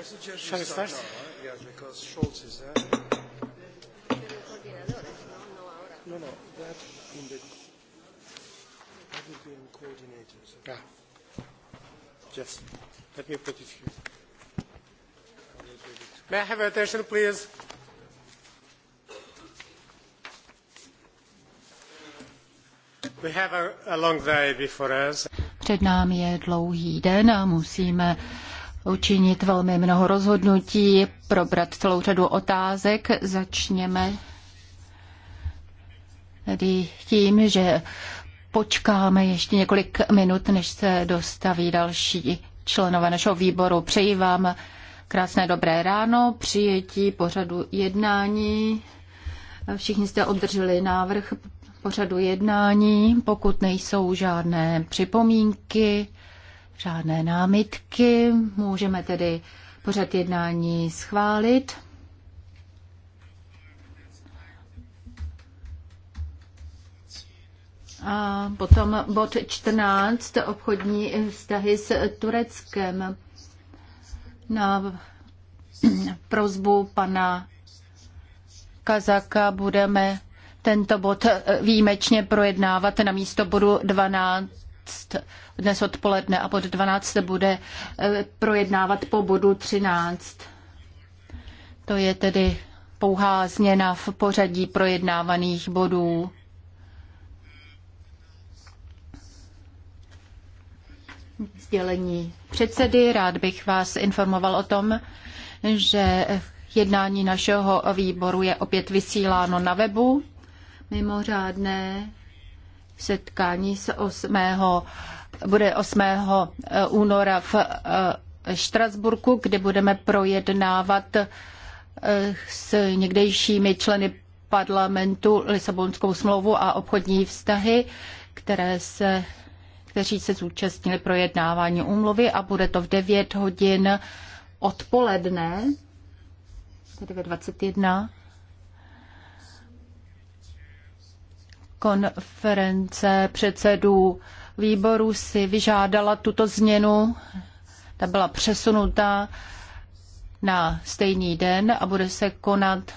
I no, is there. No, no, that in the that would be coordinators. Yeah. Yes. Let me put it here. May I have attention, please? We have a, a long day before us. Před námi je dlouhý den a musíme učinit velmi mnoho rozhodnutí, probrat celou řadu otázek. Začněme tedy tím, že počkáme ještě několik minut, než se dostaví další členové našeho výboru. Přeji vám krásné dobré ráno, přijetí pořadu jednání. Všichni jste obdrželi návrh pořadu jednání, pokud nejsou žádné připomínky žádné námitky, můžeme tedy pořad jednání schválit. A potom bod 14, obchodní vztahy s Tureckem. Na prozbu pana Kazaka budeme tento bod výjimečně projednávat na místo bodu 12 12 dnes odpoledne a bod 12 se bude eh, projednávat po bodu 13. To je tedy pouhá změna v pořadí projednávaných bodů. Sdělení předsedy. Rád bych vás informoval o tom, že jednání našeho výboru je opět vysíláno na webu. Mimořádné setkání z 8. bude 8. Eh, února v eh, Štrasburku, kde budeme projednávat eh, s někdejšími členy parlamentu Lisabonskou smlouvu a obchodní vztahy, které se, kteří se zúčastnili projednávání úmluvy a bude to v 9 hodin odpoledne, tedy ve 21 konference předsedů výboru si vyžádala tuto změnu. Ta byla přesunuta na stejný den a bude se konat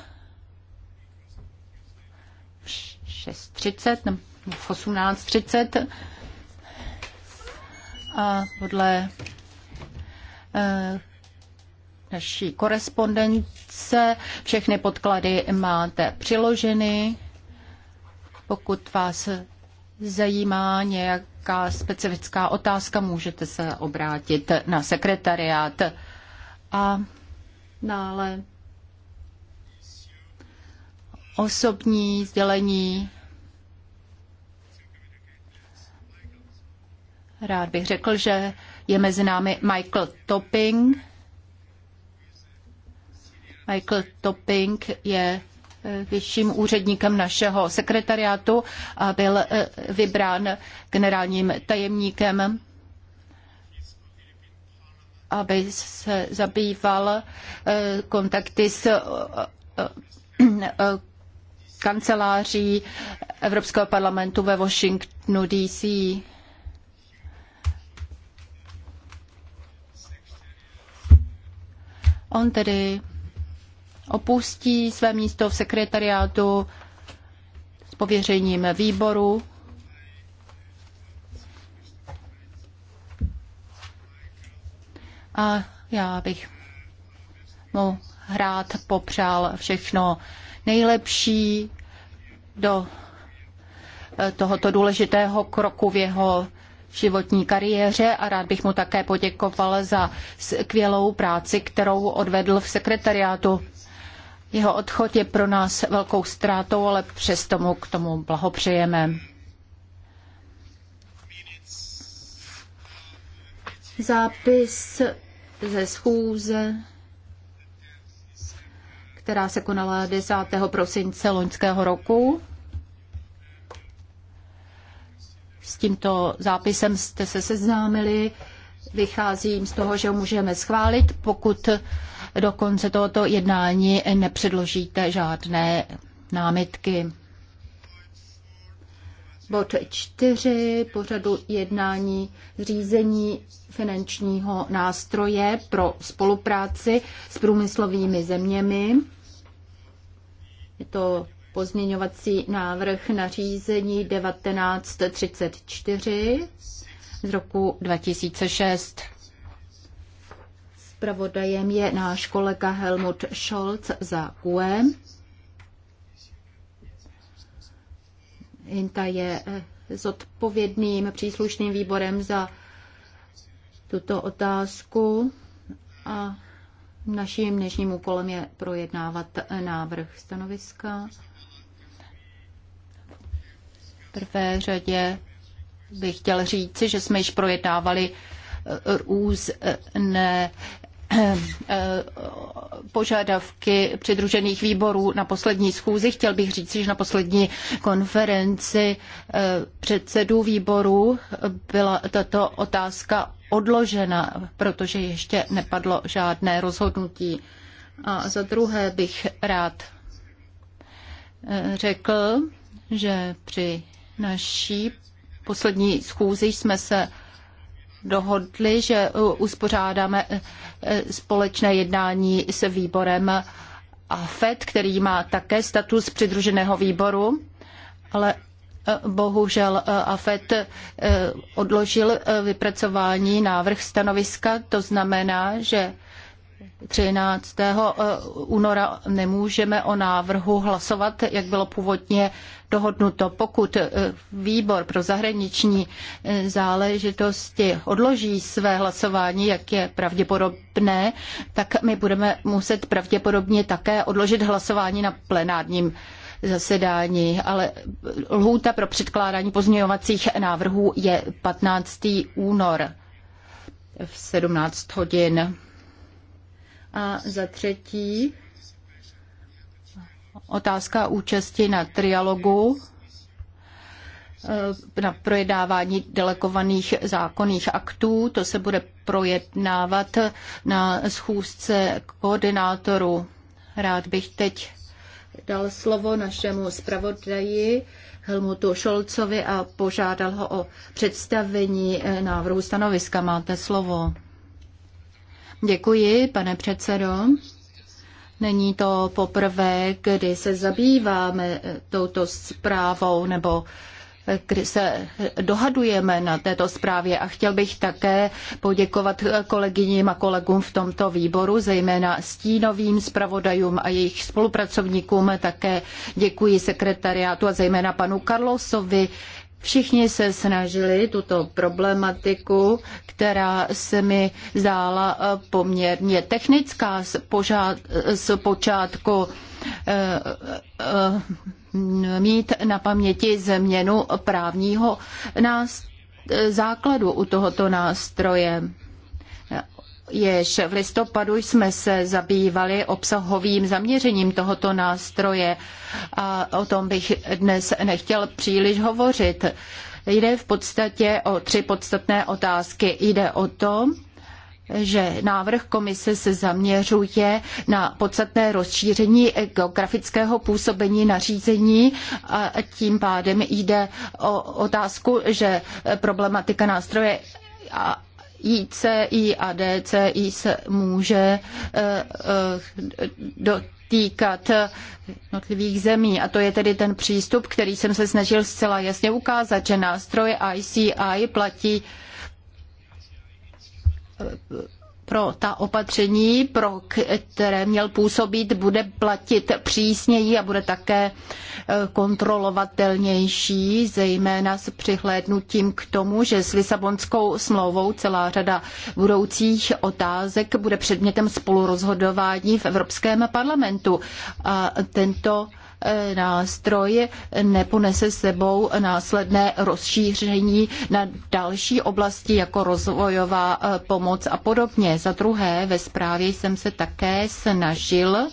v 6.30 nebo v 18.30. A podle eh, naší korespondence všechny podklady máte přiloženy. Pokud vás zajímá nějaká specifická otázka, můžete se obrátit na sekretariát. A dále osobní sdělení. Rád bych řekl, že je mezi námi Michael Topping. Michael Topping je vyšším úředníkem našeho sekretariátu a byl eh, vybrán generálním tajemníkem, aby se zabýval eh, kontakty s eh, kanceláří Evropského parlamentu ve Washingtonu DC. On tedy opustí své místo v sekretariátu s pověřením výboru. A já bych mu rád popřál všechno nejlepší do eh, tohoto důležitého kroku v jeho životní kariéře a rád bych mu také poděkoval za skvělou práci, kterou odvedl v sekretariátu. Jeho odchod je pro nás velkou ztrátou, ale přesto mu k tomu blahopřejeme. Zápis ze schůze, která se konala 10. prosince loňského roku. S tímto zápisem jste se seznámili. Vycházím z toho, že ho můžeme schválit, pokud do konce tohoto jednání nepředložíte žádné námitky. Bod čtyři pořadu jednání zřízení finančního nástroje pro spolupráci s průmyslovými zeměmi. Je to pozměňovací návrh na řízení 1934 z roku 2006 zpravodajem je náš kolega Helmut Scholz za QM. INTA je eh, odpovědným příslušným výborem za tuto otázku a naším dnešním úkolem je projednávat eh, návrh stanoviska. V prvé řadě bych chtěl říci, že jsme již projednávali eh, různé požadavky přidružených výborů na poslední schůzi. Chtěl bych říct, že na poslední konferenci eh, předsedů výborů byla tato otázka odložena, protože ještě nepadlo žádné rozhodnutí. A za druhé bych rád eh, řekl, že při naší poslední schůzi jsme se dohodli, že uspořádáme eh, společné jednání s výborem Afet, který má také status přidruženého výboru, ale eh, bohužel eh, AFED odložil vypracování návrh stanoviska, to znamená, že 13. února nemůžeme o návrhu hlasovat, jak bylo původně dohodnuto. Pokud eh, výbor pro zahraniční eh, záležitosti odloží své hlasování, jak je pravděpodobné, tak my budeme muset pravděpodobně také odložit hlasování na plenárním zasedání, ale lhůta pro předkládání pozměňovacích návrhů je 15. únor v 17 hodin. A za třetí, otázka účasti na trialogu, eh, na projednávání delegovaných zákonných aktů. To se bude projednávat na schůzce koordinátorů. Rád bych teď dal slovo našemu zpravodaji Helmutu Šolcovi a požádal ho o představení eh, návrhu stanoviska. Máte slovo. Děkuji, pane předsedo. Není to poprvé, kdy se zabýváme eh, touto zprávou nebo eh, kdy se eh, dohadujeme na této zprávě a chtěl bych také poděkovat kolegyním a kolegům v tomto výboru, zejména stínovým zpravodajům a jejich spolupracovníkům. Také děkuji sekretariátu a zejména panu Karlosovi, Všichni se snažili tuto problematiku, která se mi zdála eh, poměrně technická z, požád, z počátku, eh, eh, mít na paměti změnu právního nástroje, základu u tohoto nástroje. Jež v listopadu jsme se zabývali obsahovým zaměřením tohoto nástroje a o tom bych dnes nechtěl příliš hovořit. Jde v podstatě o tři podstatné otázky. Jde o to, že návrh komise se zaměřuje na podstatné rozšíření geografického působení nařízení a tím pádem jde o otázku, že problematika nástroje ICI a DCI se může eh, eh, dotýkat jednotlivých zemí. A to je tedy ten přístup, který jsem se snažil zcela jasně ukázat, že nástroje ICI platí pro ta opatření, pro které měl působit, bude platit přísněji a bude také e, kontrolovatelnější, zejména s přihlédnutím k tomu, že s Lisabonskou smlouvou celá řada budoucích otázek bude předmětem spolurozhodování v Evropském parlamentu. A tento nástroj neponese sebou následné rozšíření na další oblasti jako rozvojová e, pomoc a podobně. Za druhé, ve zprávě jsem se také snažil e,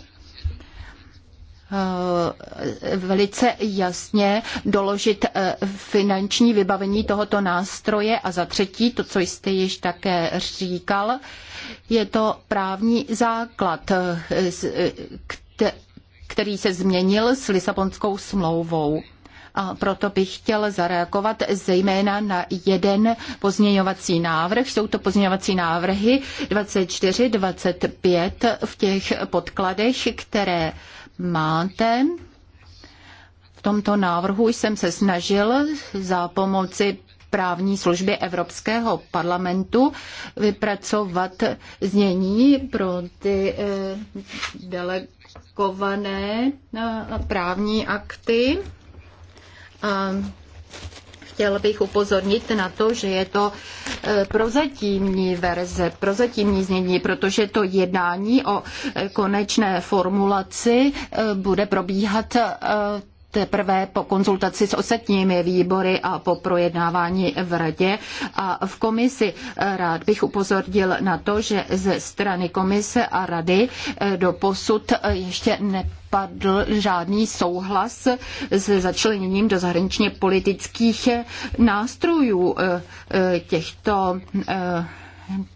velice jasně doložit e, finanční vybavení tohoto nástroje a za třetí, to, co jste již také říkal, je to právní základ, který se změnil s Lisabonskou smlouvou. A proto bych chtěl zareagovat zejména na jeden pozměňovací návrh. Jsou to pozměňovací návrhy 24, 25 v těch podkladech, které máte. V tomto návrhu jsem se snažil za pomoci právní služby Evropského parlamentu vypracovat znění pro ty eh, delegace kované eh, právní akty. A chtěl bych upozornit na to, že je to eh, prozatímní verze, prozatímní znění, protože to jednání o eh, konečné formulaci bude probíhat teprve po konzultaci s ostatními výbory a po projednávání v radě a v komisi. Rád bych upozornil na to, že ze strany komise a rady eh, do posud eh, ještě nepadl žádný souhlas s začleněním do zahraničně politických eh, nástrojů těchto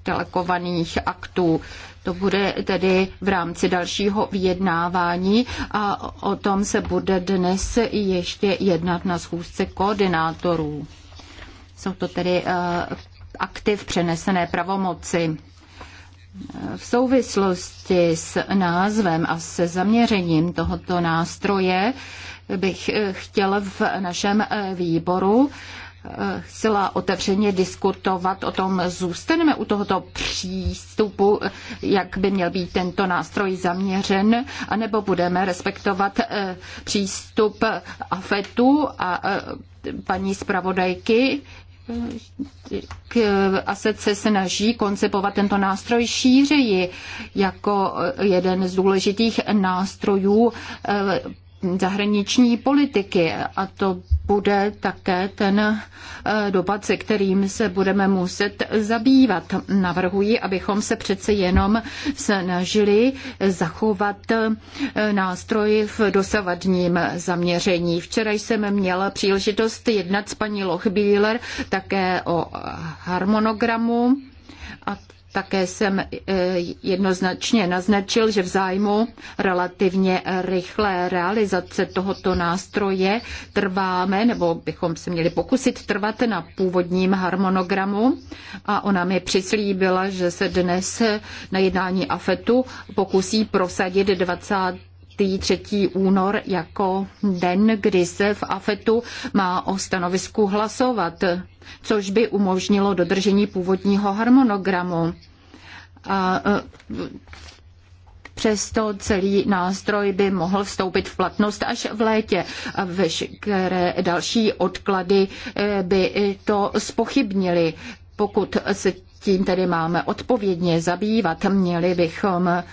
delegovaných aktů to bude tedy v rámci dalšího vyjednávání a o tom se bude dnes ještě jednat na schůzce koordinátorů. Jsou to tedy eh, aktiv přenesené pravomoci. V souvislosti s názvem a se zaměřením tohoto nástroje bych eh, chtěl v našem eh, výboru chcela otevřeně diskutovat o tom, zůstaneme u tohoto přístupu, jak by měl být tento nástroj zaměřen, anebo budeme respektovat eh, přístup AFETu a eh, paní zpravodajky, eh, ASET se snaží koncipovat tento nástroj šířeji jako jeden z důležitých nástrojů zahraniční politiky a to bude také ten eh, dopad, se kterým se budeme muset zabývat. Navrhuji, abychom se přece jenom snažili zachovat eh, nástroj v dosavadním zaměření. Včera jsem měla příležitost jednat s paní Lochbíler také o harmonogramu a také jsem eh, jednoznačně naznačil, že v zájmu relativně rychlé realizace tohoto nástroje trváme, nebo bychom se měli pokusit trvat na původním harmonogramu. A ona mi přislíbila, že se dnes na jednání AFETu pokusí prosadit 20. 23. únor jako den, kdy se v AFETu má o stanovisku hlasovat, což by umožnilo dodržení původního harmonogramu. A e, Přesto celý nástroj by mohl vstoupit v platnost až v létě. A veškeré další odklady e, by to spochybnili. Pokud se tím tedy máme odpovědně zabývat. Měli bychom eh,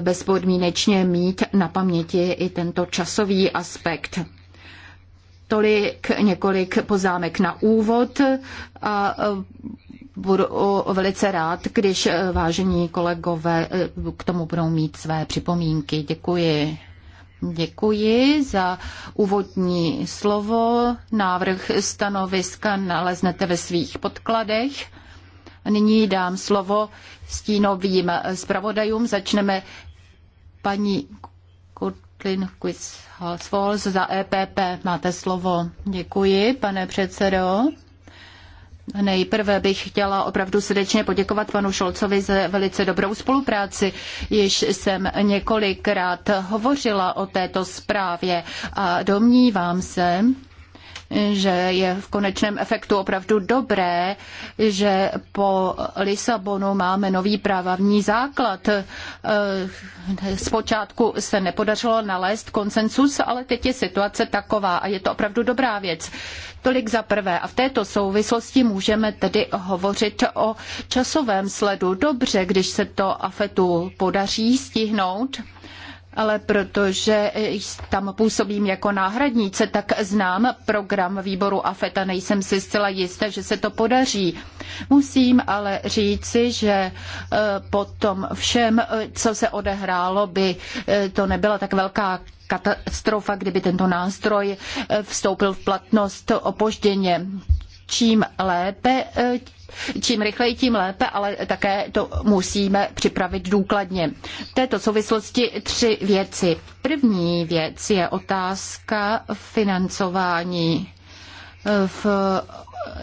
bezpodmínečně mít na paměti i tento časový aspekt. Tolik několik pozámek na úvod a eh, budu velice rád, když eh, vážení kolegové k tomu budou mít své připomínky. Děkuji. Děkuji za úvodní slovo. Návrh stanoviska naleznete ve svých podkladech nyní dám slovo stínovým zpravodajům. Začneme paní Kutlin Quisholz za EPP. Máte slovo. Děkuji, pane předsedo. Nejprve bych chtěla opravdu srdečně poděkovat panu Šolcovi za velice dobrou spolupráci. Již jsem několikrát hovořila o této zprávě a domnívám se, že je v konečném efektu opravdu dobré, že po Lisabonu máme nový právní základ. Eh, zpočátku se nepodařilo nalézt konsensus, ale teď je situace taková a je to opravdu dobrá věc. Tolik za prvé. A v této souvislosti můžeme tedy hovořit o časovém sledu. Dobře, když se to AFETu podaří stihnout ale protože tam působím jako náhradnice, tak znám program výboru AFET a nejsem si zcela jistá, že se to podaří. Musím ale říci, že e, po tom všem, e, co se odehrálo, by e, to nebyla tak velká katastrofa, kdyby tento nástroj vstoupil v platnost opožděně čím lépe, Čím rychleji, tím lépe, ale také to musíme připravit důkladně. V této souvislosti tři věci. První věc je otázka financování. V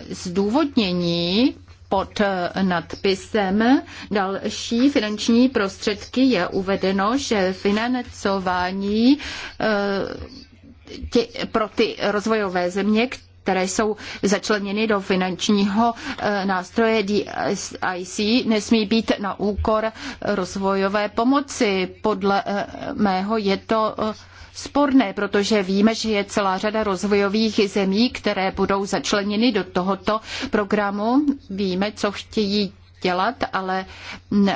zdůvodnění pod nadpisem další finanční prostředky je uvedeno, že financování eh, pro ty rozvojové země, které které jsou začleněny do finančního e, nástroje DIC, nesmí být na úkor rozvojové pomoci. Podle e, mého je to e, sporné, protože víme, že je celá řada rozvojových zemí, které budou začleněny do tohoto programu. Víme, co chtějí dělat, ale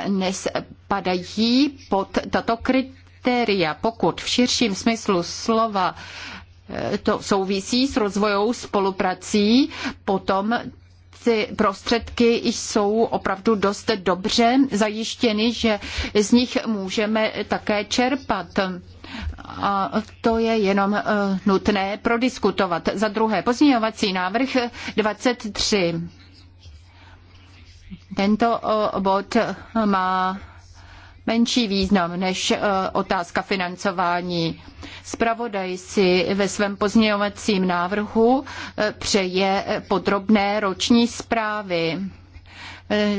nespadají pod tato kritéria. Pokud v širším smyslu slova to souvisí s rozvojovou spoluprací, potom ty prostředky jsou opravdu dost dobře zajištěny, že z nich můžeme také čerpat. A to je jenom e, nutné prodiskutovat. Za druhé, pozměňovací návrh 23. Tento e, bod má menší význam než eh, otázka financování. Spravodaj si ve svém pozměňovacím návrhu eh, přeje eh, podrobné roční zprávy. Eh,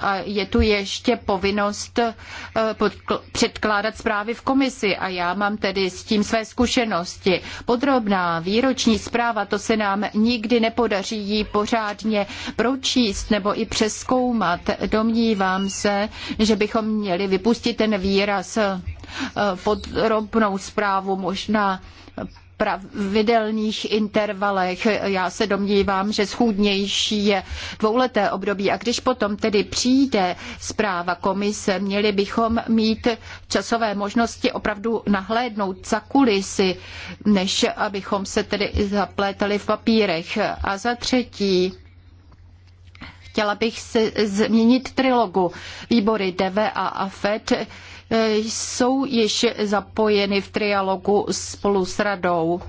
a je tu ještě povinnost eh, předkládat zprávy v komisi a já mám tedy s tím své zkušenosti. Podrobná výroční zpráva, to se nám nikdy nepodaří ji pořádně pročíst nebo i přeskoumat. Domnívám se, že bychom měli vypustit ten výraz eh, podrobnou zprávu možná pravidelných intervalech. Já se domnívám, že schůdnější je dvouleté období a když potom tedy přijde zpráva komise, měli bychom mít časové možnosti opravdu nahlédnout za kulisy, než abychom se tedy zaplétali v papírech. A za třetí, chtěla bych se změnit trilogu. Výbory DV a AFET Eh, jsou již zapojeny v trialogu spolu s radou.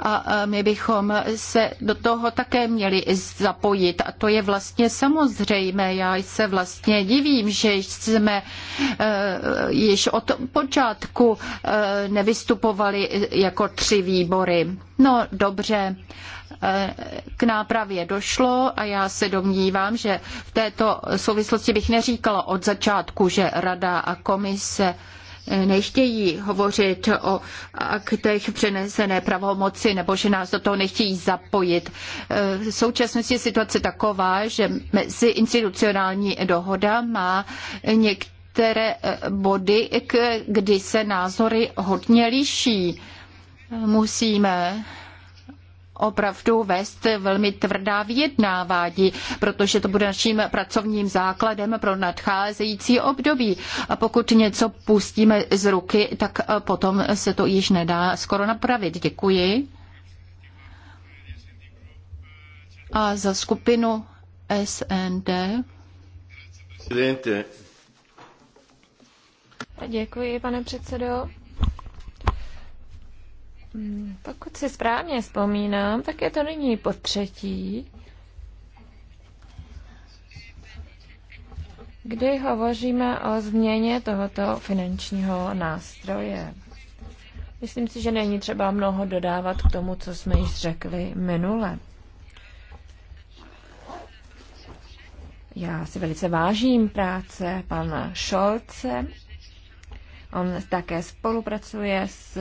A my bychom se do toho také měli zapojit. A to je vlastně samozřejmé. Já se vlastně divím, že jsme eh, již od počátku eh, nevystupovali jako tři výbory. No dobře, k nápravě došlo a já se domnívám, že v této souvislosti bych neříkala od začátku, že Rada a komise nechtějí hovořit o aktech přenesené pravomoci nebo že nás do toho nechtějí zapojit. E, v současnosti je situace taková, že meziinstitucionální dohoda má některé e, body, kdy se názory hodně liší. Musíme opravdu vést velmi tvrdá vyjednávání, protože to bude naším pracovním základem pro nadcházející období. A pokud něco pustíme z ruky, tak eh, potom se to již nedá skoro napravit. Děkuji. A za skupinu SND. Děkuji, pane předsedo. Hmm, pokud si správně vzpomínám, tak je to nyní po třetí, kdy hovoříme o změně tohoto finančního nástroje. Myslím si, že není třeba mnoho dodávat k tomu, co jsme již řekli minule. Já si velice vážím práce pana Šolce. On také spolupracuje s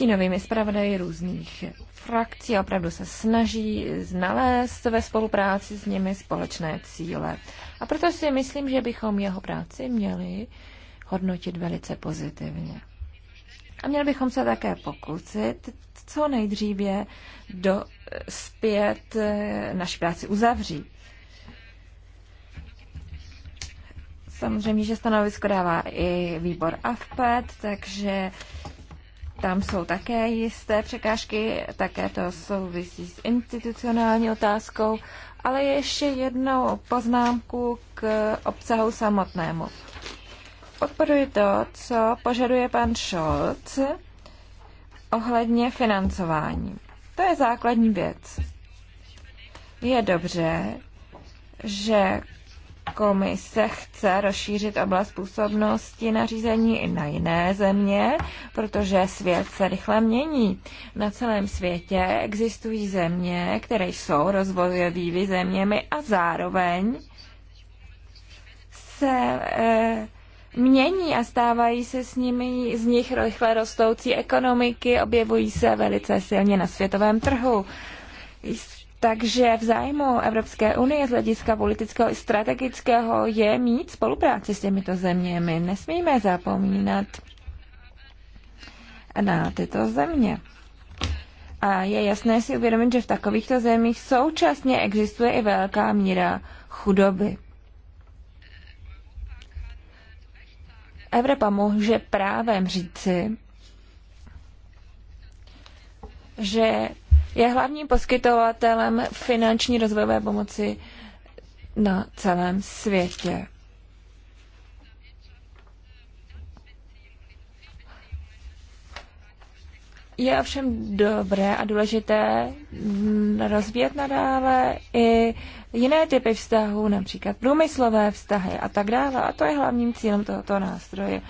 stínovými zpravodaji různých frakcí. a Opravdu se snaží znalézt ve spolupráci s nimi společné cíle. A proto si myslím, že bychom jeho práci měli hodnotit velice pozitivně. A měli bychom se také pokusit co nejdříve do, zpět eh, naši práci uzavřít. Samozřejmě, že stanovisko dává i výbor AFPET, takže tam jsou také jisté překážky, také to souvisí s institucionální otázkou, ale ještě jednou poznámku k obsahu samotnému. Podporuji to, co požaduje pan Scholz ohledně financování. To je základní věc. Je dobře, že Komise chce rozšířit oblast působnosti nařízení i na jiné země, protože svět se rychle mění. Na celém světě existují země, které jsou rozvojovými zeměmi a zároveň se e, mění a stávají se s nimi z nich rychle rostoucí ekonomiky, objevují se velice silně na světovém trhu. Takže v zájmu Evropské unie z hlediska politického i strategického je mít spolupráci s těmito zeměmi. Nesmíme zapomínat na tyto země. A je jasné si uvědomit, že v takovýchto zemích současně existuje i velká míra chudoby. Evropa může právem říci, že je hlavním poskytovatelem finanční rozvojové pomoci na celém světě. Je ovšem dobré a důležité rozvíjet nadále i jiné typy vztahů, například průmyslové vztahy a tak dále. A to je hlavním cílem tohoto nástroje. Uh,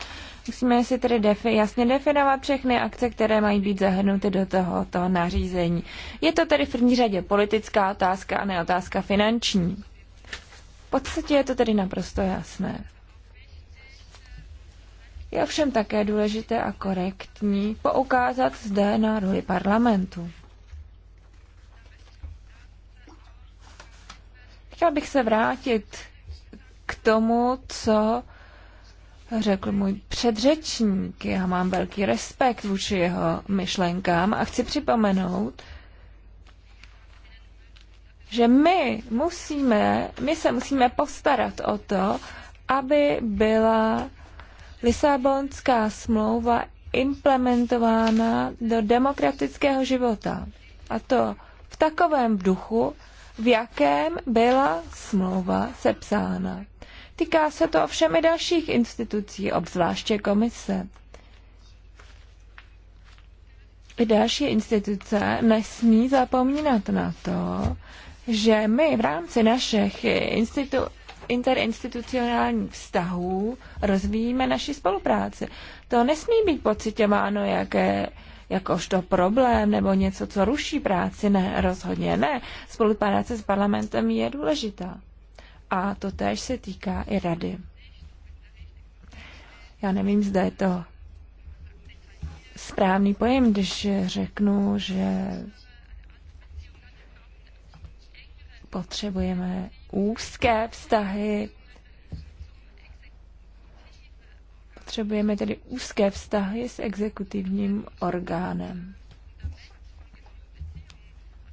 Musíme si tedy defi- jasně definovat všechny akce, které mají být zahrnuty do tohoto nařízení. Je to tedy v první řadě politická otázka a ne otázka finanční. V podstatě je to tedy naprosto jasné. Je ovšem také důležité a korektní poukázat zde na roli parlamentu. Chtěla bych se vrátit k tomu, co řekl můj předřečník. Já mám velký respekt vůči jeho myšlenkám a chci připomenout, že my musíme, my se musíme postarat o to, aby byla Lisabonská smlouva implementována do demokratického života. A to v takovém duchu, v jakém byla smlouva sepsána. Týká se to ovšem i dalších institucí, obzvláště komise. I další instituce nesmí zapomínat na to, že my v rámci našich institu- interinstitucionálních vztahů rozvíjíme naši spolupráci. To nesmí být pocitěváno jaké, jakožto problém nebo něco, co ruší práci. Ne, rozhodně ne. Spolupráce s parlamentem je důležitá a to též se týká i rady. Já nevím, zda je to správný pojem, když řeknu, že potřebujeme úzké vztahy, potřebujeme tedy úzké vztahy s exekutivním orgánem.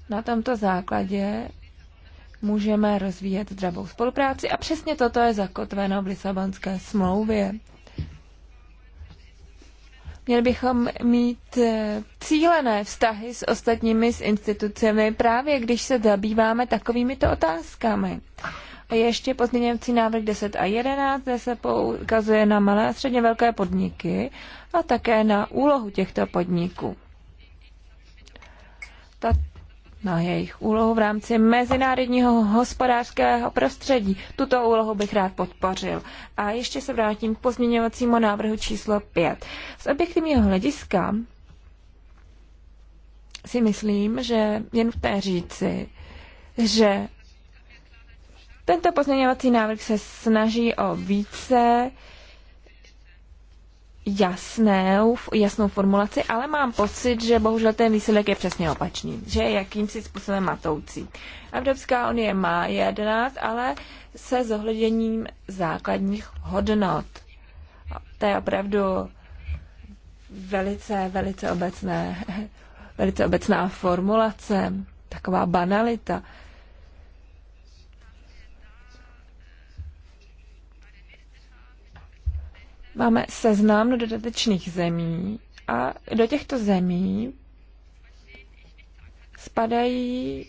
Na tomto základě můžeme rozvíjet zdravou spolupráci a přesně toto je zakotveno v Lisabonské smlouvě. Měli bychom mít eh, cílené vztahy s ostatními s institucemi právě, když se zabýváme takovýmito otázkami. A ještě pozměňovací návrh 10 a 11, kde se poukazuje na malé a středně velké podniky a také na úlohu těchto podniků. Ta, na jejich úlohu v rámci mezinárodního hospodářského prostředí. Tuto úlohu bych rád podpořil. A ještě se vrátím k pozměňovacímu návrhu číslo 5. Z objektivního hlediska si myslím, že jen v té říci, že tento pozměňovací návrh se snaží o více jasnou, jasnou formulaci, ale mám pocit, že bohužel ten výsledek je přesně opačný, že je jakýmsi způsobem matoucí. Evropská unie má 11, ale se zohledněním základních hodnot. To je opravdu velice, velice obecné, velice obecná formulace, taková banalita. Máme seznam do dodatečných zemí a do těchto zemí spadají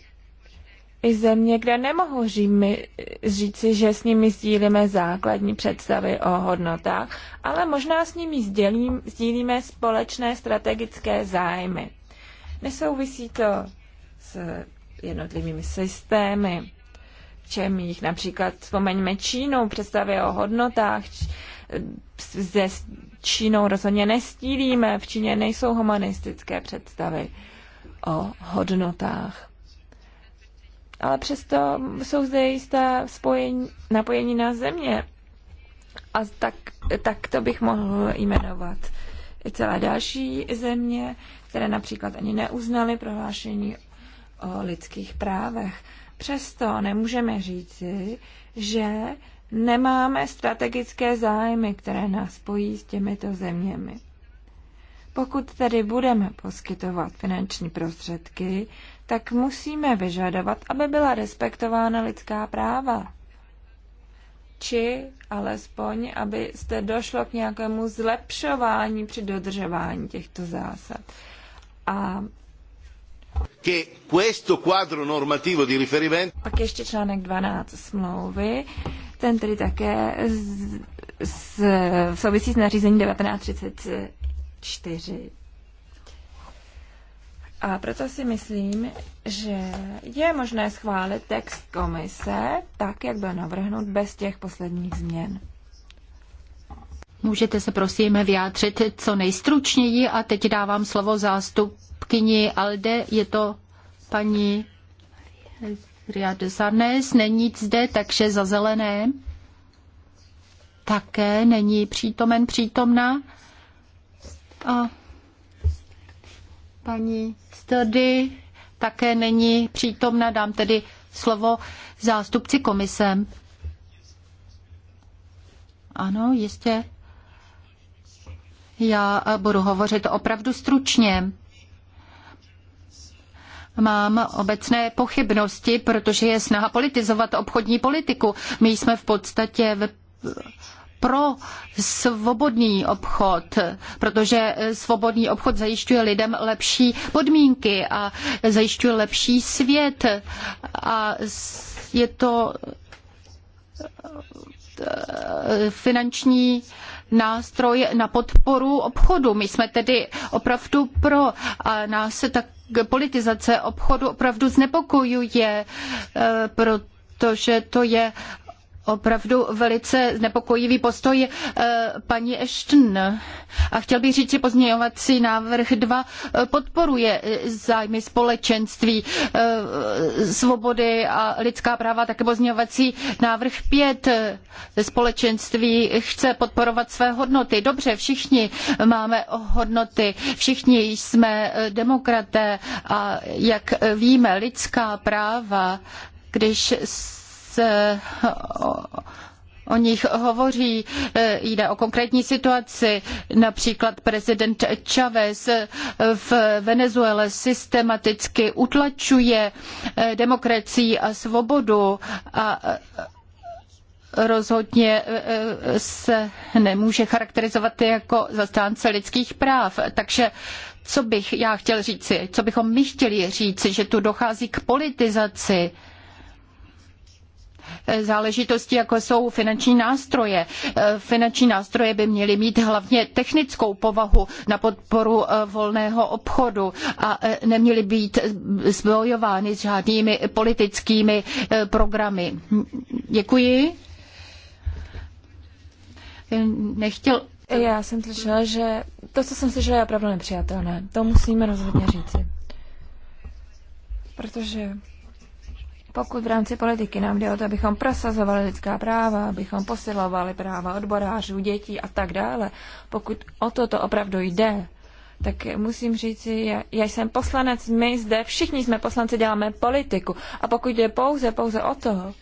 i země, kde nemohu říci, říci, že s nimi sdílíme základní představy o hodnotách, ale možná s nimi sdělím, sdílíme společné strategické zájmy. Nesouvisí to s jednotlivými systémy, v čem jich například vzpomeňme Čínu, představy o hodnotách, se Čínou rozhodně nestílíme. V Číně nejsou humanistické představy o hodnotách. Ale přesto jsou zde jisté spojení, napojení na země. A tak, tak to bych mohl jmenovat i celé další země, které například ani neuznaly prohlášení o lidských právech. Přesto nemůžeme říci, že nemáme strategické zájmy, které nás spojí s těmito zeměmi. Pokud tedy budeme poskytovat finanční prostředky, tak musíme vyžadovat, aby byla respektována lidská práva. Či alespoň, aby zde došlo k nějakému zlepšování při dodržování těchto zásad. A che questo quadro normativo di riferimento... Pak ještě článek 12 smlouvy ten tedy také z, z, souvisí s nařízení 1934. A proto si myslím, že je možné schválit text komise tak, jak byl navrhnut, bez těch posledních změn. Můžete se prosím vyjádřit co nejstručněji a teď dávám slovo zástupkyni Alde, je to paní Riad Sarnes není zde, takže za zelené také není přítomen přítomna. A paní Stody také není přítomna. Dám tedy slovo zástupci komise. Ano, jistě. Já budu hovořit opravdu stručně mám obecné pochybnosti, protože je snaha politizovat obchodní politiku. My jsme v podstatě v pro svobodný obchod, protože svobodný obchod zajišťuje lidem lepší podmínky a zajišťuje lepší svět. A je to eh, finanční nástroj na podporu obchodu. My jsme tedy opravdu pro a nás tak politizace obchodu opravdu znepokojuje, eh, protože to je opravdu velice nepokojivý postoj eh, paní Ashton. A chtěl bych říct, že pozměňovací návrh 2 eh, podporuje eh, zájmy společenství, svobody a lidská práva, také pozměňovací návrh 5 společenství chce podporovat své hodnoty. Dobře, všichni máme hodnoty, všichni jsme demokraté a jak víme, lidská práva, když se o nich hovoří. E, jde o konkrétní situaci. Například prezident Chavez v Venezuele systematicky utlačuje e, demokracii a svobodu a e, rozhodně se nemůže charakterizovat jako zastánce lidských práv. Takže co bych já chtěl říci, co bychom my chtěli říci, že tu dochází k politizaci záležitosti, jako jsou finanční nástroje. E, finanční nástroje by měly mít hlavně technickou povahu na podporu e, volného obchodu a e, neměly být zbojovány s žádnými politickými programy. Děkuji. Nechtěl já jsem slyšela, že to, co jsem slyšela, je opravdu nepřijatelné. To musíme rozhodně říci. Protože pokud v rámci politiky nám jde o to, abychom prosazovali lidská práva, abychom posilovali práva odborářů, dětí a tak dále, pokud o toto opravdu jde, tak musím říci, já, já jsem poslanec, my zde všichni jsme poslanci, děláme politiku. A pokud jde pouze, pouze o to,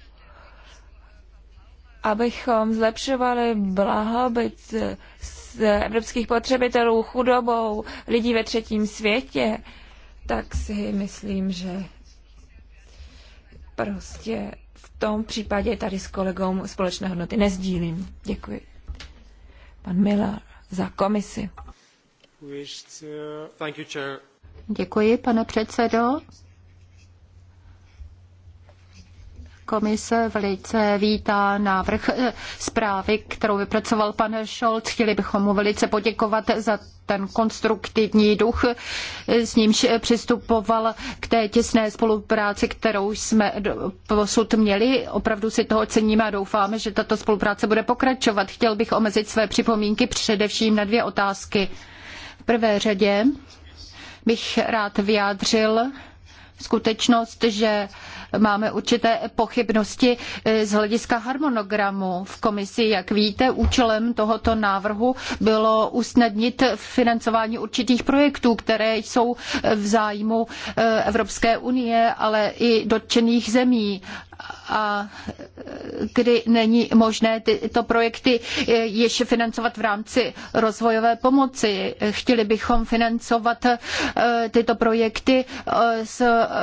abychom zlepšovali blahobyt z evropských potřebitelů chudobou lidí ve třetím světě, tak si myslím, že prostě v tom případě tady s kolegou společné hodnoty nezdílím. Děkuji. Pan Miller za komisi. Děkuji, pane předsedo. Komise velice vítá návrh eh, zprávy, kterou vypracoval pan Scholz. Chtěli bychom mu velice poděkovat za ten konstruktivní duch, eh, s nímž přistupoval k té těsné spolupráci, kterou jsme posud měli. Opravdu si toho ceníme a doufáme, že tato spolupráce bude pokračovat. Chtěl bych omezit své připomínky především na dvě otázky. V prvé řadě bych rád vyjádřil skutečnost, že máme určité pochybnosti eh, z hlediska harmonogramu v komisi. Jak víte, účelem tohoto návrhu bylo usnadnit financování určitých projektů, které jsou v zájmu eh, Evropské unie, ale i dotčených zemí a kdy není možné tyto projekty eh, již financovat v rámci rozvojové pomoci. Chtěli bychom financovat eh, tyto projekty eh, z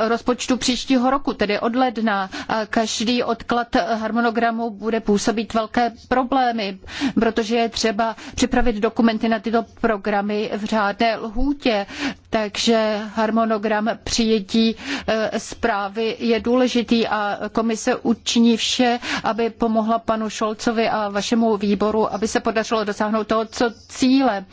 rozpočtu příštího roku, tedy od ledna. Každý odklad harmonogramu bude působit velké problémy, protože je třeba připravit dokumenty na tyto programy v řádné lhůtě. Takže harmonogram přijetí e, zprávy je důležitý a komise učiní vše, aby pomohla panu Šolcovi a vašemu výboru, aby se podařilo dosáhnout toho, co cíle.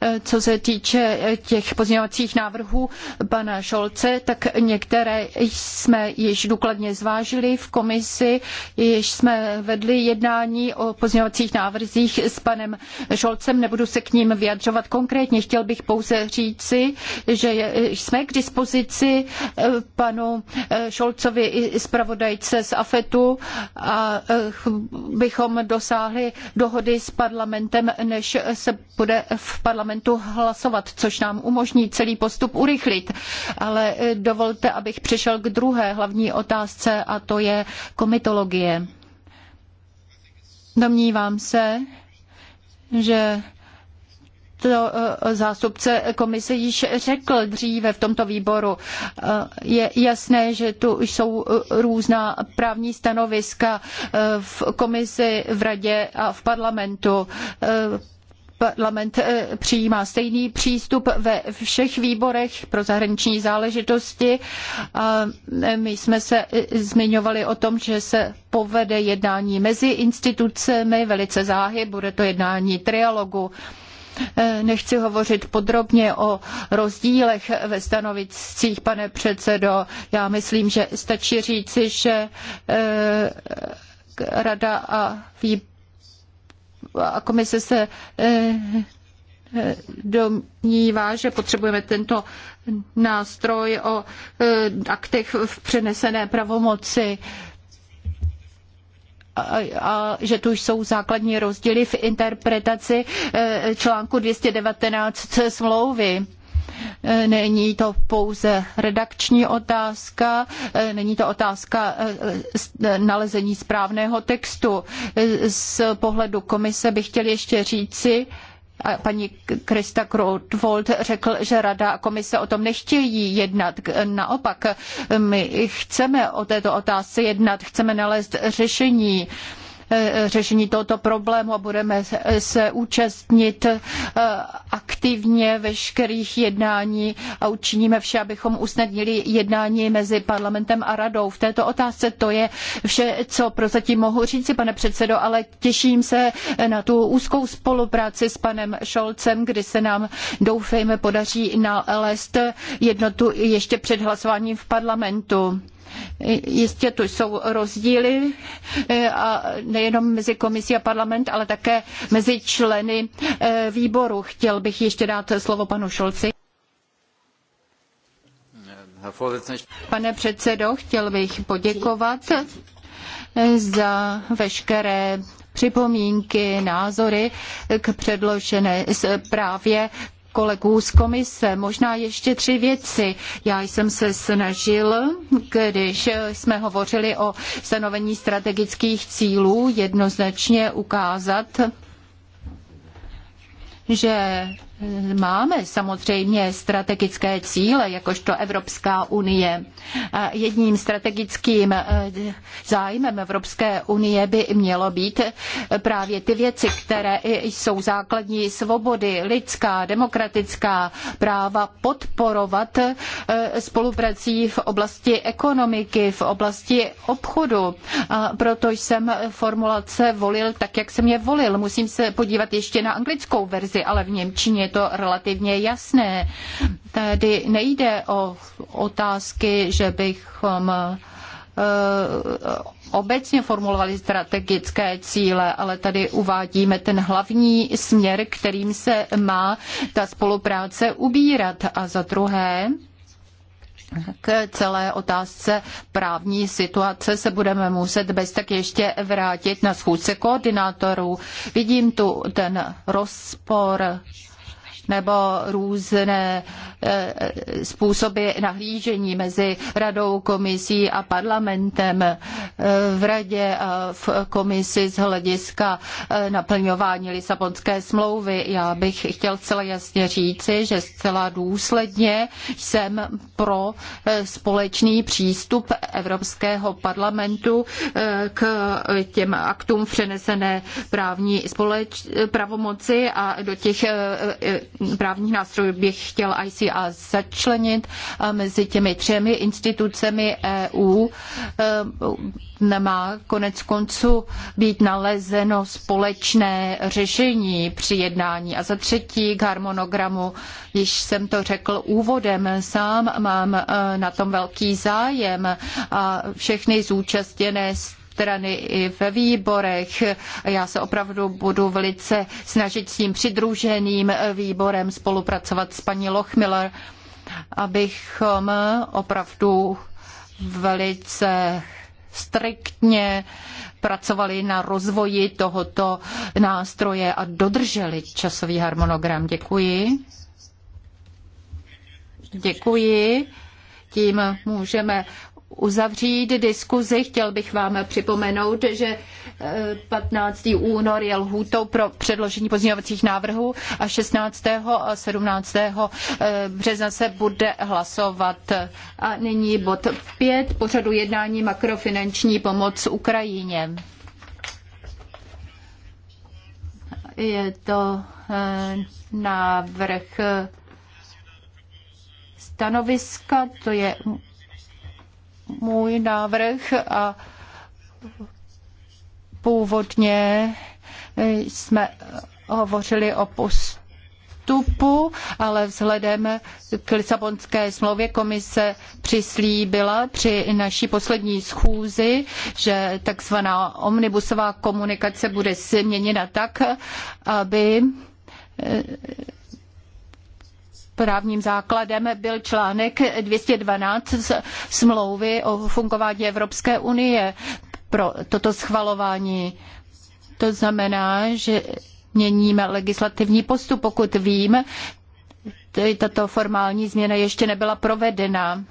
E, co se týče e, těch pozměňovacích návrhů pana Šolce, tak některé jsme již důkladně zvážili v komisi, již jsme vedli jednání o pozměňovacích návrzích s panem Šolcem, nebudu se k ním vyjadřovat konkrétně, chtěl bych pouze říci, že jsme k dispozici eh, panu eh, Šolcovi i zpravodajce z AFETu a eh, bychom dosáhli dohody s parlamentem, než se bude v parlamentu hlasovat, což nám umožní celý postup urychlit. Ale dovolte, abych přešel k druhé hlavní otázce a to je komitologie. Domnívám se, že to eh, zástupce komise již řekl dříve v tomto výboru. Eh, je jasné, že tu jsou eh, různá právní stanoviska v komisi, v radě a v parlamentu parlament přijímá stejný přístup ve všech výborech pro zahraniční záležitosti. A my jsme se zmiňovali o tom, že se povede jednání mezi institucemi velice záhy, bude to jednání trialogu. Eh, nechci hovořit podrobně o rozdílech ve stanovicích, pane předsedo. Já myslím, že stačí říci, že eh, rada a, a komise se eh, domnívá, že potřebujeme tento nástroj o aktech v přenesené pravomoci a že tu jsou základní rozdíly v interpretaci eh, článku 219 smlouvy. Eh, není to pouze redakční otázka, eh, není to otázka nalezení správného textu. Z pohledu komise bych chtěl ještě říci, paní Krista Grootwold řekl, že rada a komise o tom nechtějí jednat. Naopak, my chceme o této otázce jednat, chceme nalézt řešení. Eh, řešení tohoto problému a budeme se účastnit eh, aktivně veškerých jednání a učiníme vše, abychom usnadnili jednání mezi parlamentem a radou. V této otázce to je vše, co prozatím mohu říci, pane předsedo, ale těším se na tu úzkou spolupráci s panem Šolcem, kdy se nám doufejme podaří nalézt jednotu ještě před hlasováním v parlamentu. Jistě tu jsou rozdíly eh, a nejenom mezi komisí a parlament, ale také mezi členy eh, výboru. Chtěl bych ještě dát slovo panu Šolci. Pane předsedo, chtěl bych poděkovat eh, za veškeré připomínky, názory k předložené zprávě kolegů z komise. Možná ještě tři věci. Já jsem se snažil, když jsme hovořili o stanovení strategických cílů, jednoznačně ukázat, že Máme samozřejmě strategické cíle, jakožto Evropská unie. A jedním strategickým eh, zájmem Evropské unie by mělo být právě ty věci, které jsou základní svobody, lidská, demokratická práva podporovat eh, spoluprací v oblasti ekonomiky, v oblasti obchodu. A proto jsem formulace volil tak, jak jsem je volil. Musím se podívat ještě na anglickou verzi, ale v Němčině je to relativně jasné. Tady nejde o otázky, že bychom eh, obecně formulovali strategické cíle, ale tady uvádíme ten hlavní směr, kterým se má ta spolupráce ubírat. A za druhé, k celé otázce právní situace se budeme muset bez tak ještě vrátit na schůzce koordinátorů. Vidím tu ten rozpor nebo různé eh, způsoby nahlížení mezi radou, komisí a parlamentem eh, v radě a v komisi z hlediska eh, naplňování Lisabonské smlouvy. Já bych chtěl celé jasně říci, že zcela důsledně jsem pro společný přístup Evropského parlamentu k těm aktům přenesené právní společ- pravomoci a do těch právních nástrojů bych chtěl ICA začlenit eh, mezi těmi třemi institucemi EU eh, nemá konec konců být nalezeno společné řešení při jednání. A za třetí k harmonogramu, již jsem to řekl úvodem, sám mám eh, na tom velký zájem a všechny zúčastněné strany strany i ve výborech. Já se opravdu budu velice snažit s tím přidruženým výborem spolupracovat s paní Lochmiller, abychom opravdu velice striktně pracovali na rozvoji tohoto nástroje a dodrželi časový harmonogram. Děkuji. Děkuji. Tím můžeme uzavřít diskuzi. Chtěl bych vám připomenout, že 15. Eh, únor je lhůtou pro předložení pozměňovacích návrhů a 16. a 17. Eh, března se bude hlasovat. A nyní bod 5 pořadu jednání makrofinanční pomoc Ukrajině. Je to eh, návrh stanoviska, to je můj návrh a původně jsme hovořili o postupu, ale vzhledem k Lisabonské smlouvě komise přislíbila při naší poslední schůzi, že takzvaná omnibusová komunikace bude změněna tak, aby právním základem byl článek 212 z smlouvy o fungování Evropské unie pro toto schvalování. To znamená, že měníme legislativní postup. Pokud vím, tato formální změna ještě nebyla provedena.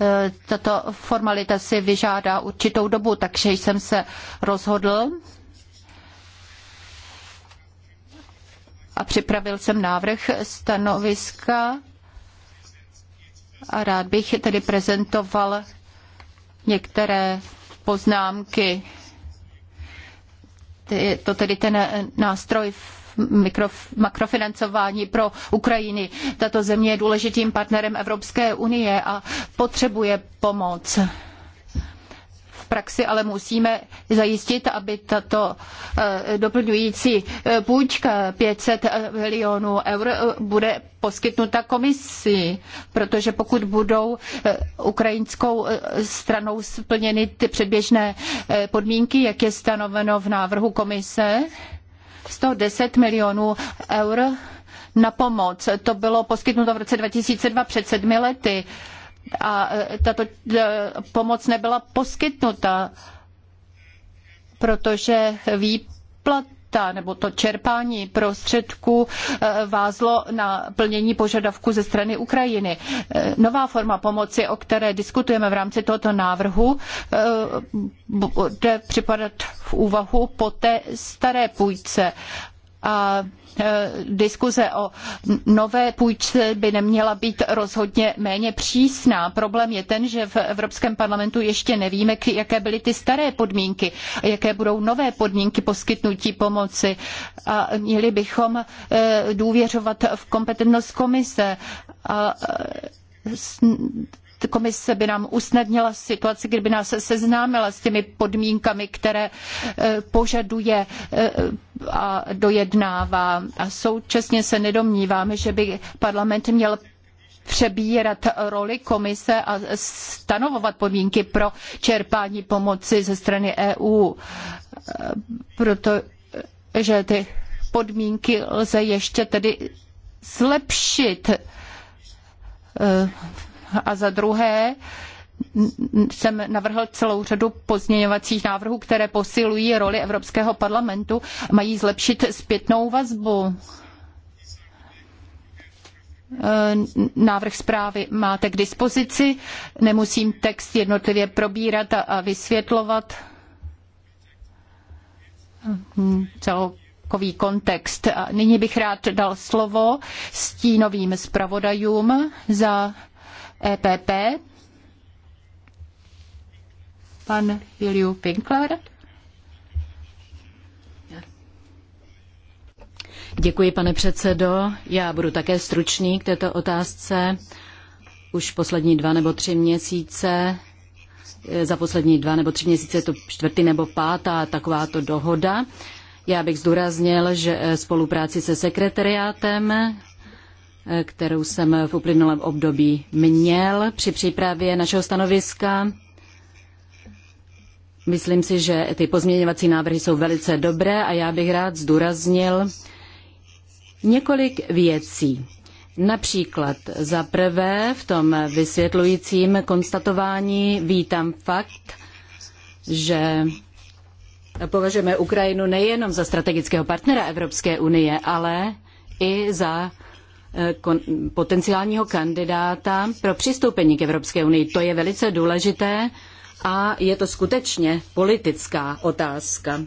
E, tato formalita si vyžádá určitou dobu, takže jsem se rozhodl, a připravil jsem návrh stanoviska a rád bych tedy prezentoval některé poznámky. Je to tedy ten nástroj mikrof- makrofinancování pro Ukrajiny. Tato země je důležitým partnerem Evropské unie a potřebuje pomoc praxi ale musíme zajistit, aby tato eh, doplňující eh, půjčka 500 eh, milionů eur bude poskytnuta komisi, protože pokud budou ukrajinskou stranou splněny ty předběžné podmínky, jak je stanoveno v návrhu komise, 110 milionů eur na pomoc. To bylo poskytnuto v roce 2002 před sedmi lety a e, tato e, pomoc nebyla poskytnuta, protože výplata nebo to čerpání prostředků e, vázlo na plnění požadavku ze strany Ukrajiny. Nová forma pomoci, o které diskutujeme v rámci tohoto návrhu, bude připadat v úvahu po té staré půjce a e, diskuze o nové půjčce by neměla být rozhodně méně přísná. Problém je ten, že v Evropském parlamentu ještě nevíme, jaké byly ty staré podmínky a jaké budou nové podmínky poskytnutí pomoci. A měli bychom e, důvěřovat v kompetentnost komise a e, komise by nám usnadnila situaci, kdyby nás seznámila s těmi podmínkami, které e, požaduje e, a dojednává. A současně se nedomníváme, že by parlament měl přebírat roli komise a stanovovat podmínky pro čerpání pomoci ze strany EU, e, protože ty podmínky lze ještě tedy zlepšit a za druhé, jsem navrhl celou řadu pozměňovacích návrhů, které posilují roli Evropského parlamentu, mají zlepšit zpětnou vazbu. E, návrh zprávy máte k dispozici, nemusím text jednotlivě probírat a vysvětlovat hmm, celkový kontext. A nyní bych rád dal slovo stínovým zpravodajům za EPP. Pan Juliu Pinkler. Děkuji, pane předsedo. Já budu také stručný k této otázce. Už poslední dva nebo tři měsíce, eh, za poslední dva nebo tři měsíce je to čtvrtý nebo pátá takováto dohoda. Já bych zdůraznil, že eh, spolupráci se sekretariátem kterou jsem v uplynulém období měl při přípravě našeho stanoviska. Myslím si, že ty pozměňovací návrhy jsou velice dobré a já bych rád zdůraznil několik věcí. Například za prvé v tom vysvětlujícím konstatování vítám fakt, že považujeme Ukrajinu nejenom za strategického partnera Evropské unie, ale i za Eh, potenciálního kandidáta pro přistoupení k Evropské unii. To je velice důležité a je to skutečně politická otázka.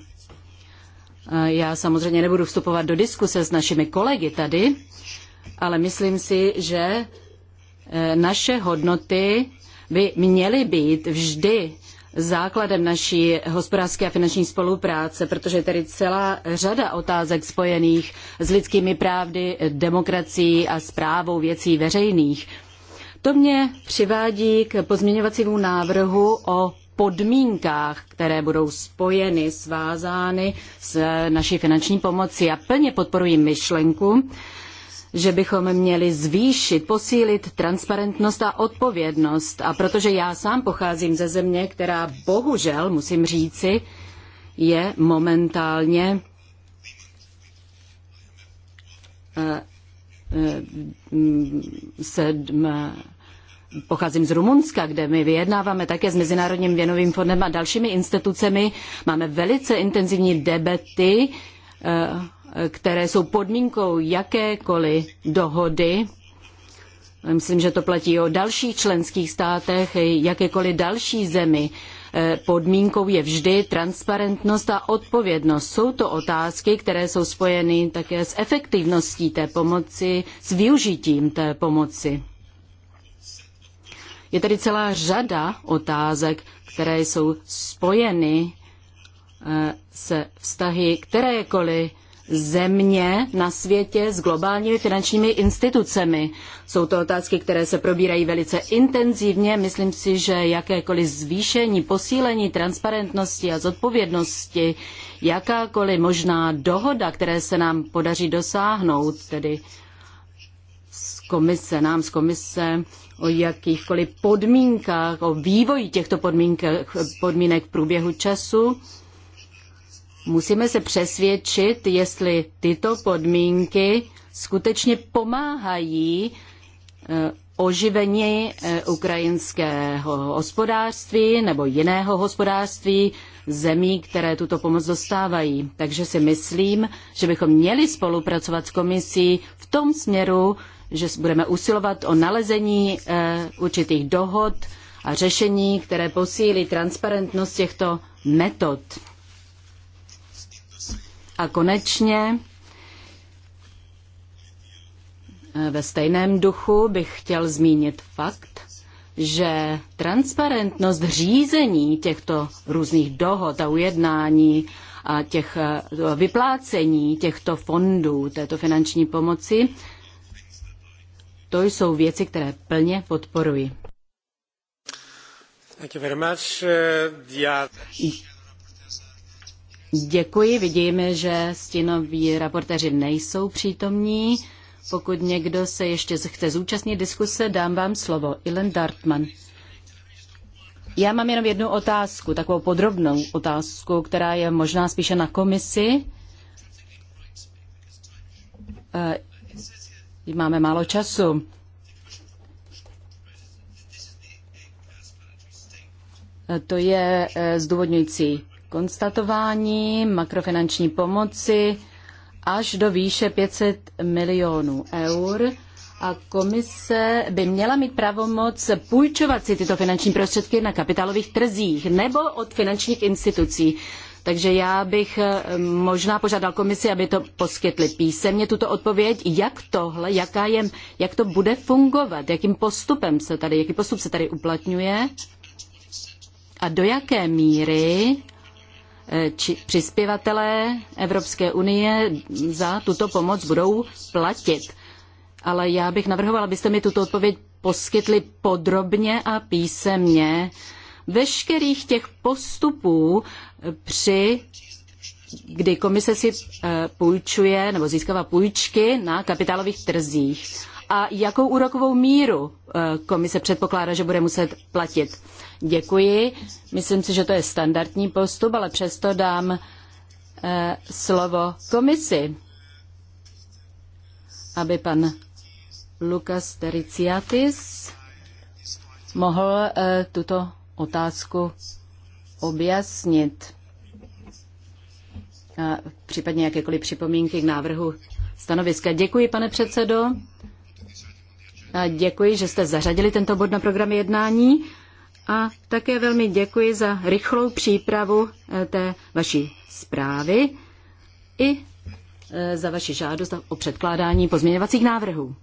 Eh, já samozřejmě nebudu vstupovat do diskuse s našimi kolegy tady, ale myslím si, že eh, naše hodnoty by měly být vždy základem naší hospodářské a finanční spolupráce, protože je tady celá řada otázek spojených s lidskými právdy, demokracií a správou věcí veřejných. To mě přivádí k pozměňovacímu návrhu o podmínkách, které budou spojeny, svázány s naší finanční pomocí. a plně podporuji myšlenku, že bychom měli zvýšit, posílit transparentnost a odpovědnost. A protože já sám pocházím ze země, která bohužel, musím říci, je momentálně eh, eh, mm, pocházím z Rumunska, kde my vyjednáváme také s Mezinárodním věnovým fondem a dalšími institucemi. Máme velice intenzivní debaty eh, které jsou podmínkou jakékoliv dohody, myslím, že to platí o dalších členských státech, jakékoliv další zemi, eh, podmínkou je vždy transparentnost a odpovědnost. Jsou to otázky, které jsou spojeny také s efektivností té pomoci, s využitím té pomoci. Je tady celá řada otázek, které jsou spojeny eh, se vztahy kterékoliv země na světě s globálními finančními institucemi. Jsou to otázky, které se probírají velice intenzivně. Myslím si, že jakékoliv zvýšení, posílení transparentnosti a zodpovědnosti, jakákoliv možná dohoda, které se nám podaří dosáhnout, tedy z komise, nám z komise o jakýchkoliv podmínkách, o vývoji těchto podmínek v průběhu času, musíme se přesvědčit, jestli tyto podmínky skutečně pomáhají eh, oživení eh, ukrajinského hospodářství nebo jiného hospodářství zemí, které tuto pomoc dostávají. Takže si myslím, že bychom měli spolupracovat s komisí v tom směru, že budeme usilovat o nalezení eh, určitých dohod a řešení, které posílí transparentnost těchto metod. A konečně eh, ve stejném duchu bych chtěl zmínit fakt, že transparentnost řízení těchto různých dohod a ujednání a těch eh, vyplácení těchto fondů, této finanční pomoci, to jsou věci, které plně podporuji. Eh, Děkuji, vidíme, že stínoví reportéři nejsou přítomní. Pokud někdo se ještě chce zúčastnit diskuse, dám vám slovo. Ilen Dartman. Já mám jenom jednu otázku, takovou podrobnou otázku, která je možná spíše na komisi. Eh, máme málo času. Eh, to je eh, zdůvodňující konstatování makrofinanční pomoci až do výše 500 milionů eur a komise by měla mít pravomoc půjčovat si tyto finanční prostředky na kapitálových trzích nebo od finančních institucí. Takže já bych eh, možná požádal komisi, aby to poskytli písemně, tuto odpověď, jak tohle, jaká je, jak to bude fungovat, jakým postupem se tady, jaký postup se tady uplatňuje a do jaké míry Eh, či přispěvatelé Evropské unie za tuto pomoc budou platit. Ale já bych navrhovala, abyste mi tuto odpověď poskytli podrobně a písemně veškerých těch postupů eh, při kdy komise si eh, půjčuje nebo získává půjčky na kapitálových trzích a jakou úrokovou míru komise předpokládá, že bude muset platit. Děkuji. Myslím si, že to je standardní postup, ale přesto dám eh, slovo komisi, aby pan Lukas Tericiatis mohl eh, tuto otázku objasnit. A případně jakékoliv připomínky k návrhu stanoviska. Děkuji, pane předsedo. A děkuji, že jste zařadili tento bod na program jednání a také velmi děkuji za rychlou přípravu eh, té vaší zprávy i eh, za vaši žádost o předkládání pozměňovacích návrhů.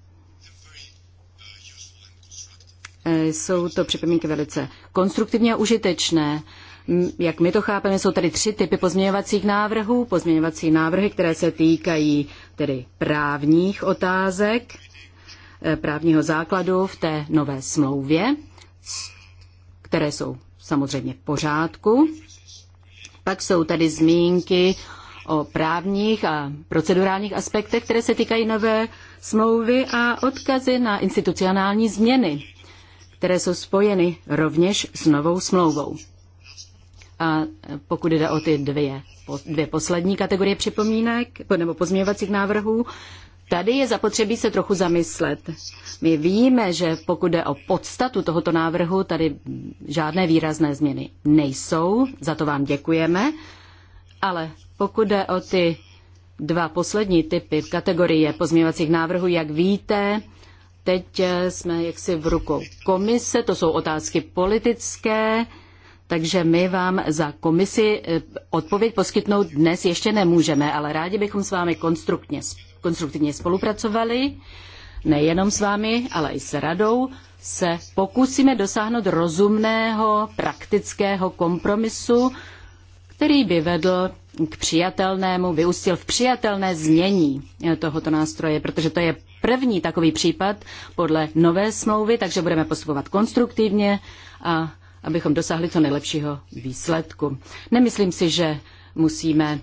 Eh, jsou to připomínky velice konstruktivně a užitečné. Jak my to chápeme, jsou tady tři typy pozměňovacích návrhů. Pozměňovací návrhy, které se týkají tedy právních otázek, právního základu v té nové smlouvě, které jsou samozřejmě v pořádku. Pak jsou tady zmínky o právních a procedurálních aspektech, které se týkají nové smlouvy a odkazy na institucionální změny, které jsou spojeny rovněž s novou smlouvou. A pokud jde o ty dvě, dvě poslední kategorie připomínek nebo pozměňovacích návrhů, Tady je zapotřebí se trochu zamyslet. My víme, že pokud jde o podstatu tohoto návrhu, tady žádné výrazné změny nejsou, za to vám děkujeme, ale pokud jde o ty dva poslední typy v kategorii pozměňovacích návrhů, jak víte, teď jsme jaksi v rukou komise, to jsou otázky politické, takže my vám za komisi eh, odpověď poskytnout dnes ještě nemůžeme, ale rádi bychom s vámi konstruktně konstruktivně spolupracovali, nejenom s vámi, ale i s radou, se pokusíme dosáhnout rozumného, praktického kompromisu, který by vedl k přijatelnému, vyústil v přijatelné změní tohoto nástroje, protože to je první takový případ podle nové smlouvy, takže budeme postupovat konstruktivně a abychom dosáhli co nejlepšího výsledku. Nemyslím si, že musíme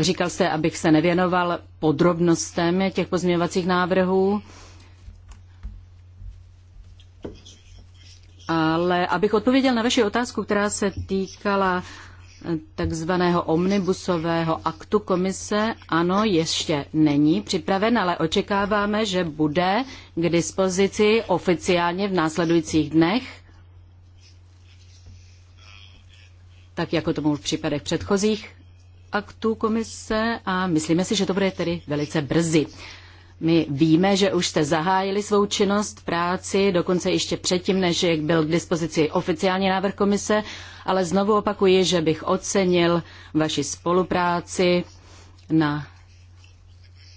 Říkal jste, abych se nevěnoval podrobnostem těch pozměňovacích návrhů, ale abych odpověděl na vaši otázku, která se týkala takzvaného omnibusového aktu komise. Ano, ještě není připraven, ale očekáváme, že bude k dispozici oficiálně v následujících dnech. tak jako tomu v případech předchozích aktů komise a myslíme si, že to bude tedy velice brzy. My víme, že už jste zahájili svou činnost, práci, dokonce ještě předtím, než byl k dispozici oficiální návrh komise, ale znovu opakuji, že bych ocenil vaši spolupráci na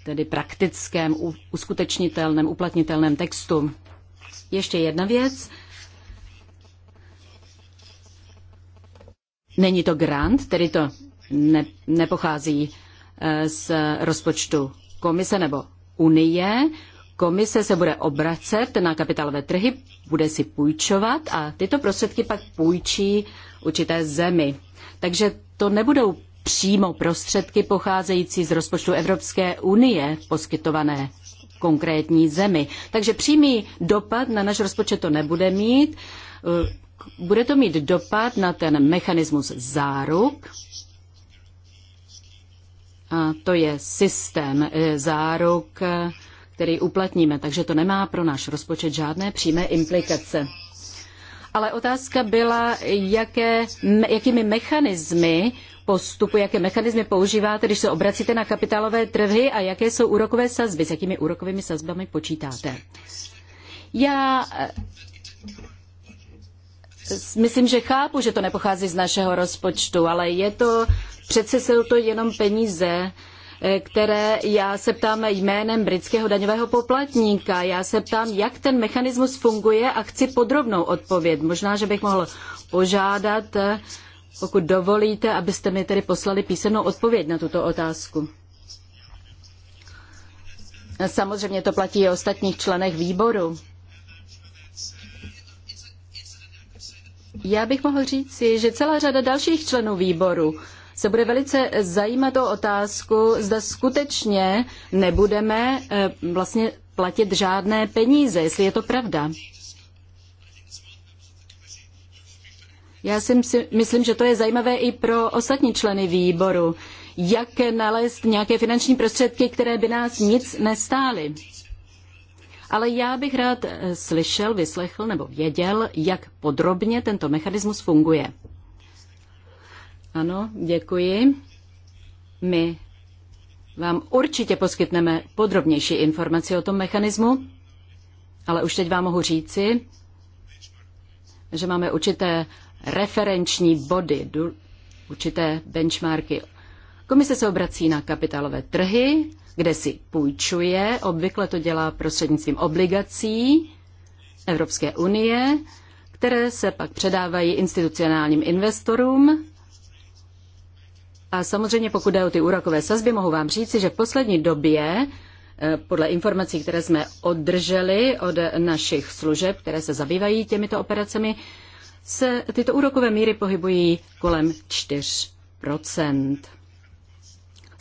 tedy praktickém, uskutečnitelném, uplatnitelném textu. Ještě jedna věc. Není to grant, tedy to ne, nepochází eh, z rozpočtu komise nebo unie. Komise se bude obracet na kapitálové trhy, bude si půjčovat a tyto prostředky pak půjčí určité zemi. Takže to nebudou přímo prostředky pocházející z rozpočtu Evropské unie poskytované konkrétní zemi. Takže přímý dopad na náš rozpočet to nebude mít. Eh, bude to mít dopad na ten mechanismus záruk, a to je systém e, záruk, e, který uplatníme, takže to nemá pro náš rozpočet žádné přímé implikace. Ale otázka byla, jaké, jakými mechanismy postupu, jaké mechanismy používáte, když se obracíte na kapitálové trhy a jaké jsou úrokové sazby, s jakými úrokovými sazbami počítáte. Já myslím, že chápu, že to nepochází z našeho rozpočtu, ale je to, přece jsou to jenom peníze, eh, které já se ptám jménem britského daňového poplatníka. Já se ptám, jak ten mechanismus funguje a chci podrobnou odpověď. Možná, že bych mohl požádat, eh, pokud dovolíte, abyste mi tedy poslali písemnou odpověď na tuto otázku. Samozřejmě to platí i ostatních členech výboru. Já bych mohl říci, že celá řada dalších členů výboru se bude velice zajímat o otázku, zda skutečně nebudeme eh, vlastně platit žádné peníze, jestli je to pravda. Já si myslím, že to je zajímavé i pro ostatní členy výboru, jak nalézt nějaké finanční prostředky, které by nás nic nestály ale já bych rád eh, slyšel, vyslechl nebo věděl, jak podrobně tento mechanismus funguje. Ano, děkuji. My vám určitě poskytneme podrobnější informaci o tom mechanismu, ale už teď vám mohu říci, že máme určité referenční body, určité benchmarky. Komise se obrací na kapitálové trhy kde si půjčuje, obvykle to dělá prostřednictvím obligací Evropské unie, které se pak předávají institucionálním investorům. A samozřejmě pokud jde o ty úrokové sazby, mohu vám říci, že v poslední době eh, podle informací, které jsme održeli od našich služeb, které se zabývají těmito operacemi, se tyto úrokové míry pohybují kolem 4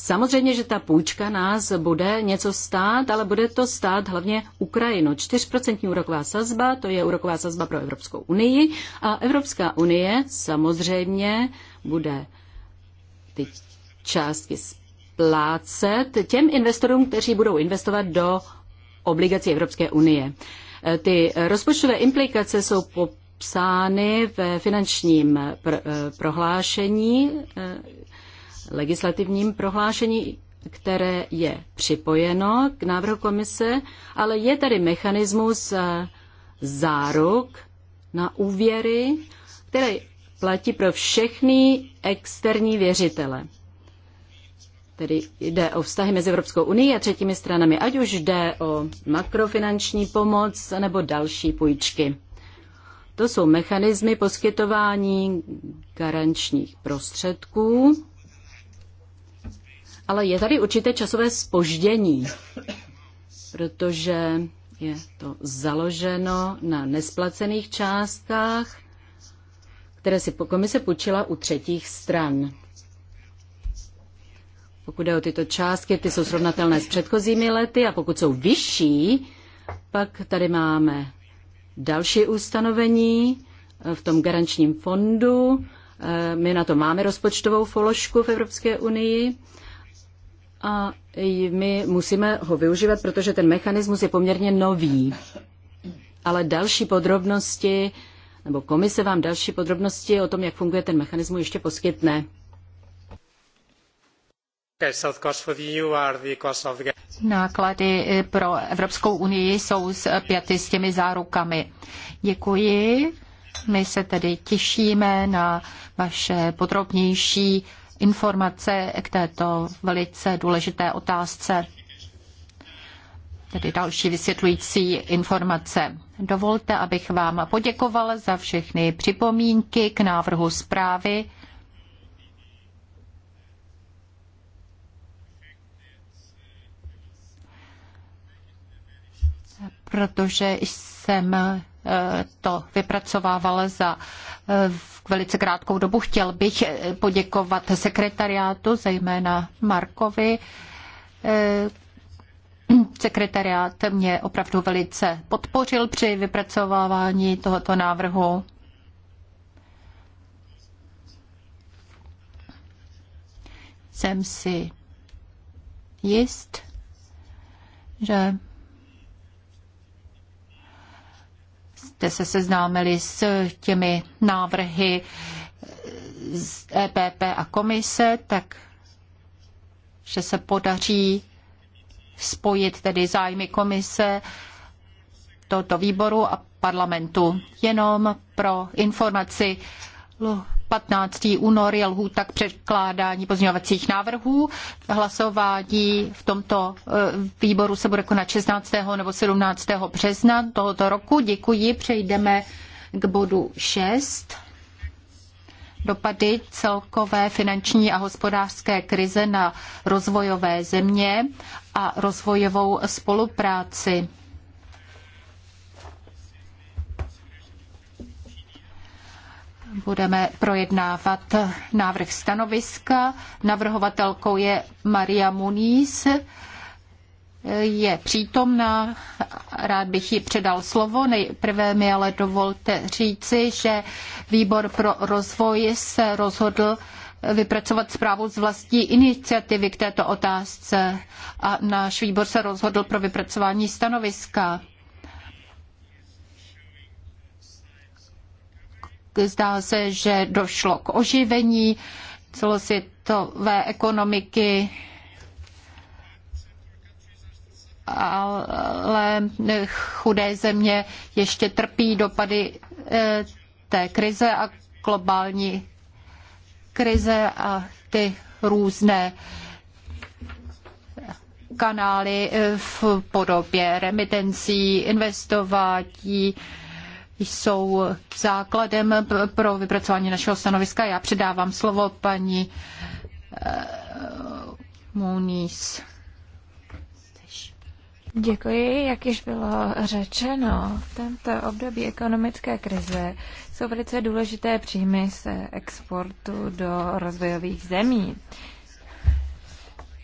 Samozřejmě, že ta půjčka nás bude něco stát, ale bude to stát hlavně Ukrajinu. 4% úroková sazba, to je úroková sazba pro Evropskou unii a Evropská unie samozřejmě bude ty částky splácet těm investorům, kteří budou investovat do obligací Evropské unie. E, ty rozpočtové implikace jsou popsány ve finančním pr- e, prohlášení e, legislativním prohlášení, které je připojeno k návrhu komise, ale je tady mechanismus eh, záruk na úvěry, který platí pro všechny externí věřitele. Tedy jde o vztahy mezi Evropskou unii a třetími stranami, ať už jde o makrofinanční pomoc nebo další půjčky. To jsou mechanismy poskytování garančních prostředků ale je tady určité časové spoždění, protože je to založeno na nesplacených částkách, které si komise půjčila u třetích stran. Pokud jde o tyto částky, ty jsou srovnatelné s předchozími lety a pokud jsou vyšší, pak tady máme další ustanovení eh, v tom garančním fondu. Eh, My na to máme rozpočtovou položku v Evropské unii a my musíme ho využívat, protože ten mechanismus je poměrně nový. Ale další podrobnosti, nebo komise vám další podrobnosti o tom, jak funguje ten mechanismus, ještě poskytne. E Náklady e, pro Evropskou unii jsou pěty s těmi zárukami. Děkuji. My se tedy těšíme na vaše podrobnější informace k této velice důležité otázce, tedy další vysvětlující informace. Dovolte, abych vám poděkoval za všechny připomínky k návrhu zprávy. protože jsem to vypracovával za eh, velice krátkou dobu. Chtěl bych eh, poděkovat sekretariátu, zejména Markovi. Eh, sekretariát mě opravdu velice podpořil při vypracovávání tohoto návrhu. Jsem si jist, že jste se seznámili s těmi návrhy z EPP a komise, tak že se podaří spojit tedy zájmy komise tohoto výboru a parlamentu. Jenom pro informaci 15. únor je lhůta k předkládání pozměňovacích návrhů. Hlasování v tomto eh, výboru se bude konat 16. nebo 17. března tohoto roku. Děkuji. Přejdeme k bodu 6. Dopady celkové finanční a hospodářské krize na rozvojové země a rozvojovou spolupráci. budeme projednávat návrh stanoviska. Navrhovatelkou je Maria Muniz. Je přítomna, rád bych jí předal slovo. Nejprve mi ale dovolte říci, že výbor pro rozvoj se rozhodl vypracovat zprávu z vlastní iniciativy k této otázce a náš výbor se rozhodl pro vypracování stanoviska. Zdá se, že došlo k oživení celosvětové ekonomiky, ale chudé země ještě trpí dopady eh, té krize a globální krize a ty různé kanály eh, v podobě remitencí, investování, jsou základem pro vypracování našeho stanoviska. Já předávám slovo paní eh, Muniz. Děkuji. Jak již bylo řečeno, v tomto období ekonomické krize jsou velice důležité příjmy z exportu do rozvojových zemí.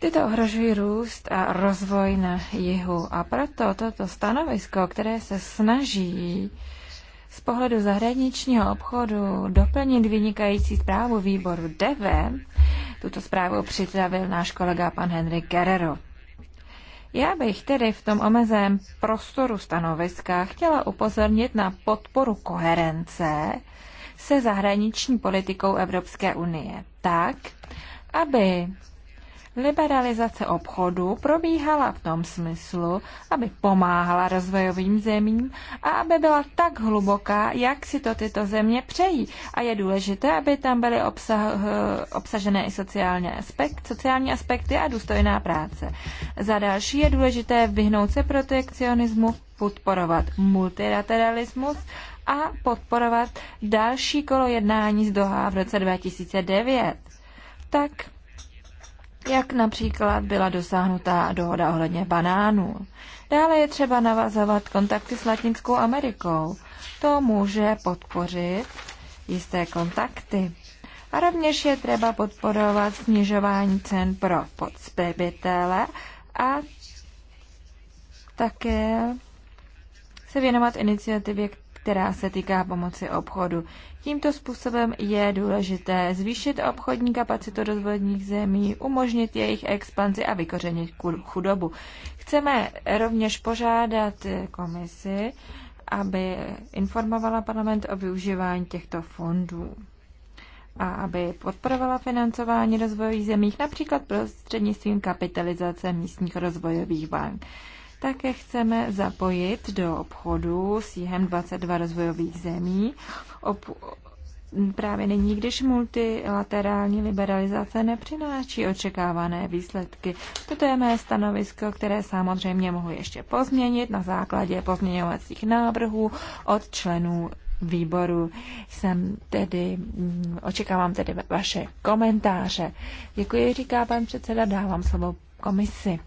Tyto ohrožují růst a rozvoj na jihu a proto toto stanovisko, které se snaží uh, z pohledu zahraničního obchodu doplnit vynikající zprávu výboru DV. tuto zprávu připravil náš kolega pan Henry Guerrero. Já bych tedy v tom omezeném prostoru stanoviska chtěla upozornit na podporu koherence se zahraniční politikou Evropské unie tak, aby Liberalizace obchodu probíhala v tom smyslu, aby pomáhala rozvojovým zemím a aby byla tak hluboká, jak si to tyto země přejí. A je důležité, aby tam byly obsah, obsažené i sociální, aspekt, sociální aspekty a důstojná práce. Za další je důležité vyhnout se protekcionismu, podporovat multilateralismus a podporovat další kolo jednání z Doha v roce 2009. Tak jak například byla dosáhnutá dohoda ohledně banánů. Dále je třeba navazovat kontakty s Latinskou Amerikou. To může podpořit jisté kontakty. A rovněž je třeba podporovat snižování cen pro podspěbitele a také se věnovat iniciativě, která se týká pomoci obchodu. Tímto způsobem je důležité zvýšit obchodní kapacitu rozvojních zemí, umožnit jejich expanzi a vykořenit chudobu. Chceme rovněž požádat komisi, aby informovala parlament o využívání těchto fondů a aby podporovala financování rozvojových zemích například prostřednictvím kapitalizace místních rozvojových bank. Také chceme zapojit do obchodu s jihem 22 rozvojových zemí. Ob- právě nyní, když multilaterální liberalizace nepřináší očekávané výsledky. Toto je mé stanovisko, které samozřejmě mohu ještě pozměnit na základě pozměňovacích návrhů od členů výboru. Jsem tedy, mm, očekávám tedy vaše komentáře. Děkuji, říká pan předseda, dávám slovo komisi.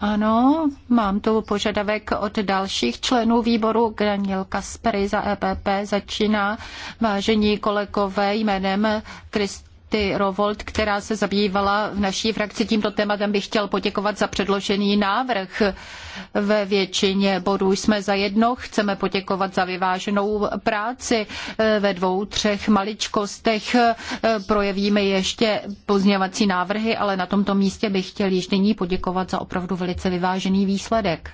Ano, mám tu požadavek od dalších členů výboru. Daniel Kaspery za EPP začíná. Vážení kolegové, jménem Krist Marty Rovold, která se zabývala v naší frakci tímto tématem, bych chtěl poděkovat za předložený návrh. Ve většině bodů jsme za jedno, chceme poděkovat za vyváženou práci. Ve dvou, třech maličkostech projevíme ještě pozměňovací návrhy, ale na tomto místě bych chtěl již nyní poděkovat za opravdu velice vyvážený výsledek.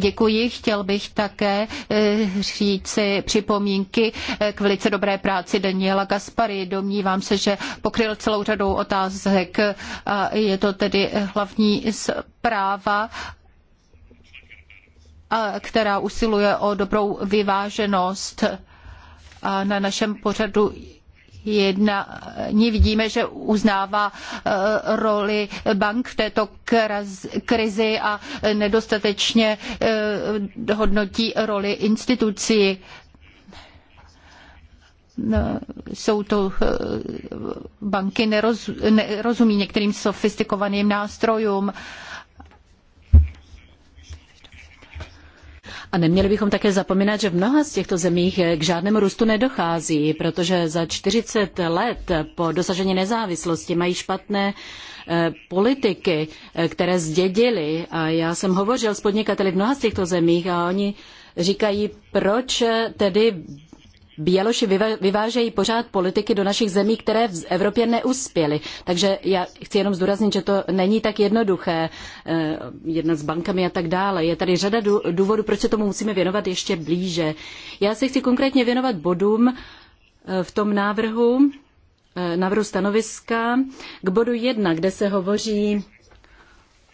Děkuji, chtěl bych také eh, říci připomínky eh, k velice dobré práci Daniela Gaspary. Domnívám se, že pokryl celou řadu otázek. Je to tedy hlavní zpráva která usiluje o dobrou vyváženost. A na našem pořadu jednání vidíme, že uznává e, roli bank v této krizi a nedostatečně e, hodnotí roli institucí. No, jsou to e, banky, nerozumí některým sofistikovaným nástrojům. A neměli bychom také zapomínat, že v mnoha z těchto zemích k žádnému růstu nedochází, protože za 40 let po dosažení nezávislosti mají špatné eh, politiky, eh, které zdědili. A já jsem hovořil s podnikateli v mnoha z těchto zemích a oni říkají, proč tedy Běloši vyvážejí pořád politiky do našich zemí, které v Evropě neuspěly. Takže já chci jenom zdůraznit, že to není tak jednoduché eh, jedna s bankami a tak dále. Je tady řada důvodů, proč se tomu musíme věnovat ještě blíže. Já se chci konkrétně věnovat bodům eh, v tom návrhu, eh, návrhu stanoviska k bodu 1, kde se hovoří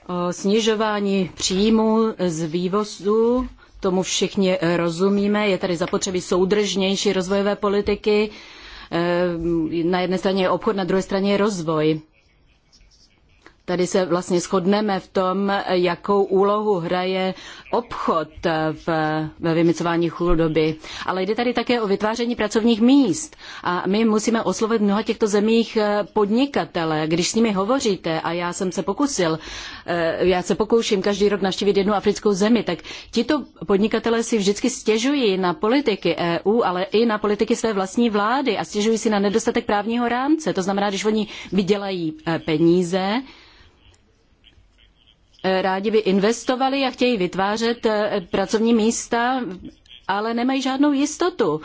o snižování příjmů z vývozu tomu všichni eh, rozumíme. Je tady zapotřebí soudržnější rozvojové politiky. Eh, na jedné straně je obchod, na druhé straně je rozvoj. Tady se vlastně shodneme v tom, jakou úlohu hraje obchod v, ve vymycování chudoby. Ale jde tady také o vytváření pracovních míst. A my musíme oslovit v mnoha těchto zemích eh, podnikatele. Když s nimi hovoříte, a já jsem se pokusil, eh, já se pokouším každý rok navštívit jednu africkou zemi, tak tito podnikatele si vždycky stěžují na politiky EU, ale i na politiky své vlastní vlády a stěžují si na nedostatek právního rámce. To znamená, když oni vydělají eh, peníze, Eh, rádi by investovali a chtějí vytvářet eh, pracovní místa, ale nemají žádnou jistotu.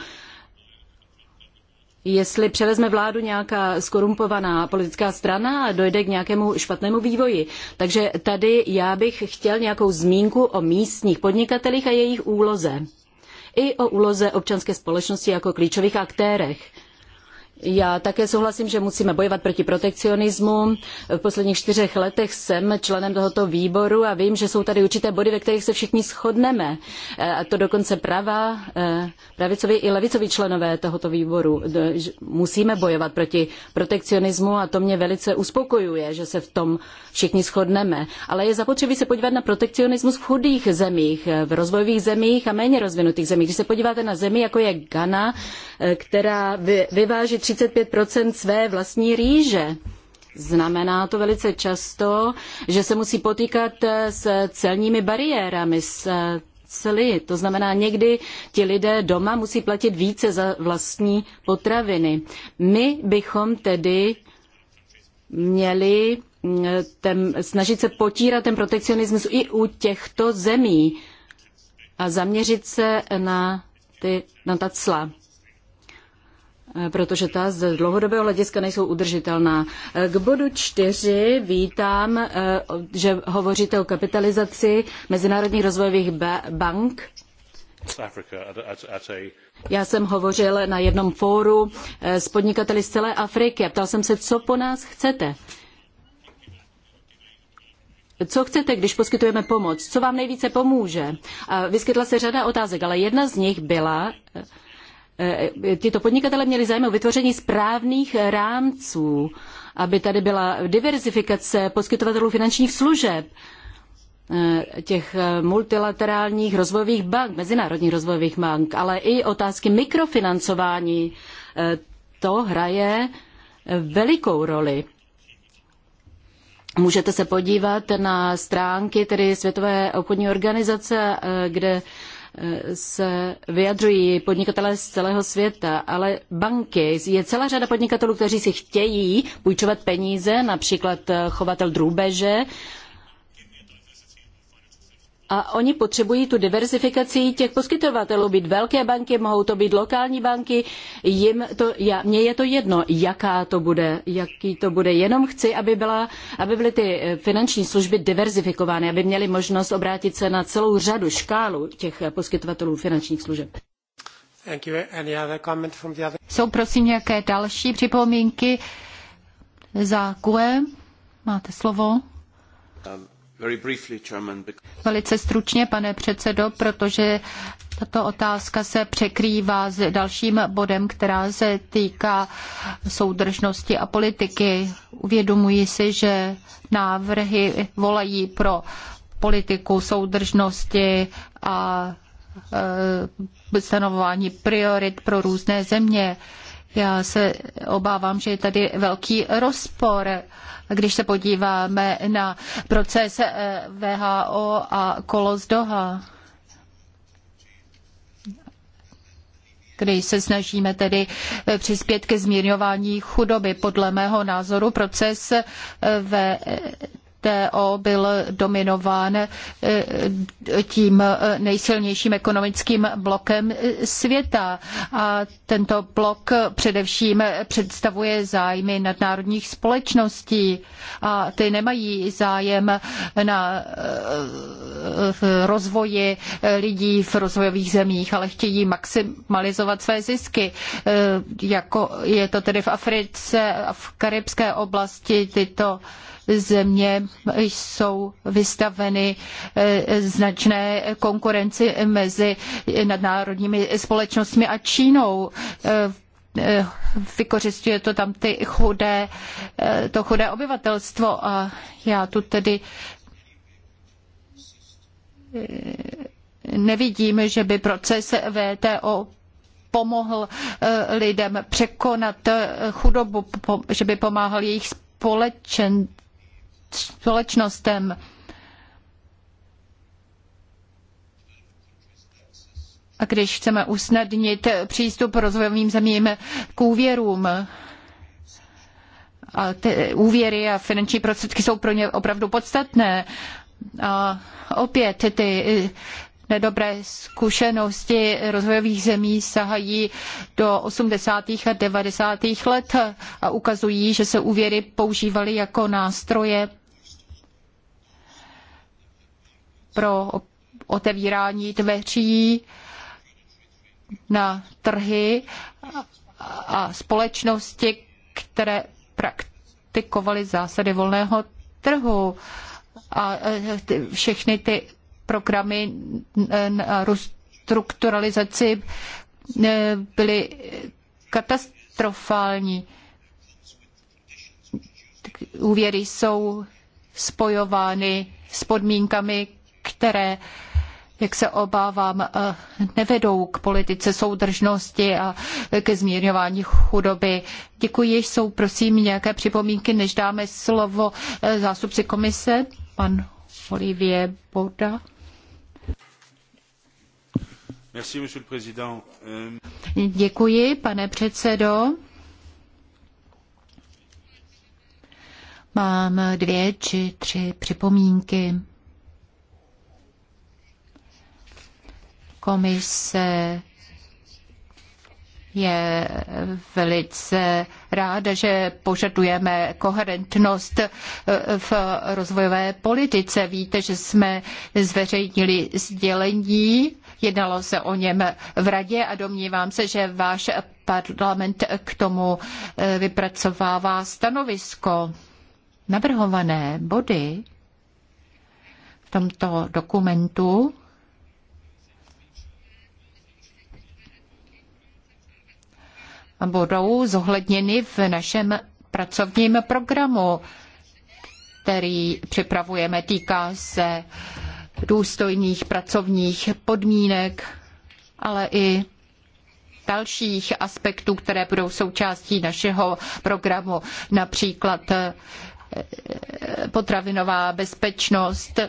Jestli převezme vládu nějaká skorumpovaná politická strana a dojde k nějakému špatnému vývoji. Takže tady já bych chtěl nějakou zmínku o místních podnikatelích a jejich úloze. I o úloze občanské společnosti jako klíčových aktérech. Já také souhlasím, že musíme bojovat proti protekcionismu. V posledních čtyřech letech jsem členem tohoto výboru a vím, že jsou tady určité body, ve kterých se všichni shodneme. E, a to dokonce prava, e, pravicoví i levicoví členové tohoto výboru. Musíme bojovat proti protekcionismu a to mě velice uspokojuje, že se v tom všichni shodneme. Ale je zapotřebí se podívat na protekcionismus v chudých zemích, e, v rozvojových zemích a méně rozvinutých zemích. Když se podíváte na zemi, jako je Ghana, která vyváží 35 své vlastní rýže. Znamená to velice často, že se musí potýkat s celními bariérami, s cly. Eh, to znamená, někdy ti lidé doma musí platit více za vlastní potraviny. My bychom tedy měli mm, ten, snažit se potírat ten protekcionismus i u těchto zemí a zaměřit se na, ty, na ta cla. Eh, protože ta z dlouhodobého hlediska nejsou udržitelná. Eh, k bodu čtyři vítám, eh, že hovoříte o kapitalizaci mezinárodních rozvojových bank. Já jsem hovořil na jednom fóru s podnikateli z celé Afriky a ptal jsem se, co po nás chcete. Co chcete, když poskytujeme pomoc? Co vám nejvíce pomůže? Vyskytla se řada otázek, ale jedna z nich byla, Eh, eh, tyto podnikatele měli zájem o vytvoření správných eh, rámců, aby tady byla diverzifikace poskytovatelů finančních služeb, těch multilaterálních rozvojových bank, mezinárodních rozvojových bank, ale i otázky mikrofinancování. To hraje velikou roli. Můžete se podívat na stránky tedy Světové obchodní organizace, kde se vyjadřují podnikatelé z celého světa, ale banky, je celá řada podnikatelů, kteří si chtějí půjčovat peníze, například chovatel drůbeže, a oni potřebují tu diverzifikaci těch poskytovatelů být velké banky, mohou to být lokální banky, jim to, já, mně je to jedno, jaká to bude, jaký to bude, jenom chci, aby, byla, aby byly ty eh, finanční služby diverzifikovány, aby měly možnost obrátit se na celou řadu škálu těch eh, poskytovatelů finančních služeb. Other... Jsou prosím nějaké další připomínky za QE? Máte slovo. Um. Velice stručně, pane předsedo, protože tato otázka se překrývá s dalším bodem, která se týká soudržnosti a politiky. Uvědomuji si, že návrhy volají pro politiku soudržnosti a e, stanovování priorit pro různé země. Já se obávám, že je tady velký rozpor když se podíváme na proces eh, VHO a kolozdoha, Doha. kdy se snažíme tedy eh, přispět ke zmírňování chudoby. Podle mého názoru proces eh, ve WTO byl dominován eh, tím eh, nejsilnějším ekonomickým blokem eh, světa. A tento blok především představuje zájmy nadnárodních společností a ty nemají zájem na rozvoji lidí v rozvojových zemích, ale chtějí maximalizovat své zisky. Jako je to tedy v Africe, v karibské oblasti tyto země jsou vystaveny eh, značné konkurenci mezi nadnárodními společnostmi a Čínou eh, eh, vykořistuje to tam ty chudé, to chudé obyvatelstvo a já tu tedy nevidím, že by proces VTO pomohl lidem překonat chudobu, že by pomáhal jejich společenství společnostem. A když chceme usnadnit přístup rozvojovým zemím k úvěrům, a ty úvěry a finanční prostředky jsou pro ně opravdu podstatné. A opět ty nedobré zkušenosti rozvojových zemí sahají do 80. a 90. let a ukazují, že se úvěry používaly jako nástroje pro otevírání dveří na trhy a společnosti, které praktikovaly zásady volného trhu. A e, všechny ty programy na restrukturalizaci e, byly katastrofální. Úvěry jsou spojovány s podmínkami, které jak se obávám, eh, nevedou k politice soudržnosti a ke zmírňování chudoby. Děkuji, jsou prosím nějaké připomínky, než dáme slovo eh, zástupci komise, pan Olivier Boda. Euh, Děkuji, pane předsedo. Mám dvě či tři připomínky. komise je velice ráda, že požadujeme koherentnost v rozvojové politice. Víte, že jsme zveřejnili sdělení, jednalo se o něm v radě a domnívám se, že váš parlament k tomu eh, vypracovává stanovisko. Navrhované body v tomto dokumentu budou zohledněny v našem pracovním programu, který připravujeme. Týká se důstojných pracovních podmínek, ale i dalších aspektů, které budou součástí našeho programu, například eh, potravinová bezpečnost,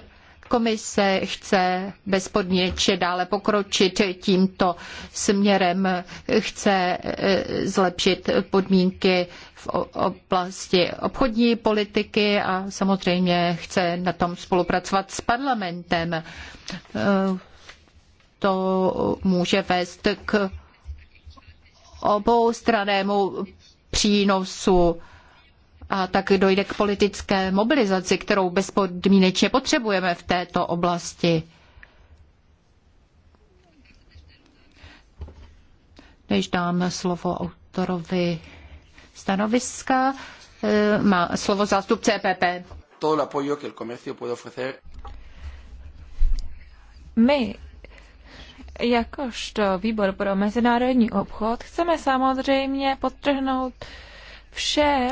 Komise chce bezpodmínečně dále pokročit tímto směrem, chce eh, zlepšit podmínky v oblasti obchodní politiky a samozřejmě chce na tom spolupracovat s parlamentem. Eh, to může vést k obou stranému přínosu a tak dojde k politické mobilizaci, kterou bezpodmínečně potřebujeme v této oblasti. Než dám slovo autorovi stanoviska, eh, má slovo zástupce EPP. My jakožto výbor pro mezinárodní obchod chceme samozřejmě podtrhnout vše,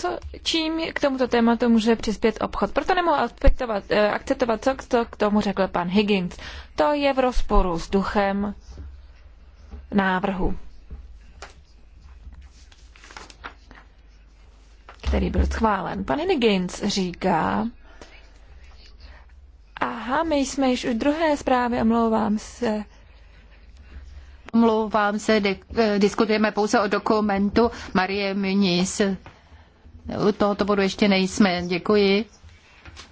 co, čím k tomuto tématu může přispět obchod. Proto nemohu akceptovat, eh, co, co k tomu řekl pan Higgins. To je v rozporu s duchem návrhu, který byl schválen. Pan Higgins říká, aha, my jsme již u druhé zprávy, omlouvám se, Omlouvám se, eh, diskutujeme pouze o dokumentu Marie Muniz. U tohoto bodu ještě nejsme. Děkuji.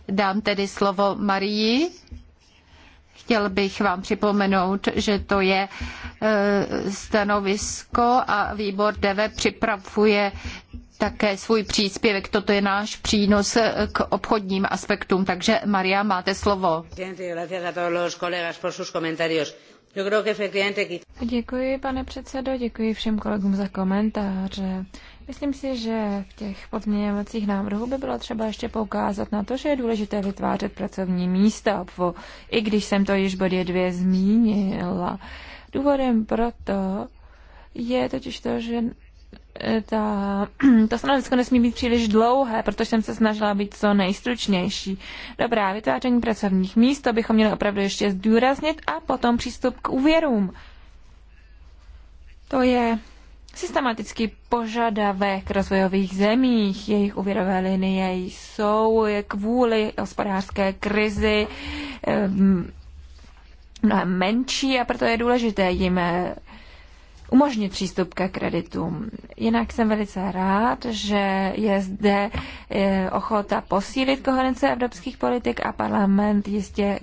Dám tedy slovo Marii. Chtěl bych vám připomenout, že to je e, stanovisko a výbor DV připravuje také svůj příspěvek. Toto je náš přínos e, k obchodním aspektům. Takže Maria, máte slovo. Děkuji, pane předsedo, děkuji všem kolegům za komentáře. Myslím si, že v těch pozměňovacích návrhů by bylo třeba ještě poukázat na to, že je důležité vytvářet pracovní místa, i když jsem to již bodě dvě zmínila. Důvodem proto je totiž to, že E, ta, to stanovisko nesmí být příliš dlouhé, protože jsem se snažila být co nejstručnější. Dobrá, vytváření pracovních míst, to bychom měli opravdu ještě zdůraznit a potom přístup k úvěrům. To je systematický požadavek rozvojových zemích. Jejich úvěrové linie jsou kvůli hospodářské krizi mnohem menší a proto je důležité jim umožnit přístup ke kreditům. Jinak jsem velice rád, že je zde e, ochota posílit koherence evropských politik a parlament jistě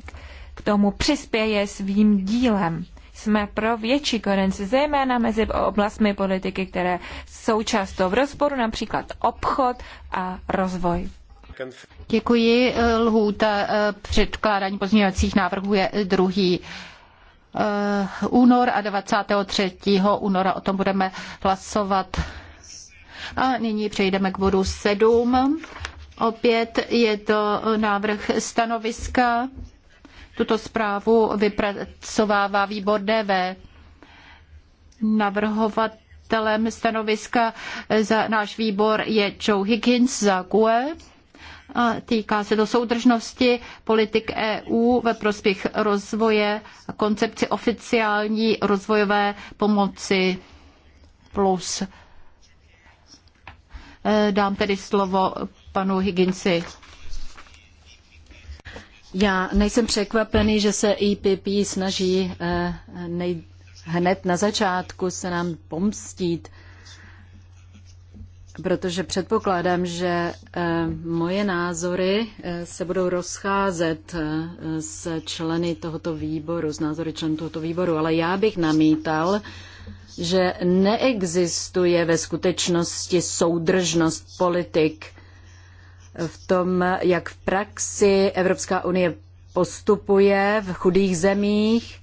k tomu přispěje svým dílem. Jsme pro větší koherenci, zejména mezi oblastmi politiky, které jsou často v rozporu, například obchod a rozvoj. Děkuji. Lhůta e, předkládání pozměňovacích návrhů je druhý Eh, únor a 23. února o tom budeme hlasovat. A nyní přejdeme k bodu 7. Opět je to návrh stanoviska. Tuto zprávu vypracovává výbor DV. Navrhovatelem stanoviska za náš výbor je Joe Higgins za GUE týká se to soudržnosti politik EU ve prospěch rozvoje a koncepci oficiální rozvojové pomoci plus. E, dám tedy slovo panu Higginsi. Já nejsem překvapený, že se IPP e snaží e, nej, hned na začátku se nám pomstít protože předpokládám, že eh, moje názory eh, se budou rozcházet eh, s členy tohoto výboru, s názory členů tohoto výboru, ale já bych namítal, že neexistuje ve skutečnosti soudržnost politik v tom, jak v praxi Evropská unie postupuje v chudých zemích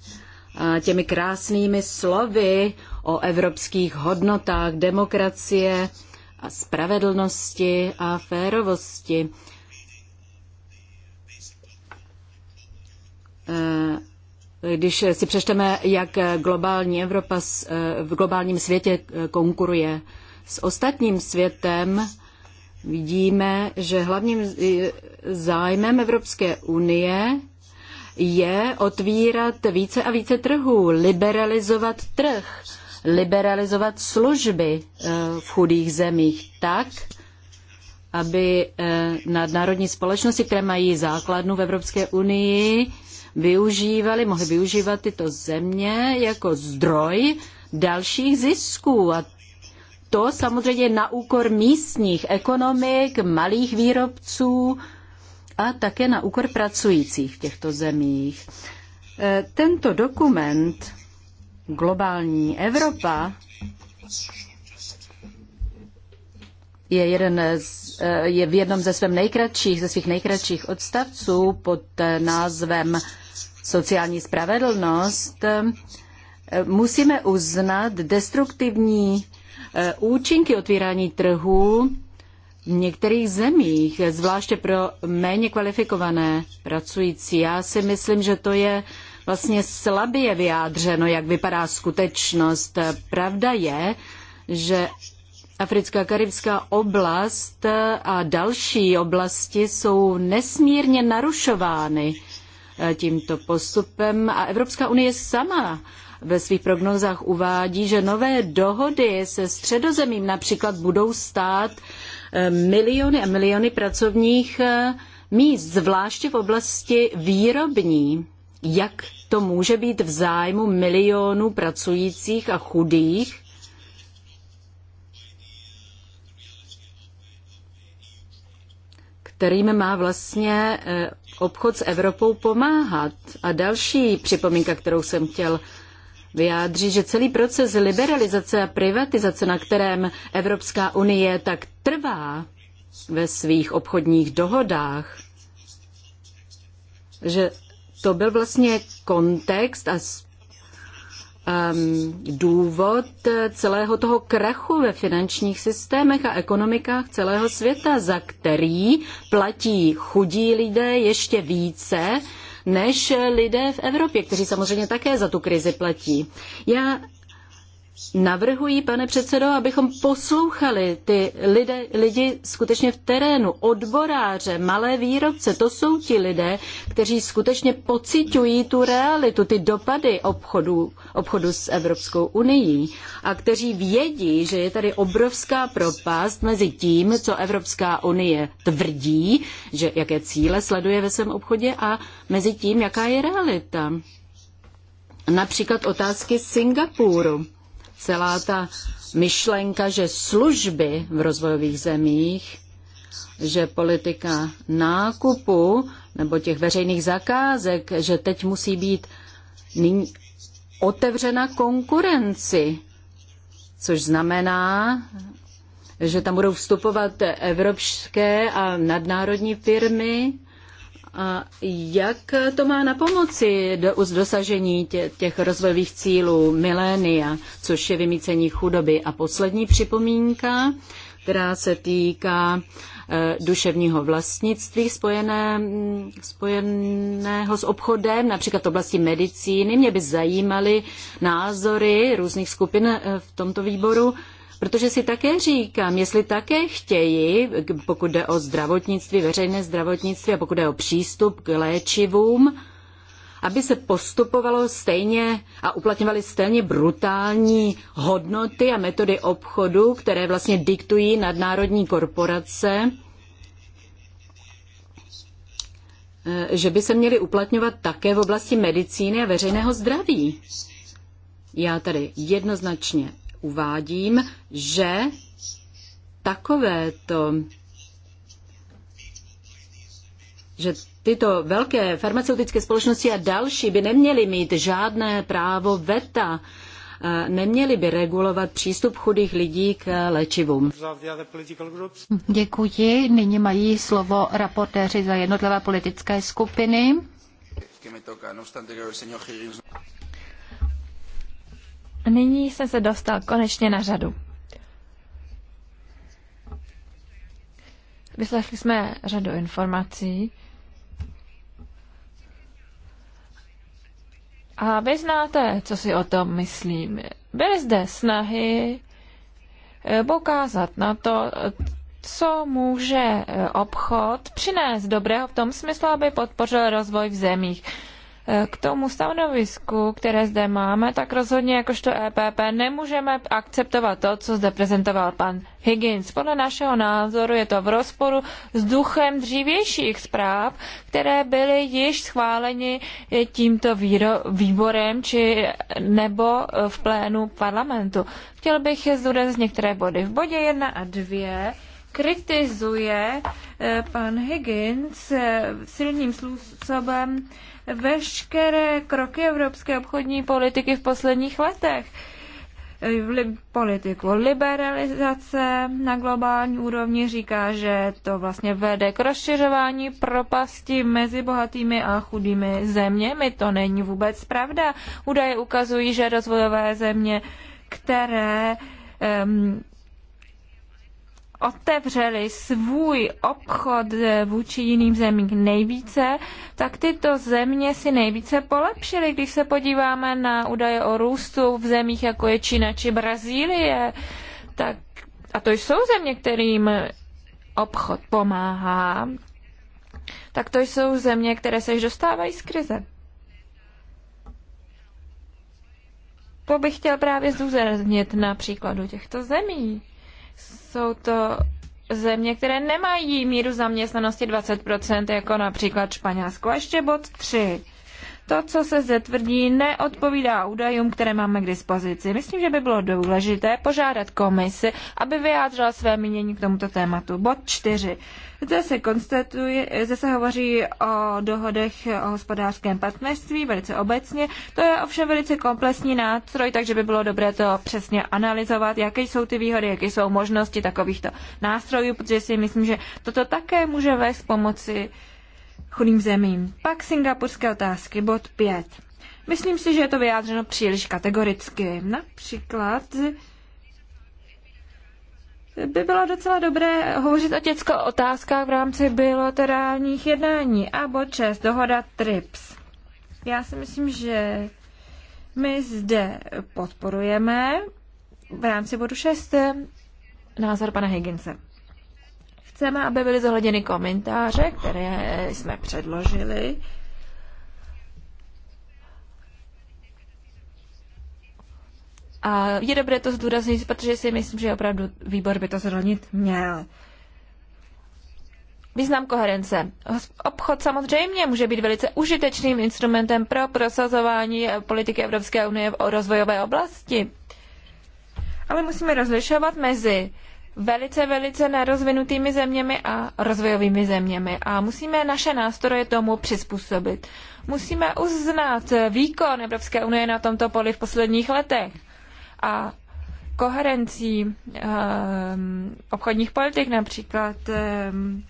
těmi krásnými slovy o evropských hodnotách demokracie, a spravedlnosti a férovosti. Eh, když si přečteme, jak globální Evropa eh, v globálním světě eh, konkuruje s ostatním světem, vidíme, že hlavním zájmem Evropské unie je otvírat více a více trhů, liberalizovat trh liberalizovat služby eh, v chudých zemích tak, aby eh, nadnárodní společnosti, které mají základnu v Evropské unii, využívali, mohli využívat tyto země jako zdroj dalších zisků. A to samozřejmě na úkor místních ekonomik, malých výrobců a také na úkor pracujících v těchto zemích. Eh, tento dokument globální Evropa je, jeden z, eh, je v jednom ze, svém nejkratších, ze svých nejkratších odstavců pod názvem Sociální spravedlnost, eh, musíme uznat destruktivní eh, účinky otvírání trhů v některých zemích, zvláště pro méně kvalifikované pracující. Já si myslím, že to je vlastně slabě vyjádřeno, jak vypadá skutečnost. Pravda je, že Africká karibská oblast a další oblasti jsou nesmírně narušovány eh, tímto postupem a Evropská unie sama ve svých prognózách uvádí, že nové dohody se středozemím například budou stát eh, miliony a miliony pracovních eh, míst, zvláště v oblasti výrobní jak to může být v zájmu milionů pracujících a chudých, kterým má vlastně eh, obchod s Evropou pomáhat. A další připomínka, kterou jsem chtěl vyjádří, že celý proces liberalizace a privatizace, na kterém Evropská unie tak trvá ve svých obchodních dohodách, že to byl vlastně kontext a um, důvod celého toho krachu ve finančních systémech a ekonomikách celého světa, za který platí chudí lidé ještě více než lidé v Evropě, kteří samozřejmě také za tu krizi platí. Já navrhují, pane předsedo, abychom poslouchali ty lidé, lidi skutečně v terénu, odboráře, malé výrobce, to jsou ti lidé, kteří skutečně pociťují tu realitu, ty dopady obchodu, obchodu s Evropskou unii a kteří vědí, že je tady obrovská propast mezi tím, co Evropská unie tvrdí, že jaké cíle sleduje ve svém obchodě a mezi tím, jaká je realita. Například otázky Singapuru celá ta myšlenka, že služby v rozvojových zemích, že politika nákupu nebo těch veřejných zakázek, že teď musí být nyní otevřena konkurenci, což znamená, že tam budou vstupovat evropské a nadnárodní firmy, a jak to má na pomoci do, dosažení tě, těch rozvojových cílů milénia, což je vymícení chudoby? A poslední připomínka, která se týká e, duševního vlastnictví spojené, mm, spojeného s obchodem, například v oblasti medicíny. Mě by zajímaly názory různých skupin eh, v tomto výboru. E, Protože si také říkám, jestli také chtějí, pokud jde o zdravotnictví, veřejné zdravotnictví a pokud jde o přístup k léčivům, aby se postupovalo stejně a uplatňovaly stejně brutální hodnoty a metody obchodu, které vlastně diktují nadnárodní korporace, eh, že by se měly uplatňovat také v oblasti medicíny a veřejného zdraví. Já tady jednoznačně uvádím, že takovéto že tyto velké farmaceutické společnosti a další by neměly mít žádné právo veta, eh, neměly by regulovat přístup chudých lidí k léčivům. Děkuji. Nyní mají slovo raportéři za jednotlivé politické skupiny. Nyní jsem se dostal konečně na řadu. Vyslechli jsme řadu informací. A vy znáte, co si o tom myslím. Byly zde snahy eh, poukázat na to, co může eh, obchod přinést dobrého v tom smyslu, aby podpořil rozvoj v zemích. K tomu stanovisku, které zde máme, tak rozhodně jakožto EPP nemůžeme akceptovat to, co zde prezentoval pan Higgins. Podle našeho názoru je to v rozporu s duchem dřívějších zpráv, které byly již schváleny tímto výborem či nebo v plénu parlamentu. Chtěl bych zdůraznit některé body. V bodě 1 a 2 kritizuje eh, pan Higgins eh, silným způsobem veškeré kroky evropské obchodní politiky v posledních letech. Li- politiku liberalizace na globální úrovni říká, že to vlastně vede k rozšiřování propasti mezi bohatými a chudými zeměmi. To není vůbec pravda. Údaje ukazují, že rozvojové země, které um, otevřeli svůj obchod eh, vůči jiným zemím nejvíce, tak tyto země si nejvíce polepšily. Když se podíváme na údaje o růstu v zemích jako je Čína či Brazílie, tak a to jsou země, kterým obchod pomáhá, tak to jsou země, které se již dostávají z krize. To bych chtěl právě zdůraznit na příkladu těchto zemí. Jsou to země, které nemají míru zaměstnanosti 20%, jako například Španělsko. A ještě bod 3 to, co se zde tvrdí, neodpovídá údajům, které máme k dispozici. Myslím, že by bylo důležité požádat komisi, aby vyjádřila své mínění k tomuto tématu. Bod 4. Zde se konstatuje, zde se hovoří o dohodech o hospodářském partnerství velice obecně. To je ovšem velice komplexní nástroj, takže by bylo dobré to přesně analyzovat, jaké jsou ty výhody, jaké jsou možnosti takovýchto nástrojů, protože si myslím, že toto také může vést pomoci chudým zemím. Pak singapurské otázky, bod 5. Myslím si, že je to vyjádřeno příliš kategoricky. Například by bylo docela dobré hovořit o těchto otázkách v rámci bilaterálních jednání. A bod 6, dohoda TRIPS. Já si myslím, že my zde podporujeme v rámci bodu 6 názor pana Higginse. Chceme, aby byly zohledněny komentáře, které jsme předložili. A je dobré to zdůraznit, protože si myslím, že opravdu výbor by to zhodnit měl. Význam koherence. Obchod samozřejmě může být velice užitečným instrumentem pro prosazování politiky Evropské unie v rozvojové oblasti. Ale musíme rozlišovat mezi velice, velice nerozvinutými zeměmi a rozvojovými zeměmi. A musíme naše nástroje tomu přizpůsobit. Musíme uznat výkon Evropské unie na tomto poli v posledních letech. A koherencí um, obchodních politik, například um,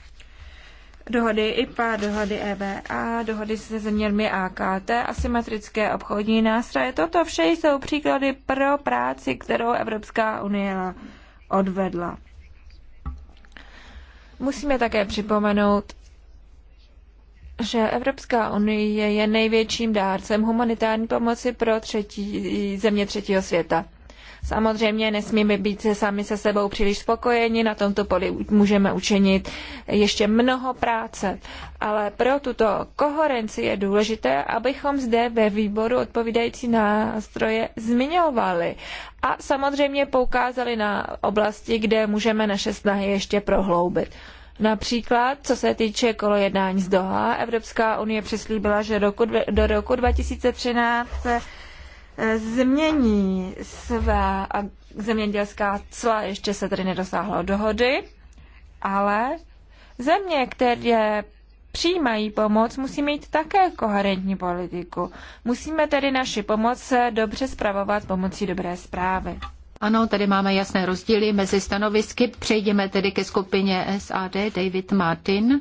dohody IPA, dohody EBA, dohody se zeměmi AKT, asymetrické obchodní nástroje. Toto vše jsou příklady pro práci, kterou Evropská unie odvedla. Musíme také připomenout, že Evropská unie je největším dárcem humanitární pomoci pro třetí, země třetího světa. Samozřejmě nesmíme být se sami se sebou příliš spokojeni, na tomto poli můžeme učinit ještě mnoho práce. Ale pro tuto koherenci je důležité, abychom zde ve výboru odpovídající nástroje zmiňovali a samozřejmě poukázali na oblasti, kde můžeme naše snahy ještě prohloubit. Například, co se týče kolo jednání z Doha, Evropská unie přislíbila, že roku, do roku 2013 změní své zemědělská cla, ještě se tedy nedosáhlo dohody, ale země, které přijímají pomoc, musí mít také koherentní politiku. Musíme tedy naši pomoc dobře zpravovat pomocí dobré zprávy. Ano, tady máme jasné rozdíly mezi stanovisky. Přejdeme tedy ke skupině SAD. David Martin.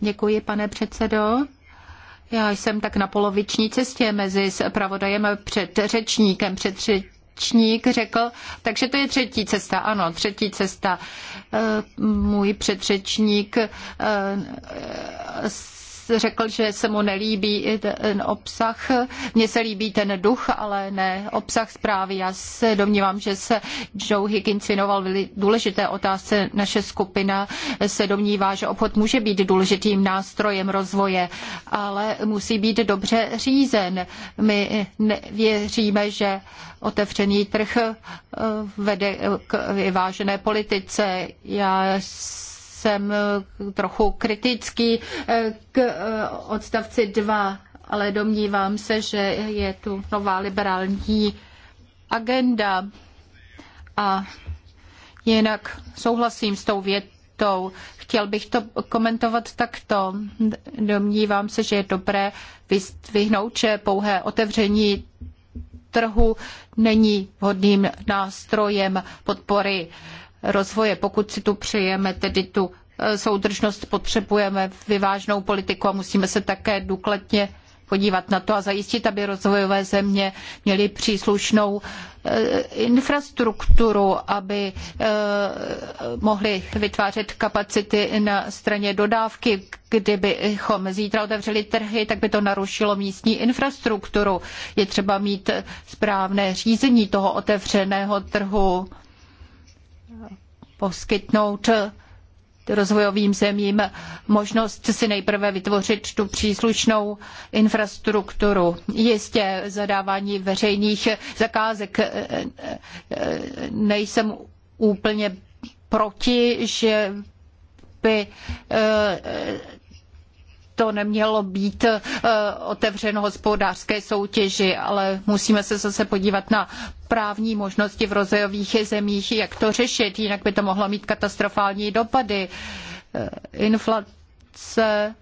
Děkuji, pane předsedo. Já jsem tak na poloviční cestě mezi pravodajem a předřečníkem. Předřečník řekl, takže to je třetí cesta, ano, třetí cesta. Eh, můj předřečník eh, řekl, že se mu nelíbí ten obsah. Mně se líbí ten duch, ale ne obsah zprávy. Já se domnívám, že se Joe Higgins věnoval veli důležité otázce. Naše skupina se domnívá, že obchod může být důležitým nástrojem rozvoje, ale musí být dobře řízen. My věříme, že otevřený trh eh, vede k vyvážené politice. Já jsem eh, trochu kritický eh, k eh, odstavci 2, ale domnívám se, že je tu nová liberální agenda a jinak souhlasím s tou větou. Chtěl bych to komentovat takto. Domnívám se, že je dobré vyhnout, že pouhé otevření trhu není vhodným nástrojem podpory rozvoje. Pokud si tu přejeme tedy tu e, soudržnost, potřebujeme vyvážnou politiku a musíme se také důkladně podívat na to a zajistit, aby rozvojové země měly příslušnou e, infrastrukturu, aby e, mohly vytvářet kapacity na straně dodávky. Kdybychom zítra otevřeli trhy, tak by to narušilo místní infrastrukturu. Je třeba mít správné řízení toho otevřeného trhu poskytnout rozvojovým zemím možnost si nejprve vytvořit tu příslušnou infrastrukturu. Jistě zadávání veřejných zakázek eh, eh, nejsem úplně proti, že by eh, to nemělo být eh, otevřeno hospodářské soutěži, ale musíme se zase podívat na právní možnosti v rozvojových zemích, jak to řešit, jinak by to mohlo mít katastrofální dopady. Eh, inflace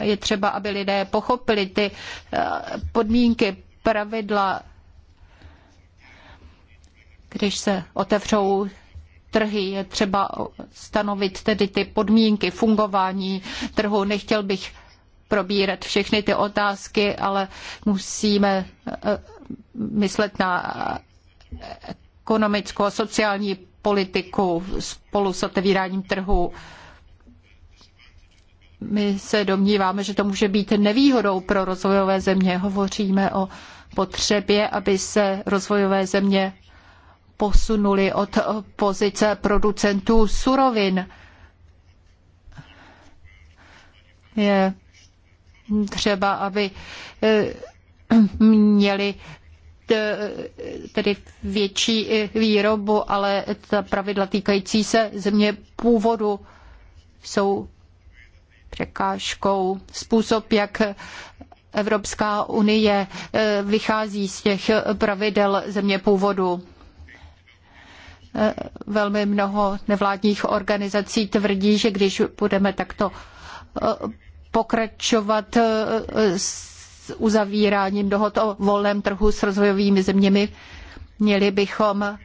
je třeba, aby lidé pochopili ty eh, podmínky, pravidla, když se otevřou trhy. Je třeba stanovit tedy ty podmínky fungování trhu. Nechtěl bych probírat všechny ty otázky, ale musíme eh, myslet na ekonomickou a sociální politiku spolu s otevíráním trhu. My se domníváme, že to může být nevýhodou pro rozvojové země. Hovoříme o potřebě, aby se rozvojové země posunuli od pozice producentů surovin. Je třeba, aby eh, měli eh, tedy větší eh, výrobu, ale ta pravidla týkající se země původu jsou překážkou. Způsob, jak Evropská unie vychází z těch pravidel země původu. Eh, velmi mnoho nevládních organizací tvrdí, že když budeme takto eh, pokračovat eh, s uzavíráním dohod o volném trhu s rozvojovými zeměmi, měli bychom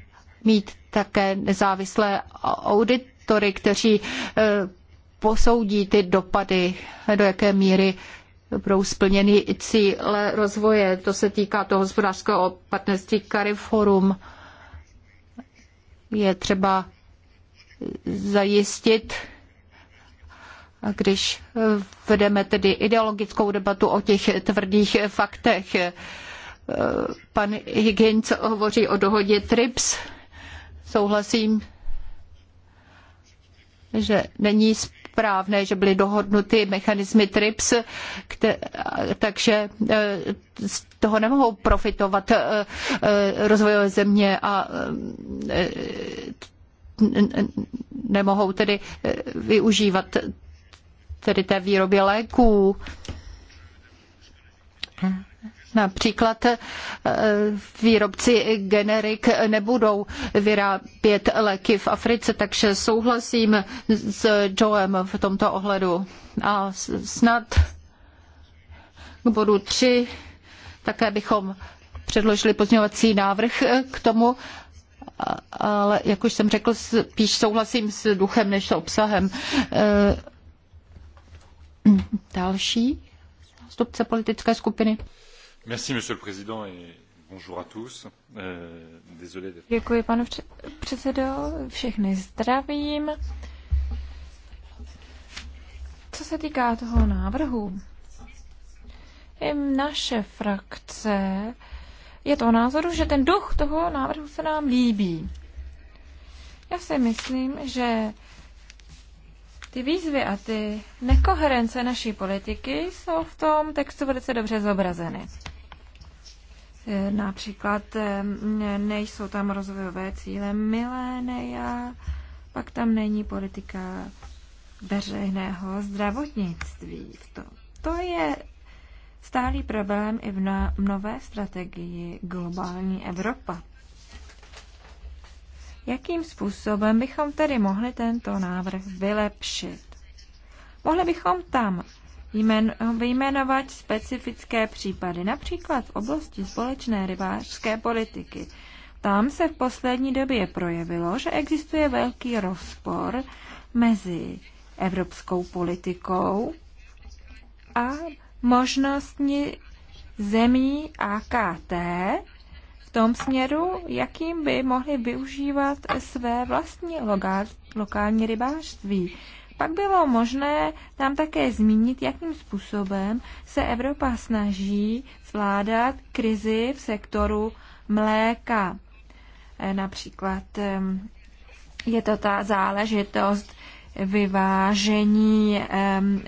mít také nezávislé auditory, kteří posoudí ty dopady, do jaké míry budou splněny cíle rozvoje. To se týká toho hospodářského partnerství CARIFORUM. Forum je třeba zajistit, a když vedeme tedy ideologickou debatu o těch tvrdých faktech. Pan Higgins hovoří o dohodě TRIPS. Souhlasím, že není správné, že byly dohodnuty mechanismy TRIPS, takže e, z toho nemohou profitovat e, e, rozvojové země a nemohou tedy využívat tedy té výrobě léků. Například eh, výrobci generik nebudou vyrábět léky v Africe, takže souhlasím s Joem v tomto ohledu. A snad k bodu 3 také bychom předložili pozměňovací návrh eh, k tomu, ale jak už jsem řekl, spíš souhlasím s duchem než s obsahem. Eh, další zástupce politické skupiny. Euh, Děkuji, pane předsedo, všechny zdravím. Co se týká toho návrhu, i naše frakce je toho názoru, že ten duch toho návrhu se nám líbí. Já si myslím, že ty výzvy a ty nekoherence naší politiky jsou v tom textu velice dobře zobrazeny. Například nejsou tam rozvojové cíle Já pak tam není politika veřejného zdravotnictví. To, to je stálý problém i v nové strategii globální Evropa. Jakým způsobem bychom tedy mohli tento návrh vylepšit? Mohli bychom tam vyjmenovat specifické případy, například v oblasti společné rybářské politiky. Tam se v poslední době projevilo, že existuje velký rozpor mezi evropskou politikou a možnostmi zemí AKT v tom směru, jakým by mohli využívat své vlastní lokální rybářství. Pak bylo možné tam také zmínit, jakým způsobem se Evropa snaží zvládat krizi v sektoru mléka. E, například je to ta záležitost vyvážení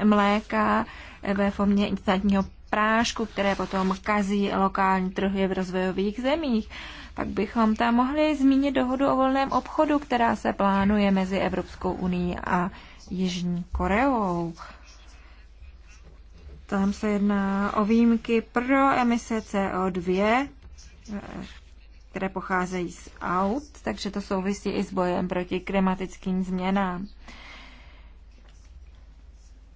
mléka ve formě instantního prášku, které potom kazí lokální trhy v rozvojových zemích. Pak bychom tam mohli zmínit dohodu o volném obchodu, která se plánuje mezi Evropskou unii a Jižní Koreou. Tam se jedná o výjimky pro emise CO2, které pocházejí z aut, takže to souvisí i s bojem proti klimatickým změnám.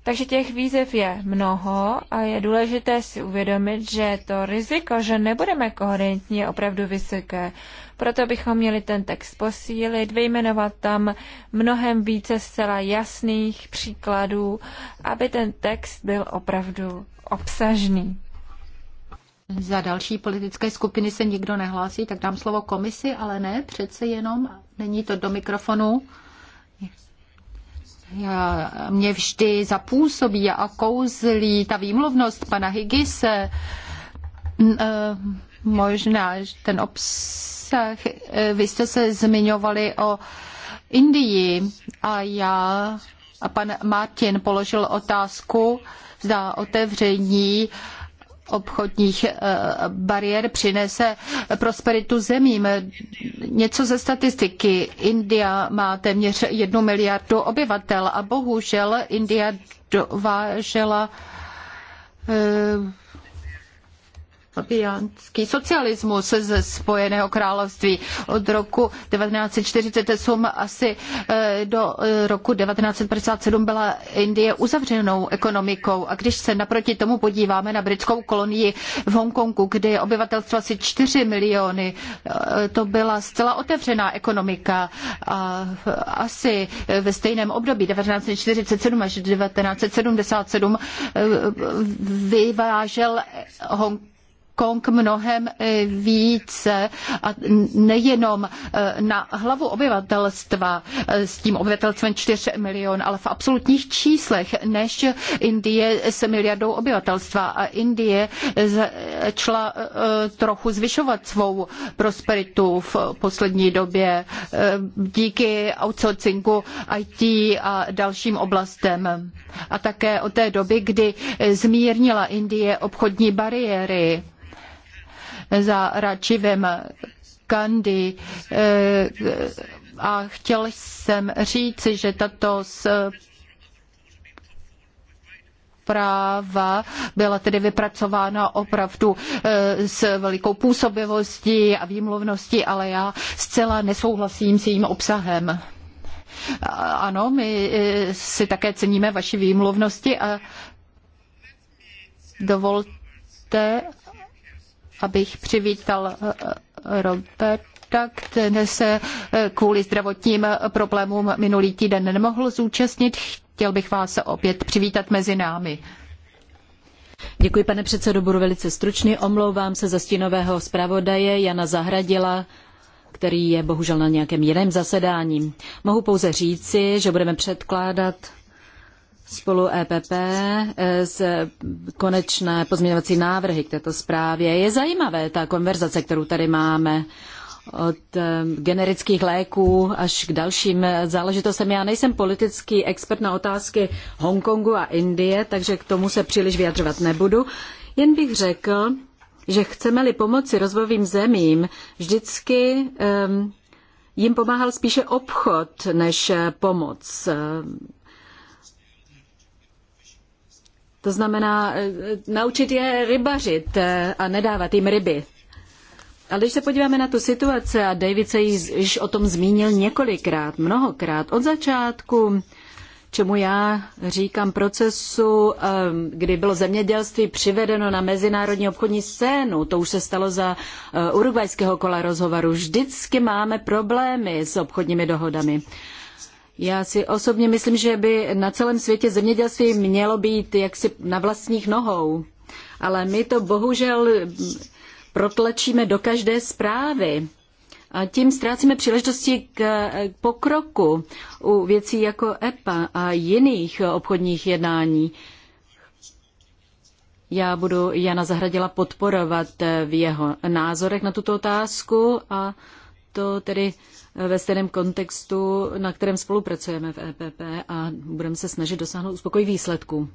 Takže těch výzev je mnoho a je důležité si uvědomit, že to riziko, že nebudeme koherentní, je opravdu vysoké. Proto bychom měli ten text posílit, vyjmenovat tam mnohem více zcela jasných příkladů, aby ten text byl opravdu obsažný. Za další politické skupiny se nikdo nehlásí, tak dám slovo komisi, ale ne, přece jenom není to do mikrofonu mě vždy zapůsobí a kouzlí ta výmluvnost pana Higise. E, možná ten obsah, e, vy jste se zmiňovali o Indii a já a pan Martin položil otázku, zda otevření uh, obchodních eh, bariér přinese prosperitu zemím. Něco ze statistiky. India má téměř jednu miliardu obyvatel a bohužel India dovážela eh, fabiánský socialismus ze Spojeného království od roku 1948 asi eh, do eh, roku 1957 byla Indie uzavřenou ekonomikou. A když se naproti tomu podíváme na britskou kolonii v Hongkongu, kde je obyvatelstvo asi 4 miliony, eh, to byla zcela otevřená ekonomika. A asi ve stejném období 1947 až 1977 vyvážel Hongkong Kong mnohem eh, více a nejenom eh, na hlavu obyvatelstva eh, s tím obyvatelstvem 4 milion, ale v absolutních číslech než Indie s miliardou obyvatelstva. A Indie začala trochu zvyšovat svou prosperitu v poslední době díky outsourcingu IT a dalším oblastem. A také od té doby, kdy zmírnila Indie obchodní bariéry za Račivem Gandhi eh, a chtěl jsem říci, že tato práva byla tedy vypracována opravdu eh, s velikou působivostí a výmluvností, ale já zcela nesouhlasím s jejím obsahem. Ano, my eh, si také ceníme vaši výmluvnosti a dovolte, abych přivítal eh, eh, Roberta, který se eh, kvůli zdravotním problémům minulý týden nemohl zúčastnit. Chtěl bych vás opět přivítat mezi námi. Děkuji, pane předsedo, budu velice stručný. Omlouvám se za stínového zpravodaje Jana Zahradila, který je bohužel na nějakém jiném zasedání. Mohu pouze říci, že budeme předkládat spolu EPP z eh, konečné pozměňovací návrhy k této zprávě. Je zajímavé ta konverzace, kterou tady máme od eh, generických léků až k dalším eh, záležitostem. Já nejsem politický expert na otázky Hongkongu a Indie, takže k tomu se příliš vyjadřovat nebudu. Jen bych řekl, že chceme-li pomoci rozvojovým zemím, vždycky um, jim pomáhal spíše obchod než pomoc. To znamená eh, naučit je rybařit eh, a nedávat jim ryby. Ale když se podíváme na tu situaci, a David se již o tom zmínil několikrát, mnohokrát, od začátku, čemu já říkám procesu, ehm, kdy bylo zemědělství přivedeno na mezinárodní obchodní scénu, to už se stalo za eh, urugvajského kola rozhovoru, vždycky máme problémy s obchodními dohodami. Já si osobně myslím, že by na celém světě zemědělství mělo být jaksi na vlastních nohou. Ale my to bohužel protlačíme do každé zprávy. A tím ztrácíme příležitosti k pokroku u věcí jako EPA a jiných obchodních jednání. Já budu Jana Zahradila podporovat v jeho názorech na tuto otázku a to tedy ve stejném kontextu, na kterém spolupracujeme v EPP a budeme se snažit dosáhnout uspokojivých výsledků.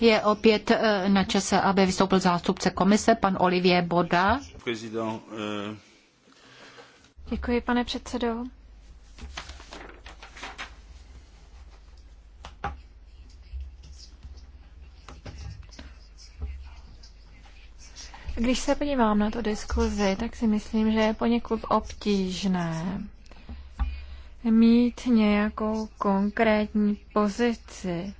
Je opět eh, na čase, aby vystoupil zástupce komise, pan Olivier Boda. Eh, Děkuji, pane předsedo. Když se podívám na tu diskuzi, tak si myslím, že je poněkud obtížné mít nějakou konkrétní pozici.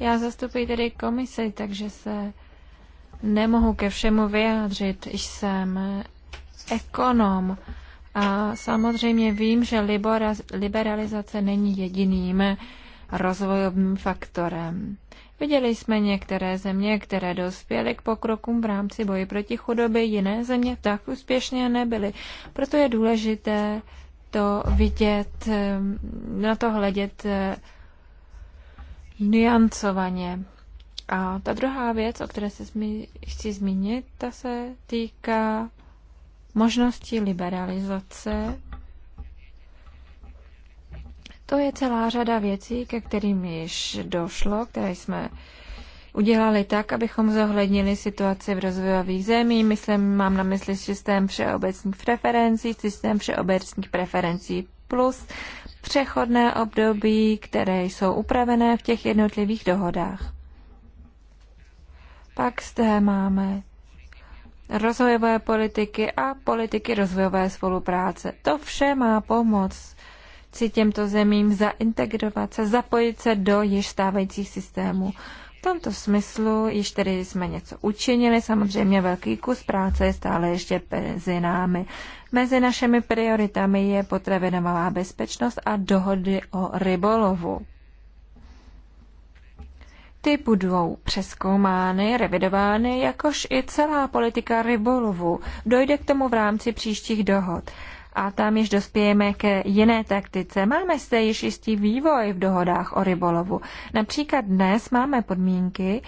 Já zastupuji tedy komisi, takže se nemohu ke všemu vyjádřit. Jsem ekonom a samozřejmě vím, že liberalizace není jediným rozvojovým faktorem. Viděli jsme některé země, které dospěly k pokrokům v rámci boji proti chudobě, jiné země tak úspěšně nebyly. Proto je důležité to vidět, na to hledět eh, niancovaně. A ta druhá věc, o které se zmi- chci zmínit, ta se týká možnosti liberalizace to je celá řada věcí, ke kterým již došlo, které jsme udělali tak, abychom zohlednili situaci v rozvojových zemích. Myslím, mám na mysli systém všeobecných preferencí, systém všeobecných preferencí plus přechodné období, které jsou upravené v těch jednotlivých dohodách. Pak zde máme rozvojové politiky a politiky rozvojové spolupráce. To vše má pomoct pomoci těmto zemím zaintegrovat se, zapojit se do již stávajících systémů. V tomto smyslu již tedy jsme něco učinili, samozřejmě velký kus práce je stále ještě mezi námi. Mezi našimi prioritami je potravinová bezpečnost a dohody o rybolovu. Ty budou přeskoumány, revidovány, jakož i celá politika rybolovu. Dojde k tomu v rámci příštích dohod a tam již dospějeme ke jiné taktice. Máme se již jistý vývoj v dohodách o rybolovu. Například dnes máme podmínky,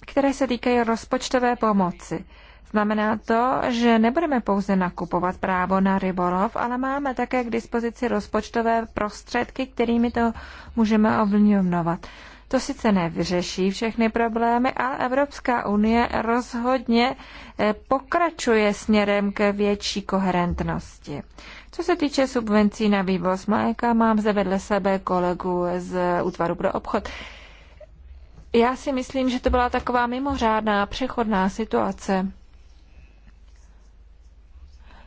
které se týkají rozpočtové pomoci. Znamená to, že nebudeme pouze nakupovat právo na rybolov, ale máme také k dispozici rozpočtové prostředky, kterými to můžeme ovlivňovat. To sice nevyřeší všechny problémy, ale Evropská unie rozhodně eh, pokračuje směrem k větší koherentnosti. Co se týče subvencí na vývoz mléka, mám zde vedle sebe kolegu z útvaru pro obchod. Já si myslím, že to byla taková mimořádná přechodná situace.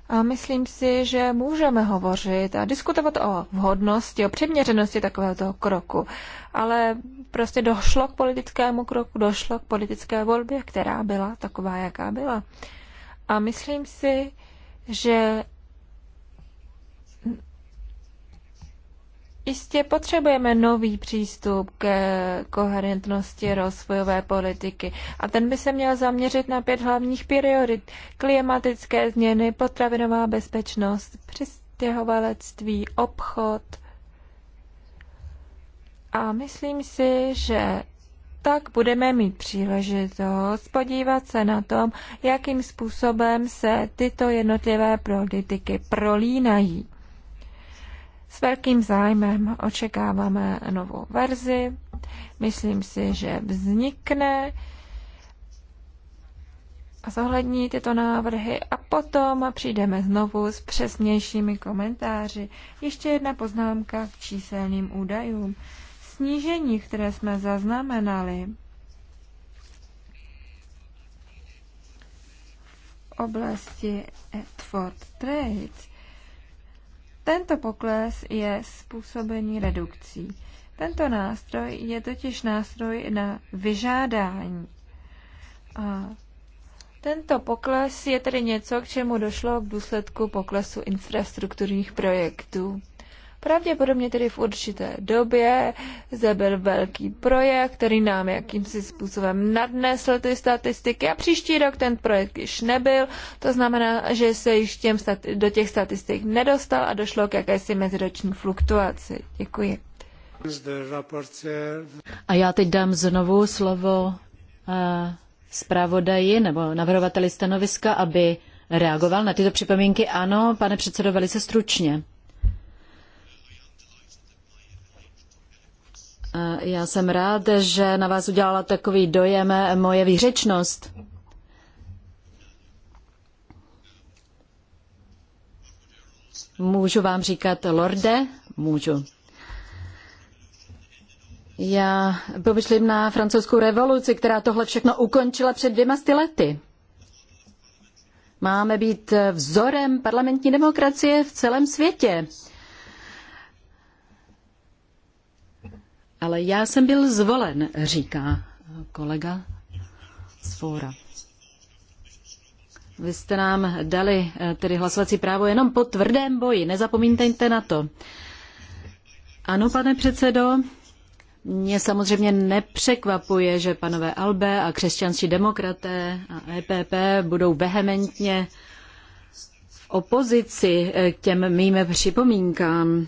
A myslím si, že můžeme hovořit a diskutovat o vhodnosti, o přiměřenosti takového kroku. Ale prostě došlo k politickému kroku, došlo k politické volbě, která byla taková, jaká byla. A myslím si, že Jistě potřebujeme nový přístup k eh, koherentnosti rozvojové politiky a ten by se měl zaměřit na pět hlavních priorit. Klimatické změny, potravinová bezpečnost, přistěhovalectví, obchod. A myslím si, že tak budeme mít příležitost podívat se na tom, jakým způsobem se tyto jednotlivé politiky prolínají. S velkým zájmem očekáváme novou verzi. Myslím si, že vznikne a zohlední tyto návrhy a potom přijdeme znovu s přesnějšími komentáři. Ještě jedna poznámka k číselným údajům. Snížení, které jsme zaznamenali v oblasti Edford Trade, tento pokles je způsobený redukcí. Tento nástroj je totiž nástroj na vyžádání. A tento pokles je tedy něco, k čemu došlo v důsledku poklesu infrastrukturních projektů. Pravděpodobně tedy v určité době zde byl velký projekt, který nám jakýmsi způsobem nadnesl ty statistiky a příští rok ten projekt již nebyl. To znamená, že se již těm do těch statistik nedostal a došlo k jakési meziroční fluktuaci. Děkuji. A já teď dám znovu slovo eh, zpravodaji nebo navrhovateli stanoviska, aby reagoval na tyto připomínky. Ano, pane předsedo, velice stručně. Eh, já jsem rád, že na vás udělala takový dojem eh, moje výřečnost. Můžu vám říkat lorde? Můžu. Já pomyslím na francouzskou revoluci, která tohle všechno ukončila před dvěma sty lety. Máme být vzorem parlamentní demokracie v celém světě. Ale já jsem byl zvolen, říká kolega z fóra. Vy jste nám dali eh, tedy hlasovací právo jenom po tvrdém boji, nezapomínejte na to. Ano, pane předsedo, mě samozřejmě nepřekvapuje, že panové Albe a křesťanští demokraté a EPP budou vehementně v opozici eh, k těm mým připomínkám.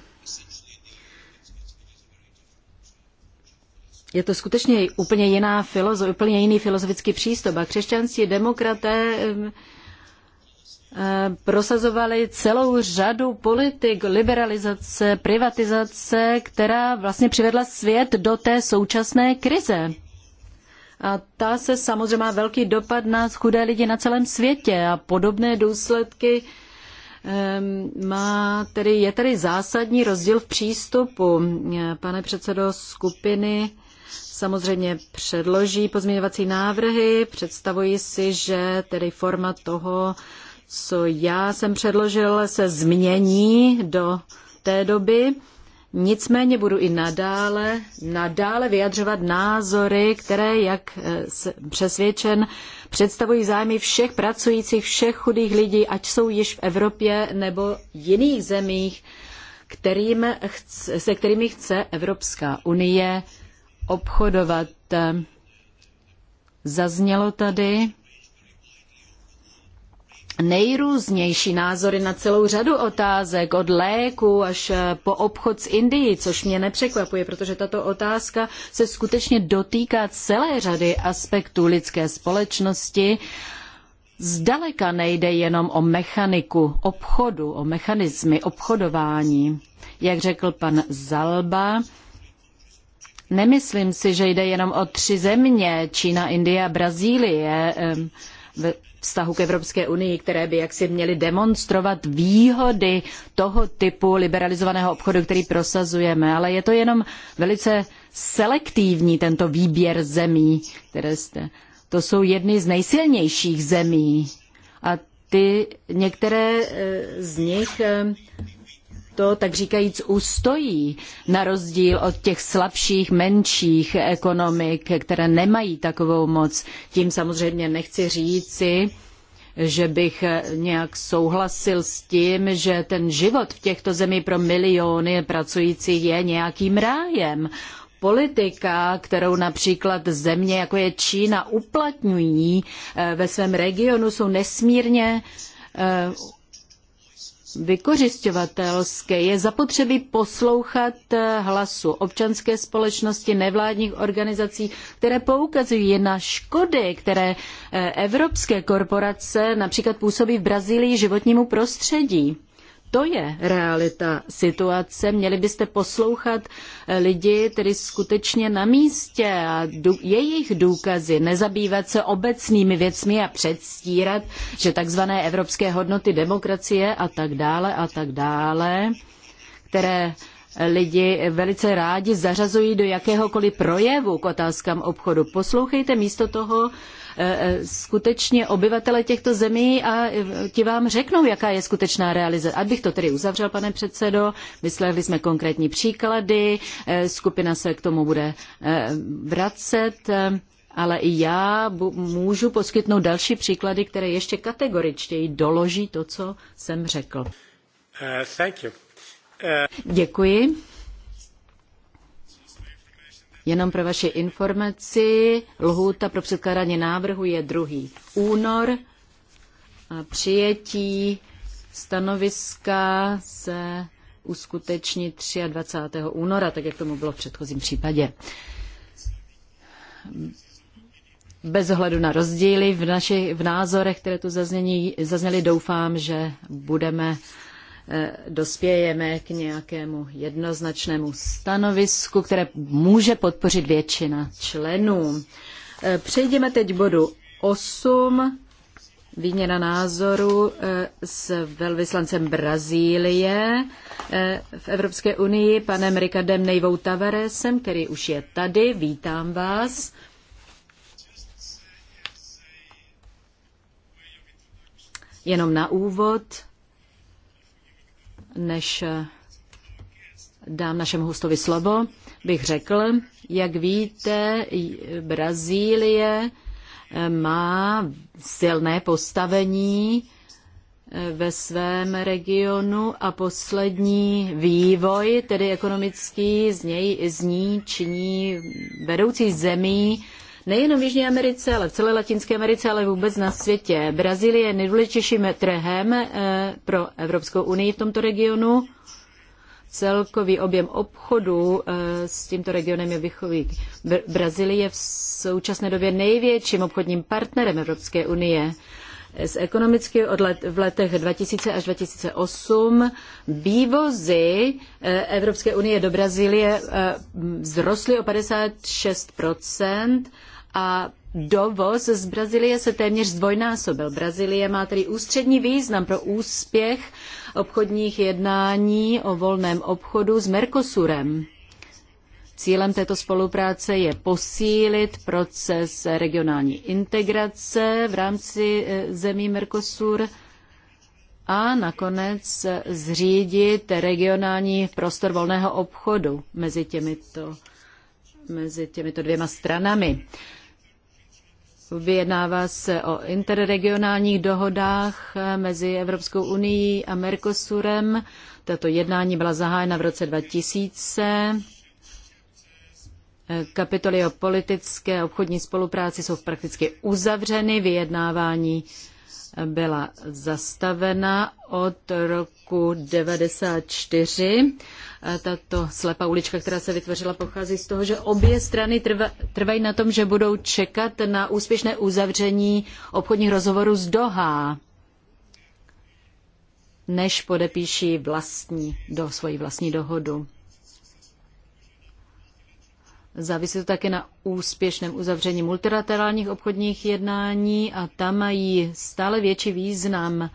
je to skutečně úplně, jiná filozo, úplně jiný filozofický přístup. A křesťanství demokraté prosazovali celou řadu politik, liberalizace, privatizace, která vlastně přivedla svět do té současné krize. A ta se samozřejmě má velký dopad na chudé lidi na celém světě a podobné důsledky má tedy, je tady zásadní rozdíl v přístupu. Pane předsedo skupiny samozřejmě předloží pozměňovací návrhy. Představuji si, že tedy forma toho, co já jsem předložil, se změní do té doby. Nicméně budu i nadále, nadále vyjadřovat názory, které, jak eh, jsem přesvědčen, představují zájmy všech pracujících, všech chudých lidí, ať jsou již v Evropě nebo jiných zemích, kterým, se kterými chce Evropská unie obchodovat. Zaznělo tady nejrůznější názory na celou řadu otázek, od léku až po obchod s Indií, což mě nepřekvapuje, protože tato otázka se skutečně dotýká celé řady aspektů lidské společnosti. Zdaleka nejde jenom o mechaniku obchodu, o mechanismy obchodování. Jak řekl pan Zalba, Nemyslím si, že jde jenom o tři země, Čína, Indie a Brazílie, v vztahu k Evropské unii, které by jaksi měly demonstrovat výhody toho typu liberalizovaného obchodu, který prosazujeme. Ale je to jenom velice selektivní tento výběr zemí, které jste. To jsou jedny z nejsilnějších zemí. A ty některé eh, z nich to tak říkajíc ustojí na rozdíl od těch slabších, menších ekonomik, které nemají takovou moc. Tím samozřejmě nechci říci, že bych nějak souhlasil s tím, že ten život v těchto zemích pro miliony pracujících je nějakým rájem. Politika, kterou například země, jako je Čína, uplatňují eh, ve svém regionu, jsou nesmírně eh, vykořišťovatelské. Je zapotřebí poslouchat eh, hlasu občanské společnosti, nevládních organizací, které poukazují na škody, které eh, evropské korporace například působí v Brazílii životnímu prostředí to je realita situace. Měli byste poslouchat eh, lidi, tedy skutečně na místě a dů, jejich důkazy, nezabývat se obecnými věcmi a předstírat, že takzvané evropské hodnoty demokracie a tak dále a tak dále, které eh, lidi velice rádi zařazují do jakéhokoliv projevu k otázkám obchodu. Poslouchejte místo toho Eh, eh, skutečně obyvatele těchto zemí a eh, ti vám řeknou, jaká je skutečná realizace. Abych to tedy uzavřel, pane předsedo, vyslechli jsme konkrétní příklady, skupina se k tomu bude vracet ale i já můžu poskytnout další příklady, které ještě kategoričtěji doloží to, co jsem řekl. Uh, thank you. Uh... Děkuji. Jenom pro vaši informaci, lhůta pro předkládání návrhu je 2. únor a přijetí stanoviska se uskuteční 23. února, tak jak tomu bylo v předchozím případě. Bez ohledu na rozdíly v, našich, v názorech, které tu zazněli, zazněly, doufám, že budeme E, dospějeme k nějakému jednoznačnému stanovisku, které může podpořit většina členů. E, přejdeme teď bodu 8, výměna názoru e, s velvyslancem Brazílie v Evropské unii, panem Ricardem Nejvou Tavaresem, který už je tady. Vítám vás. Jenom na úvod než dám našemu hostovi slovo, bych řekl, jak víte, Brazílie eh, má silné postavení eh, ve svém regionu a poslední vývoj, tedy ekonomický, z něj z ní činí vedoucí zemí nejenom v Jižní Americe, ale v celé Latinské Americe, ale vůbec na světě. Brazílie je nejdůležitějším trhem eh, pro Evropskou unii v tomto regionu. Celkový objem obchodu eh, s tímto regionem je vychový. Brazílie je v současné době největším obchodním partnerem Evropské unie z ekonomicky od let, v letech 2000 až 2008 vývozy eh, Evropské unie do Brazílie vzrostly o 56 a dovoz z Brazílie se téměř zdvojnásobil. Brazílie má tedy ústřední význam pro úspěch obchodních jednání o volném obchodu s Mercosurem. Cílem této spolupráce je posílit proces regionální integrace v rámci e, zemí Mercosur a nakonec zřídit regionální prostor volného obchodu mezi těmito, mezi těmito dvěma stranami. Vyjednává se o interregionálních dohodách mezi Evropskou unii a Mercosurem. Tato jednání byla zahájena v roce 2000. Kapitoly o politické obchodní spolupráci jsou prakticky uzavřeny. Vyjednávání byla zastavena od roku 1994 Eh, tato slepá ulička, která se vytvořila, pochází z toho, že obě strany trva, trvají na tom, že budou čekat na úspěšné uzavření obchodních rozhovorů z Doha, než podepíší vlastní, do, svoji vlastní dohodu. Závisí to také na úspěšném uzavření multilaterálních obchodních jednání a tam mají stále větší význam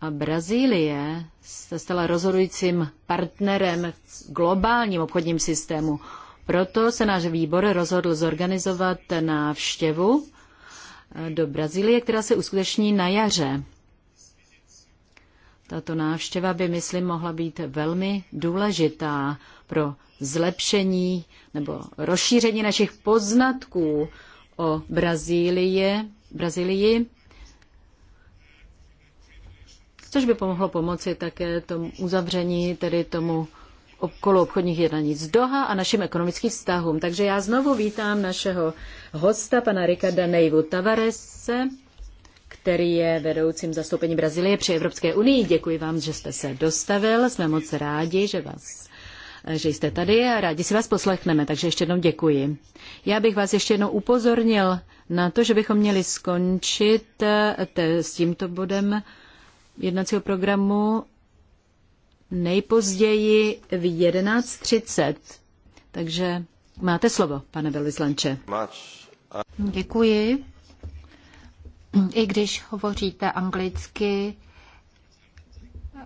a Brazílie se stala rozhodujícím partnerem v globálním obchodním systému. Proto se náš výbor rozhodl zorganizovat návštěvu eh, do Brazílie, která se uskuteční na jaře. Tato návštěva by, myslím, mohla být velmi důležitá pro zlepšení nebo rozšíření našich poznatků o Brazílii, Brazílii což by pomohlo pomoci také tomu uzavření, tedy tomu okolo obchodních jednání, z Doha a našim ekonomickým vztahům. Takže já znovu vítám našeho hosta, pana Ricarda Neivu Tavarese, který je vedoucím zastoupení Brazílie při Evropské unii. Děkuji vám, že jste se dostavil. Jsme moc rádi, že vás že jste tady a rádi si vás poslechneme, takže ještě jednou děkuji. Já bych vás ještě jednou upozornil na to, že bychom měli skončit eh, te, s tímto bodem jednacího programu nejpozději v 11.30. Takže máte slovo, pane Velizlanče. Děkuji. I když hovoříte anglicky,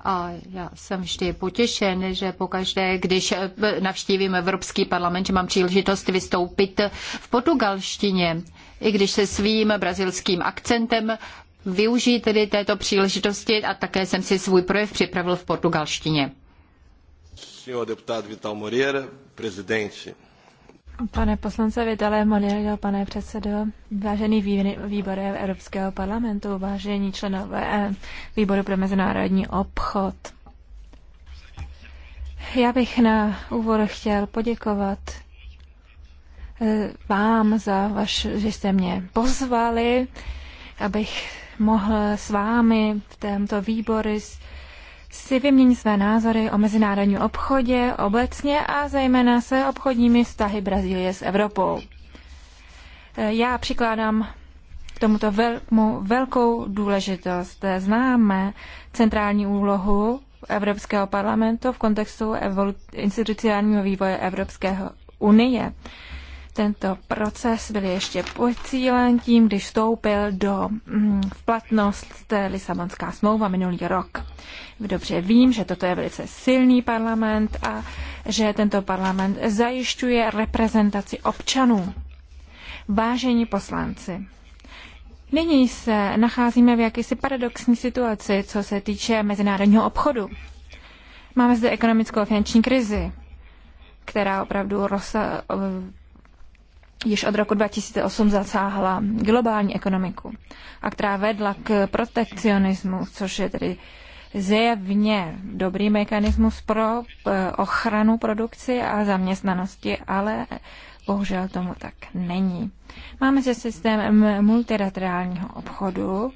a já jsem vždy potěšen, že pokaždé, když navštívím Evropský parlament, že mám příležitost vystoupit v portugalštině. I když se svým brazilským akcentem využiji tedy této příležitosti a také jsem si svůj projev připravil v portugalštině. Pane poslance Vitale Moliero, pane předsedo, vážený výbore Evropského parlamentu, vážení členové eh, výboru pro mezinárodní obchod. Já bych na úvod chtěl poděkovat eh, vám za vaš, že jste mě pozvali, abych mohl s vámi v tomto výboru si vyměnit své názory o mezinárodním obchodě obecně a zejména se obchodními vztahy Brazílie s Evropou. Eh, já přikládám k tomuto velkou, velkou důležitost. Známe centrální úlohu Evropského parlamentu v kontextu institucionálního vývoje Evropské unie. Tento proces byl ještě pocílen tím, když vstoupil do mm, v platnost Lisabonská smlouva minulý rok. Dobře vím, že toto je velice silný parlament a že tento parlament zajišťuje reprezentaci občanů. Vážení poslanci, nyní se nacházíme v jakési paradoxní situaci, co se týče mezinárodního obchodu. Máme zde ekonomickou a finanční krizi, která opravdu roz, již od roku 2008 zasáhla globální ekonomiku a která vedla k protekcionismu, což je tedy zjevně dobrý mechanismus pro eh, ochranu produkci a zaměstnanosti, ale bohužel tomu tak není. Máme se systém multilaterálního obchodu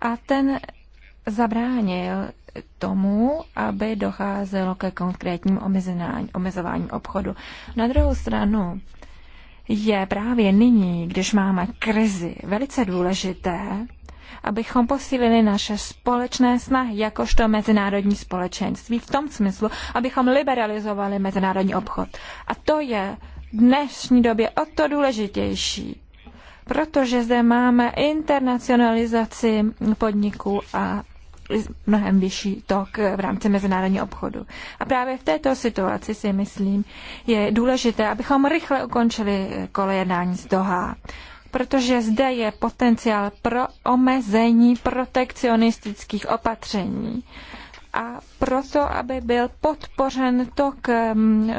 a ten zabránil tomu, aby docházelo ke konkrétním omezování obchodu. Na druhou stranu je právě nyní, když máme krizi, velice důležité, abychom posílili naše společné snahy jakožto mezinárodní společenství v tom smyslu, abychom liberalizovali mezinárodní obchod. A to je v dnešní době o to důležitější, protože zde máme internacionalizaci podniků a mnohem vyšší tok v rámci mezinárodního obchodu. A právě v této situaci si myslím, je důležité, abychom rychle ukončili eh, kolo jednání z Doha protože zde je potenciál pro omezení protekcionistických opatření a proto, aby byl podpořen tok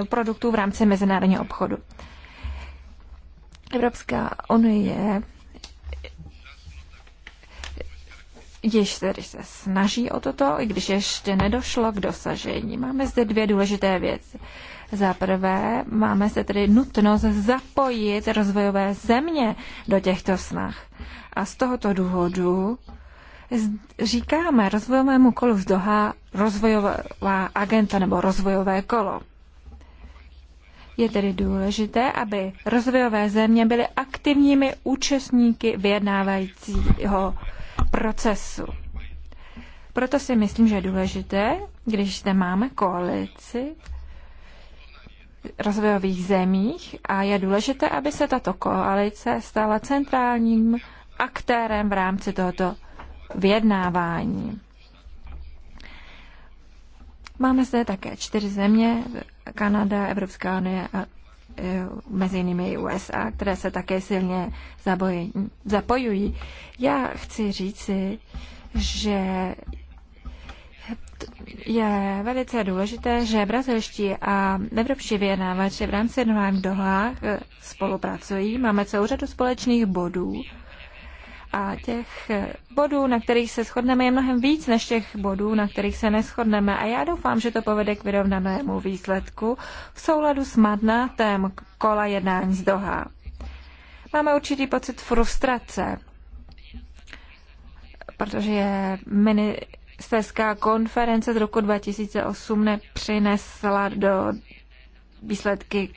produktů v rámci mezinárodního obchodu. Evropská unie již tedy se snaží o toto, i když ještě nedošlo k dosažení. Máme zde dvě důležité věci. Za prvé, máme se tedy nutnost zapojit rozvojové země do těchto snah. A z tohoto důvodu říkáme rozvojovému kolu z Doha rozvojová agenta nebo rozvojové kolo. Je tedy důležité, aby rozvojové země byly aktivními účastníky vyjednávajícího procesu. Proto si myslím, že je důležité, když zde máme koalici rozvojových zemích a je důležité, aby se tato koalice stala centrálním aktérem v rámci tohoto vyjednávání. Máme zde také čtyři země, Kanada, Evropská unie a Eh, mezi jinými i USA, které se také silně zapojují. Já chci říci, že je velice důležité, že brazilští a evropští vyjednávači v rámci jednování dohlách eh, spolupracují. Máme celou řadu společných bodů a těch bodů, na kterých se shodneme, je mnohem víc než těch bodů, na kterých se neschodneme. A já doufám, že to povede k vyrovnanému výsledku v souladu s madnátem kola jednání z Doha. Máme určitý pocit frustrace, protože ministerská konference z roku 2008 nepřinesla do výsledky,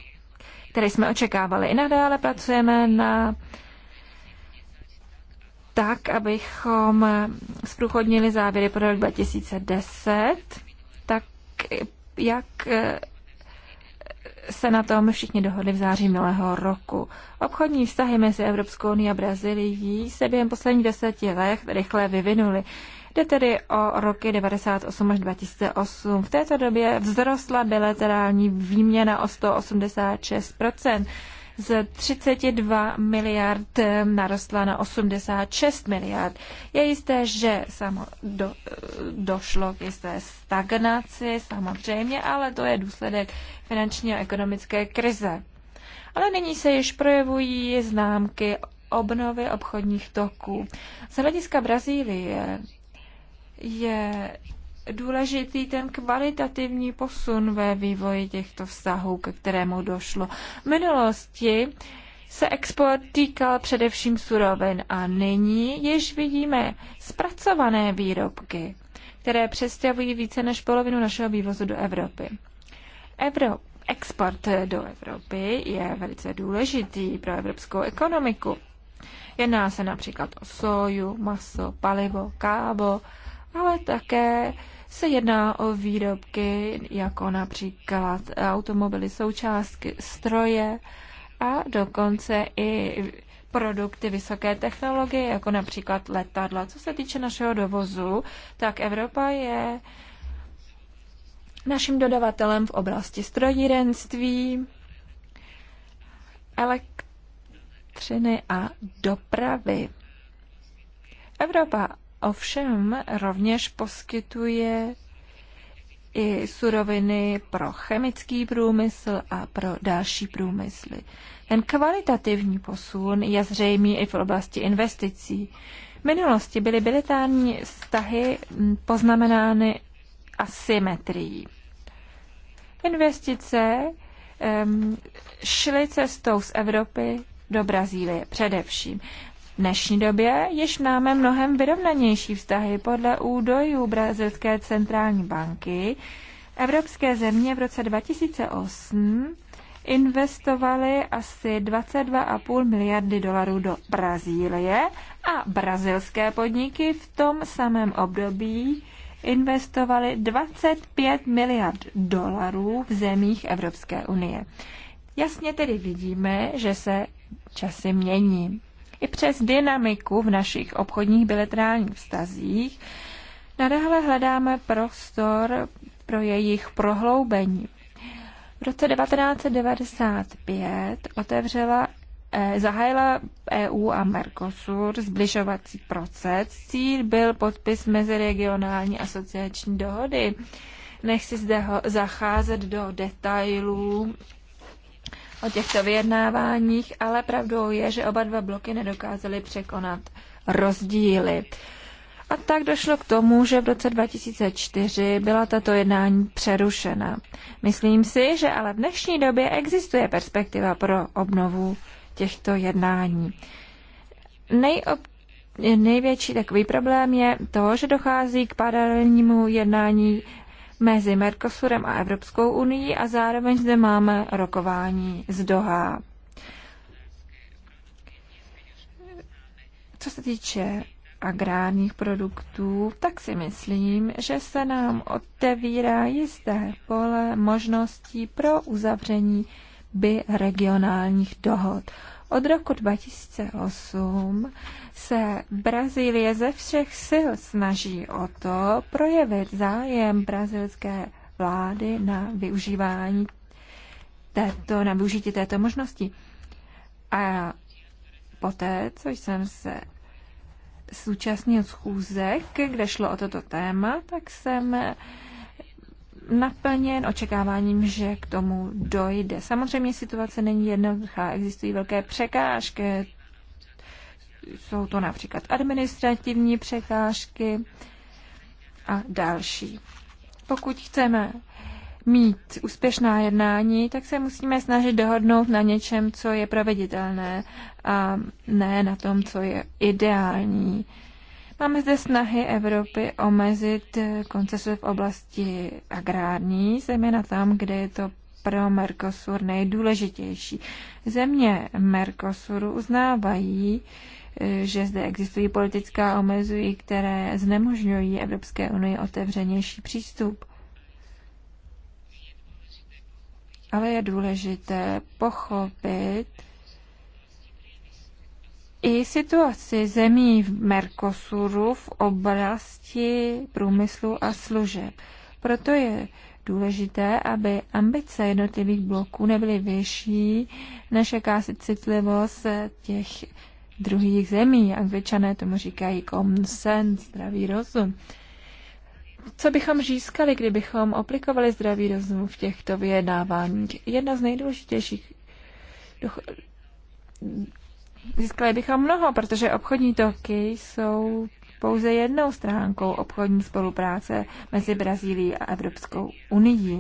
které jsme očekávali. I nadále pracujeme na tak, abychom zprůchodnili závěry pro rok 2010, tak jak eh, se na tom všichni dohodli v září minulého roku. Obchodní vztahy mezi Evropskou unii a Brazílií se během posledních deseti let rychle vyvinuly. Jde tedy o roky 1998 až 2008. V této době vzrostla bilaterální výměna o 186 z 32 miliard eh, narostla na 86 miliard. Je jisté, že samo do, eh, došlo k jisté stagnaci, samozřejmě, ale to je důsledek finanční a ekonomické krize. Ale nyní se již projevují známky obnovy obchodních toků. Z hlediska Brazílie je důležitý ten kvalitativní posun ve vývoji těchto vztahů, ke kterému došlo. V minulosti se export týkal především surovin a nyní již vidíme zpracované výrobky, které představují více než polovinu našeho vývozu do Evropy. Evrop, export do Evropy je velice důležitý pro evropskou ekonomiku. Jedná se například o soju, maso, palivo, kábo, ale také se jedná o výrobky jako například automobily, součástky, stroje a dokonce i produkty vysoké technologie, jako například letadla. Co se týče našeho dovozu, tak Evropa je naším dodavatelem v oblasti strojírenství, elektřiny a dopravy. Evropa ovšem rovněž poskytuje i suroviny pro chemický průmysl a pro další průmysly. Ten kvalitativní posun je zřejmý i v oblasti investicí. V minulosti byly bilitární vztahy poznamenány asymetrií. Investice um, šly cestou z Evropy do Brazílie především dnešní době již máme mnohem vyrovnanější vztahy. Podle údajů Brazilské centrální banky evropské země v roce 2008 investovaly asi 22,5 miliardy dolarů do Brazílie a brazilské podniky v tom samém období investovaly 25 miliard dolarů v zemích Evropské unie. Jasně tedy vidíme, že se časy mění. I přes dynamiku v našich obchodních bilaterálních vztazích nadále hledáme prostor pro jejich prohloubení. V roce 1995 otevřela eh, Zahájila EU a Mercosur zbližovací proces. Cíl byl podpis meziregionální asociační dohody. Nechci zde zacházet do detailů o těchto vyjednáváních, ale pravdou je, že oba dva bloky nedokázaly překonat rozdíly. A tak došlo k tomu, že v roce 2004 byla tato jednání přerušena. Myslím si, že ale v dnešní době existuje perspektiva pro obnovu těchto jednání. Nejob... Největší takový problém je to, že dochází k paralelnímu jednání mezi Mercosurem a Evropskou unii a zároveň zde máme rokování z Doha. Co se týče agrárních produktů, tak si myslím, že se nám otevírá jisté pole možností pro uzavření by regionálních dohod. Od roku 2008 se Brazílie ze všech sil snaží o to projevit zájem brazilské vlády na využívání této, na využití této možnosti. A poté, co jsem se zúčastnil schůzek, kde šlo o toto téma, tak jsem naplněn očekáváním, že k tomu dojde. Samozřejmě situace není jednoduchá, existují velké překážky, jsou to například administrativní překážky a další. Pokud chceme mít úspěšná jednání, tak se musíme snažit dohodnout na něčem, co je proveditelné a ne na tom, co je ideální. Máme zde snahy Evropy omezit koncesy v oblasti agrární, zejména tam, kde je to pro Mercosur nejdůležitější. Země Mercosuru uznávají, eh, že zde existují politická omezují, které znemožňují Evropské unii otevřenější přístup. Ale je důležité pochopit, i situaci zemí v Mercosuru v oblasti průmyslu a služeb. Proto je důležité, aby ambice jednotlivých bloků nebyly vyšší než jakási citlivost těch druhých zemí. Angličané tomu říkají common sense, zdravý rozum. Co bychom získali, kdybychom aplikovali zdravý rozum v těchto vyjednáváních? Jedna z nejdůležitějších Získali bychom mnoho, protože obchodní toky jsou pouze jednou stránkou obchodní spolupráce mezi Brazílií a Evropskou unii.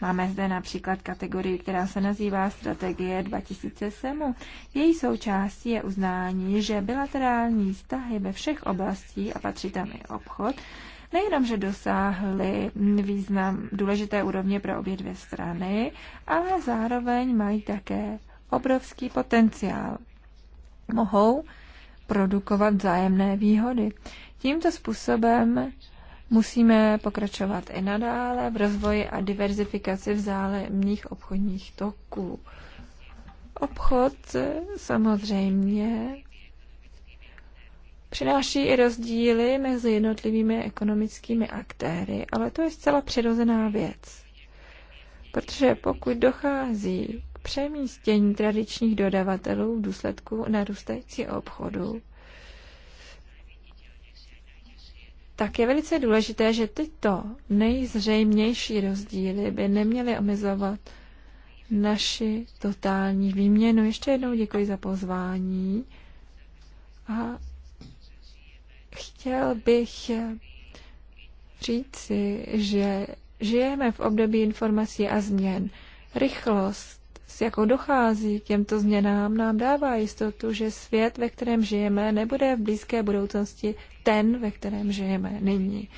Máme zde například kategorii, která se nazývá Strategie 2007. Její součástí je uznání, že bilaterální vztahy ve všech oblastí, a patří tam i obchod, nejenom, že dosáhly význam důležité úrovně pro obě dvě strany, ale zároveň mají také obrovský potenciál mohou produkovat vzájemné výhody. Tímto způsobem musíme pokračovat i nadále v rozvoji a diverzifikaci vzájemných obchodních toků. Obchod samozřejmě přináší i rozdíly mezi jednotlivými ekonomickými aktéry, ale to je zcela přirozená věc. Protože pokud dochází přemístění tradičních dodavatelů v důsledku narůstající obchodu, tak je velice důležité, že tyto nejzřejmější rozdíly by neměly omezovat naši totální výměnu. Ještě jednou děkuji za pozvání a chtěl bych říci, že žijeme v období informací a změn. Rychlost s jakou dochází k těmto změnám, nám dává jistotu, že svět, ve kterém žijeme, nebude v blízké budoucnosti ten, ve kterém žijeme nyní.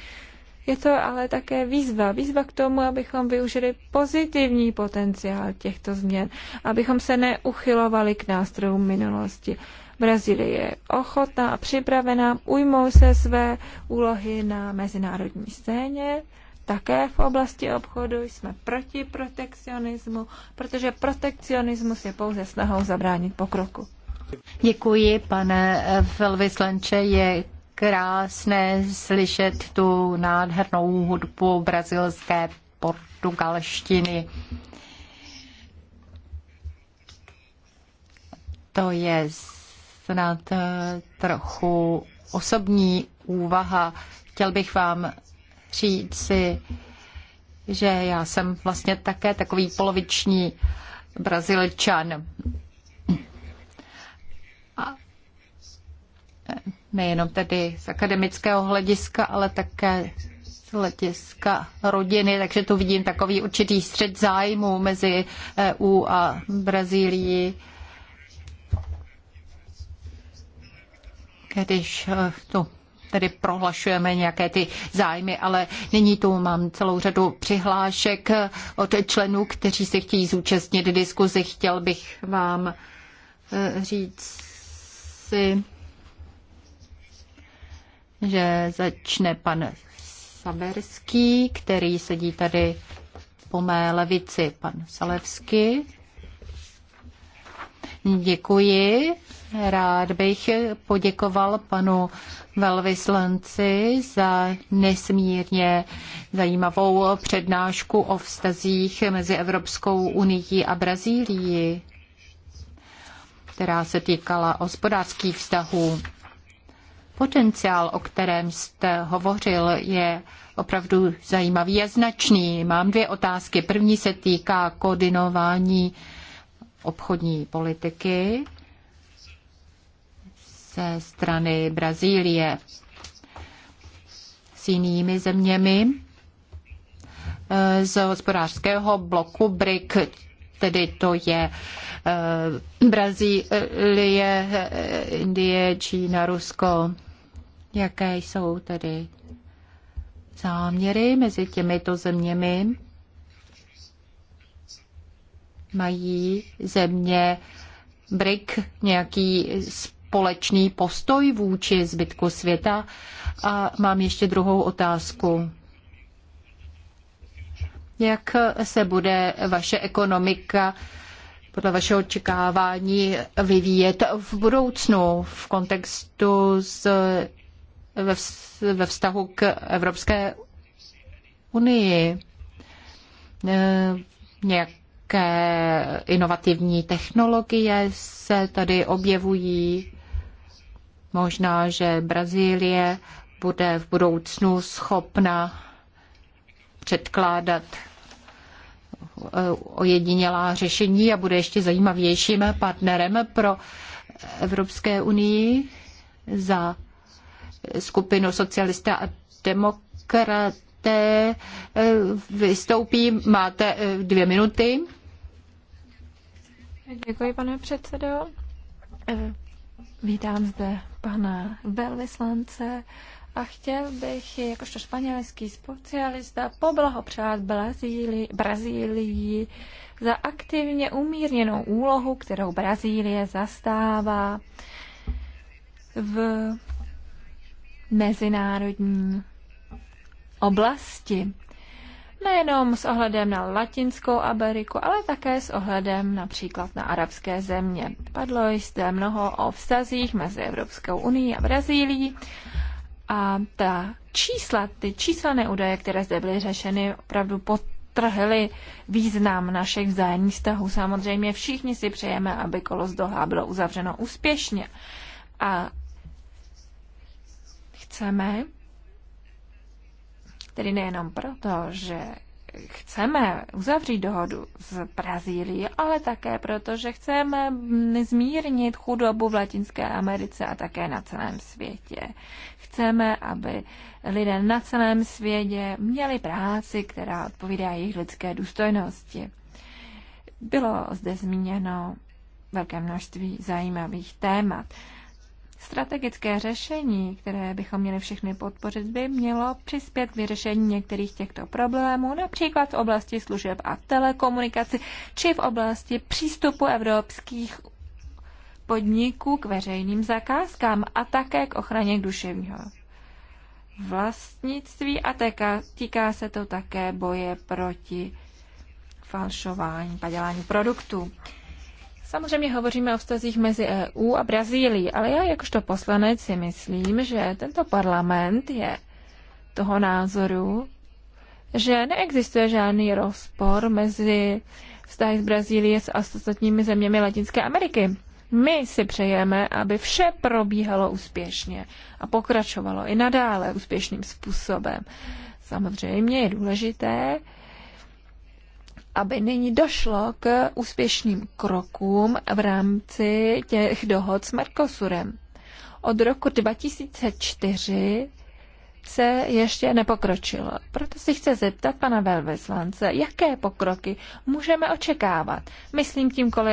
Je to ale také výzva. Výzva k tomu, abychom využili pozitivní potenciál těchto změn, abychom se neuchylovali k nástrojům minulosti. Brazílie je ochotná a připravená, ujmout se své úlohy na mezinárodní scéně, také v oblasti obchodu, jsme proti protekcionismu, protože protekcionismus je pouze snahou zabránit pokroku. Děkuji, pane velvyslanče. Je krásné slyšet tu nádhernou hudbu brazilské portugalštiny. To je snad trochu osobní úvaha. Chtěl bych vám říci, že já jsem vlastně také takový poloviční brazilčan. A nejenom tedy z akademického hlediska, ale také z hlediska rodiny, takže tu vidím takový určitý střed zájmu mezi EU a Brazílií. Když eh, tu tedy prohlašujeme nějaké ty zájmy, ale nyní tu mám celou řadu přihlášek od členů, kteří se chtějí zúčastnit diskuzi. Chtěl bych vám eh, říct si, že začne pan Saberský, který sedí tady po mé levici, pan Salevsky. Děkuji Rád bych poděkoval panu velvyslanci za nesmírně zajímavou přednášku o vztazích mezi Evropskou unii a Brazílií, která se týkala hospodářských vztahů. Potenciál, o kterém jste hovořil, je opravdu zajímavý a značný. Mám dvě otázky. První se týká koordinování obchodní politiky ze strany Brazílie s jinými zeměmi eh, z hospodářského bloku BRIC, tedy to je eh, Brazílie, eh, Indie, Čína, Rusko. Jaké jsou tedy záměry mezi těmito zeměmi? Mají země BRIC nějaký společný postoj vůči zbytku světa? A mám ještě druhou otázku. Jak se bude vaše ekonomika podle vašeho očekávání vyvíjet v budoucnu v kontextu s, ve vztahu k Evropské unii? Eh, nějaké inovativní technologie se tady objevují? Možná, že Brazílie bude v budoucnu schopna předkládat eh, ojedinělá řešení a bude ještě zajímavějším partnerem pro Evropské unii za skupinu socialista a demokraté. Eh, vystoupí, máte eh, dvě minuty. Děkuji, pane předsedo. Vítám zde pana velvyslance a chtěl bych jakožto španělský specialista poblahopřát Brazílii, Brazílii za aktivně umírněnou úlohu, kterou Brazílie zastává v mezinárodní oblasti nejenom s ohledem na Latinskou Ameriku, ale také s ohledem například na arabské země. Padlo jste mnoho o vztazích mezi Evropskou unii a Brazílií a ta čísla, ty číselné údaje, které zde byly řešeny, opravdu trhli význam našich vzájemných vztahů. Samozřejmě všichni si přejeme, aby kolo z Doha bylo uzavřeno úspěšně. A chceme, Tedy nejenom proto, že chceme uzavřít dohodu s Brazílií, ale také proto, že chceme zmírnit chudobu v Latinské Americe a také na celém světě. Chceme, aby lidé na celém světě měli práci, která odpovídá jejich lidské důstojnosti. Bylo zde zmíněno velké množství zajímavých témat. Strategické řešení, které bychom měli všechny podpořit, by mělo přispět k vyřešení některých těchto problémů, například v oblasti služeb a telekomunikaci, či v oblasti přístupu evropských podniků k veřejným zakázkám a také k ochraně duševního vlastnictví a týká, týká se to také boje proti falšování, padělání produktů. Samozřejmě hovoříme o vztazích mezi EU a Brazílií, ale já jakožto poslanec si myslím, že tento parlament je toho názoru, že neexistuje žádný rozpor mezi vztahy z Brazílie a s ostatními zeměmi Latinské Ameriky. My si přejeme, aby vše probíhalo úspěšně a pokračovalo i nadále úspěšným způsobem. Samozřejmě je důležité, aby nyní došlo k úspěšným krokům v rámci těch dohod s Mercosurem. Od roku 2004 se ještě nepokročilo. Proto si chce zeptat pana velvyslance, jaké pokroky můžeme očekávat. Myslím tím kolo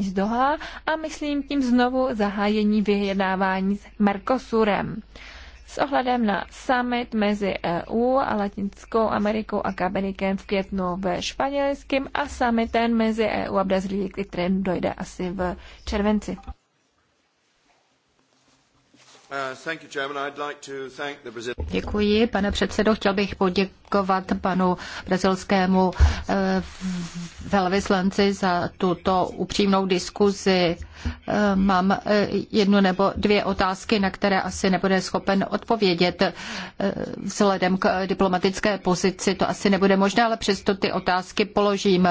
z Doha a myslím tím znovu zahájení vyjednávání s Mercosurem s ohledem na summit mezi EU a Latinskou Amerikou a Kabenikem v květnu ve Španělském a summitem mezi EU a Brazílií, který dojde asi v červenci. Děkuji, pane předsedo. Chtěl bych poděkovat panu brazilskému eh, velvyslanci za tuto upřímnou diskuzi. Eh, mám eh, jednu nebo dvě otázky, na které asi nebude schopen odpovědět. Vzhledem k diplomatické pozici to asi nebude možné, ale přesto ty otázky položím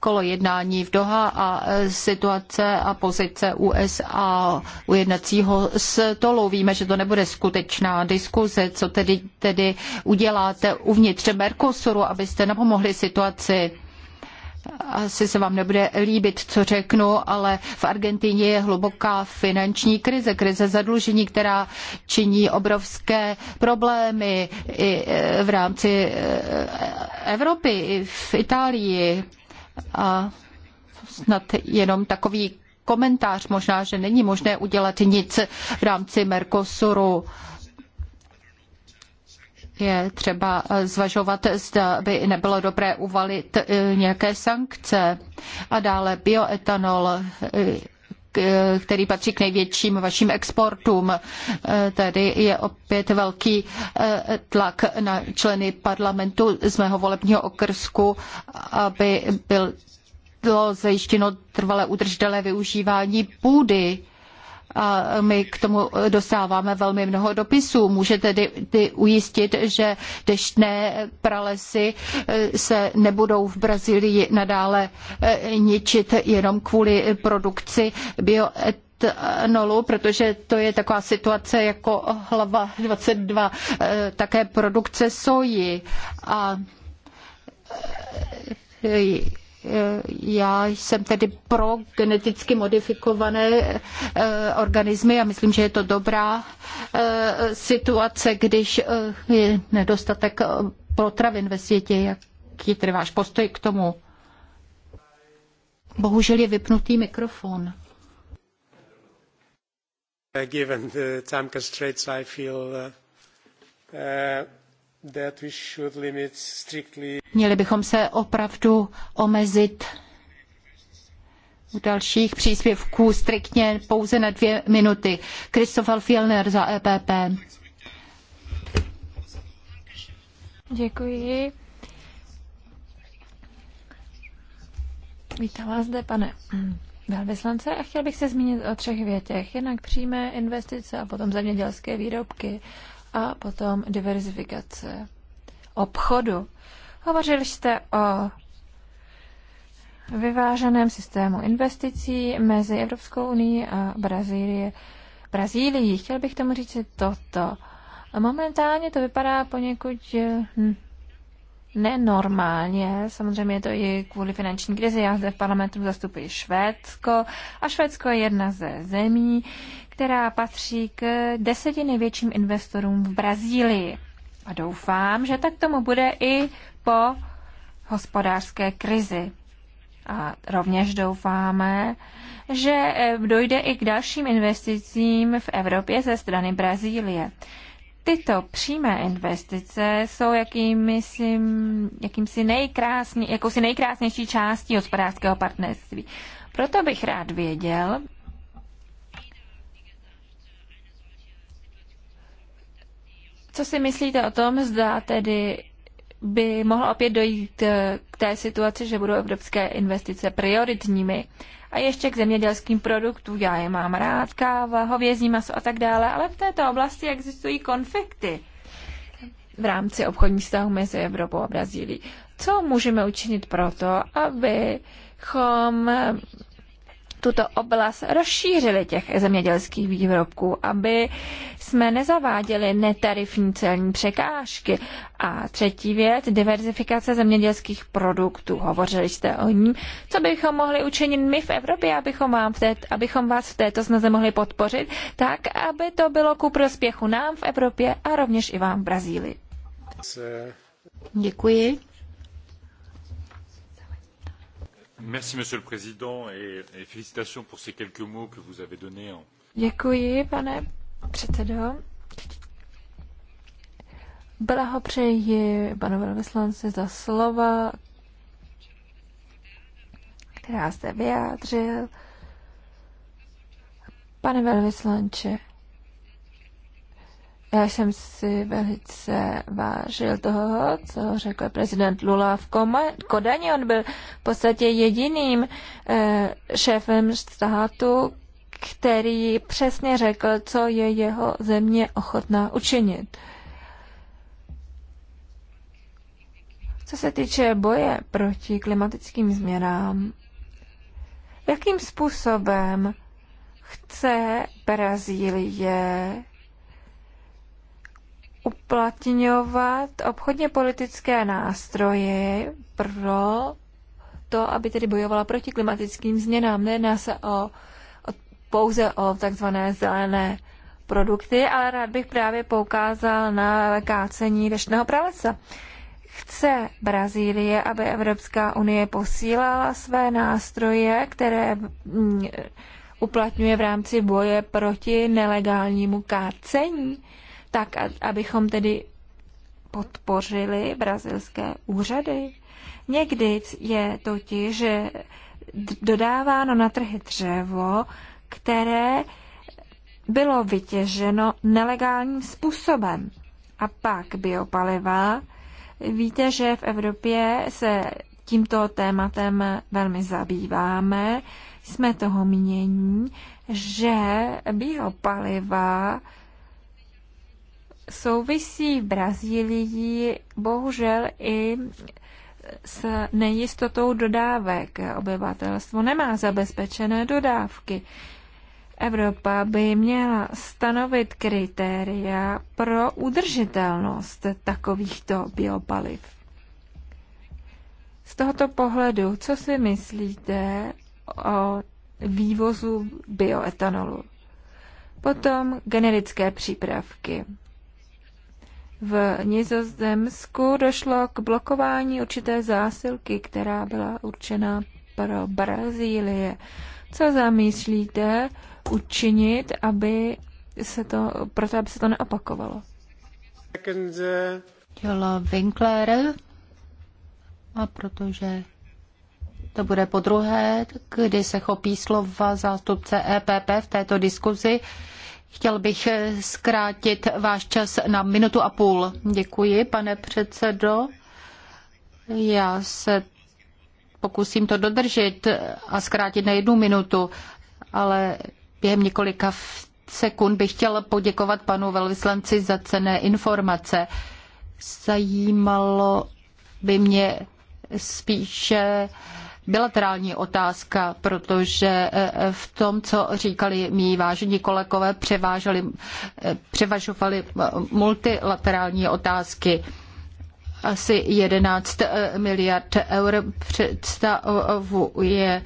kolo jednání v Doha a e, situace a pozice USA u jednacího stolu. Víme, že to nebude skutečná diskuze, co tedy, tedy uděláte uvnitř Mercosuru, abyste napomohli situaci. Asi se vám nebude líbit, co řeknu, ale v Argentině je hluboká finanční krize, krize zadlužení, která činí obrovské problémy i e, v rámci e, Evropy, i v Itálii. A snad jenom takový komentář, možná, že není možné udělat nic v rámci Mercosuru. Je třeba zvažovat, zda by nebylo dobré uvalit eh, nějaké sankce. A dále bioetanol eh, který patří k největším vašim exportům. Tady je opět velký eh, tlak na členy parlamentu z mého volebního okrsku, aby byl bylo zajištěno trvalé udržitelné využívání půdy. A my k tomu dostáváme velmi mnoho dopisů. Můžete tedy ujistit, že deštné pralesy eh, se nebudou v Brazílii nadále eh, ničit jenom kvůli produkci bioet protože to je taková situace jako hlava 22, eh, také produkce soji a já jsem tedy pro geneticky modifikované eh, organismy a myslím, že je to dobrá eh, situace, když eh, je nedostatek potravin ve světě. Jaký tedy váš postoj k tomu? Bohužel je vypnutý mikrofon. Uh, given the time constraints, I feel uh, uh, Měli bychom se opravdu omezit u dalších příspěvků striktně pouze na dvě minuty. Kristofal Fielner za EPP. Děkuji. Vítám vás zde, pane velvyslance, a chtěl bych se zmínit o třech větech. Jednak přímé investice a potom zemědělské výrobky a potom diverzifikace obchodu. Hovořili jste o vyváženém systému investicí mezi Evropskou unii a Brazílie. Brazílií. Chtěl bych tomu říct toto. Momentálně to vypadá poněkud eh, hm, nenormálně. Samozřejmě je to i kvůli finanční krizi. Já zde v parlamentu zastupuji Švédsko a Švédsko je jedna ze zemí, která patří k deseti největším investorům v Brazílii. A doufám, že tak tomu bude i po hospodářské krizi. A rovněž doufáme, že eh, dojde i k dalším investicím v Evropě ze strany Brazílie. Tyto přímé investice jsou jakýmsi, jakýmsi nejkrásně, jakousi nejkrásnější částí hospodářského partnerství. Proto bych rád věděl, Co si myslíte o tom, zda tedy by mohlo opět dojít eh, k té situaci, že budou evropské investice prioritními? A ještě k zemědělským produktům. Já je mám rád, káva, hovězí maso a tak dále, ale v této oblasti existují konflikty v rámci obchodních vztahů mezi Evropou a Brazílií. Co můžeme učinit proto, abychom tuto oblast rozšířili těch zemědělských výrobků, aby jsme nezaváděli netarifní celní překážky. A třetí věc, diverzifikace zemědělských produktů. Hovořili jste o ní. Co bychom mohli učinit my v Evropě, abychom, vám v té, abychom vás v této snaze mohli podpořit, tak aby to bylo ku prospěchu nám v Evropě a rovněž i vám v Brazílii. Děkuji. Merci, monsieur le président, et, félicitations pour ces quelques mots que vous avez donnés. Děkuji, pane předsedo. Blahopřeji panu velvyslanci za slova, která zde vyjádřil. Pane velvyslanče, já jsem si velice vážil toho, co řekl prezident Lula v Kodani. On byl v podstatě jediným eh, šéfem státu, který přesně řekl, co je jeho země ochotná učinit. Co se týče boje proti klimatickým změnám, jakým způsobem chce Brazílie uplatňovat obchodně politické nástroje pro to, aby tedy bojovala proti klimatickým změnám. Nejedná se o, o, pouze o takzvané zelené produkty, ale rád bych právě poukázal na kácení deštného pralesa. Chce Brazílie, aby Evropská unie posílala své nástroje, které mm, uplatňuje v rámci boje proti nelegálnímu kácení tak abychom tedy podpořili brazilské úřady. Někdy je totiž dodáváno na trhy dřevo, které bylo vytěženo nelegálním způsobem. A pak biopaliva. Víte, že v Evropě se tímto tématem velmi zabýváme. Jsme toho mění, že biopaliva souvisí v Brazílii bohužel i s nejistotou dodávek. Obyvatelstvo nemá zabezpečené dodávky. Evropa by měla stanovit kritéria pro udržitelnost takovýchto biopaliv. Z tohoto pohledu, co si myslíte o vývozu bioetanolu? Potom generické přípravky v Nizozemsku došlo k blokování určité zásilky, která byla určena pro Brazílie. Co zamýšlíte učinit, aby se to, proto aby se to neopakovalo? Dělo Winkler a protože to bude po druhé, kdy se chopí slova zástupce EPP v této diskuzi, Chtěl bych eh, zkrátit váš čas na minutu a půl. Děkuji, pane předsedo. Já se pokusím to dodržet a zkrátit na jednu minutu, ale během několika sekund bych chtěl poděkovat panu velvyslanci za cené informace. Zajímalo by mě spíše bilaterální otázka, protože e, e, v tom, co říkali mý vážení kolegové, převáželi, e, převažovaly multilaterální otázky asi 11 miliard eur představuje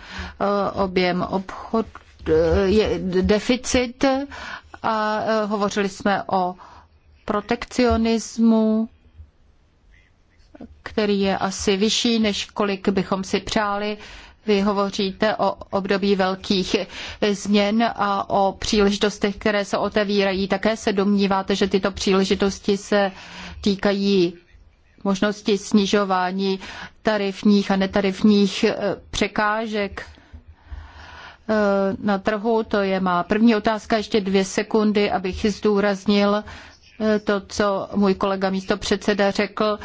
objem obchod, je deficit a hovořili jsme o protekcionismu který je asi vyšší, než kolik bychom si přáli. Vy hovoříte o období velkých změn a o příležitostech, které se otevírají. Také se domníváte, že tyto příležitosti se týkají možnosti snižování tarifních a netarifních eh, překážek eh, na trhu? To je má první otázka. Ještě dvě sekundy, abych zdůraznil, to, co můj kolega místo předseda řekl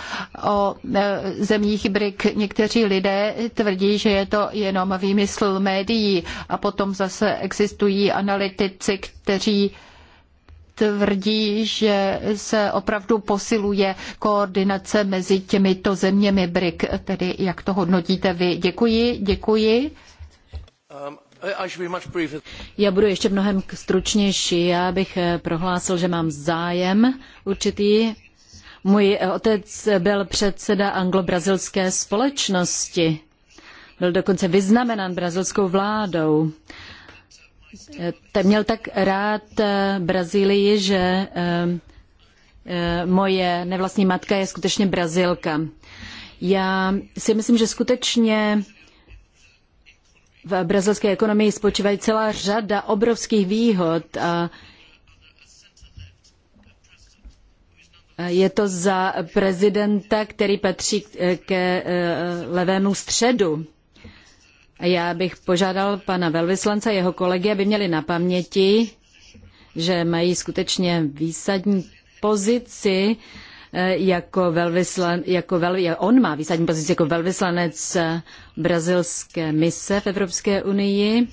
o e, zemích BRIC. Někteří lidé tvrdí, že je to jenom výmysl médií a potom zase existují analytici, kteří tvrdí, že se opravdu posiluje koordinace mezi těmito zeměmi BRIC. Tedy jak to hodnotíte vy? Děkuji, děkuji. Um, já budu ještě mnohem stručnější. Já bych eh, prohlásil, že mám zájem určitý. Můj eh, otec byl předseda anglo-brazilské společnosti. Byl dokonce vyznamenán brazilskou vládou. Eh, měl tak rád Brazílii, že moje nevlastní matka je skutečně Brazilka. Já si myslím, že skutečně v brazilské ekonomii spočívají celá řada obrovských výhod. A je to za prezidenta, který patří ke eh, levému středu. Já bych požádal pana velvyslance a jeho kolegy, aby měli na paměti, že mají skutečně výsadní pozici Eh, jako velvyslan, jako vel, on má výsadní pozici jako velvyslanec eh, brazilské mise v Evropské unii.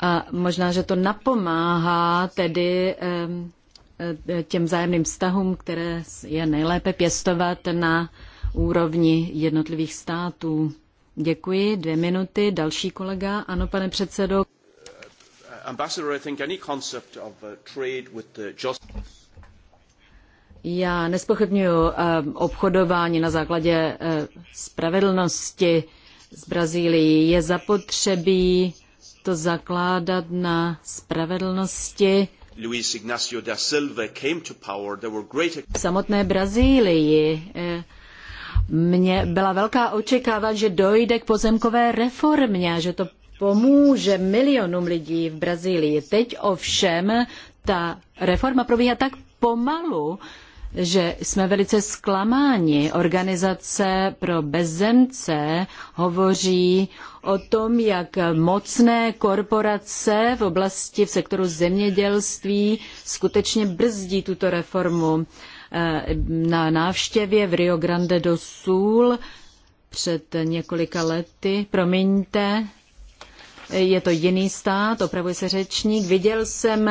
A možná, že to napomáhá tedy eh, těm vzájemným vztahům, které je nejlépe pěstovat na úrovni jednotlivých států. Děkuji. Dvě minuty. Další kolega. Ano, pane předsedo. Ambassador, I think any concept of uh, trade with the just... Já nespochybnuju um, obchodování na základě uh, spravedlnosti z Brazílii. Je zapotřebí to zakládat na spravedlnosti. Luis Ignacio da Silva came to power, there were great... V samotné Brazílii eh, mě byla velká očekávat, že dojde k pozemkové reformě, že to pomůže milionům lidí v Brazílii. Teď ovšem ta reforma probíhá tak pomalu, že jsme velice zklamáni. Organizace pro bezemce hovoří o tom, jak mocné korporace v oblasti v sektoru zemědělství skutečně brzdí tuto reformu. Eh, na návštěvě v Rio Grande do Sul před několika lety, promiňte, je to jiný stát, opravuje se řečník. Viděl jsem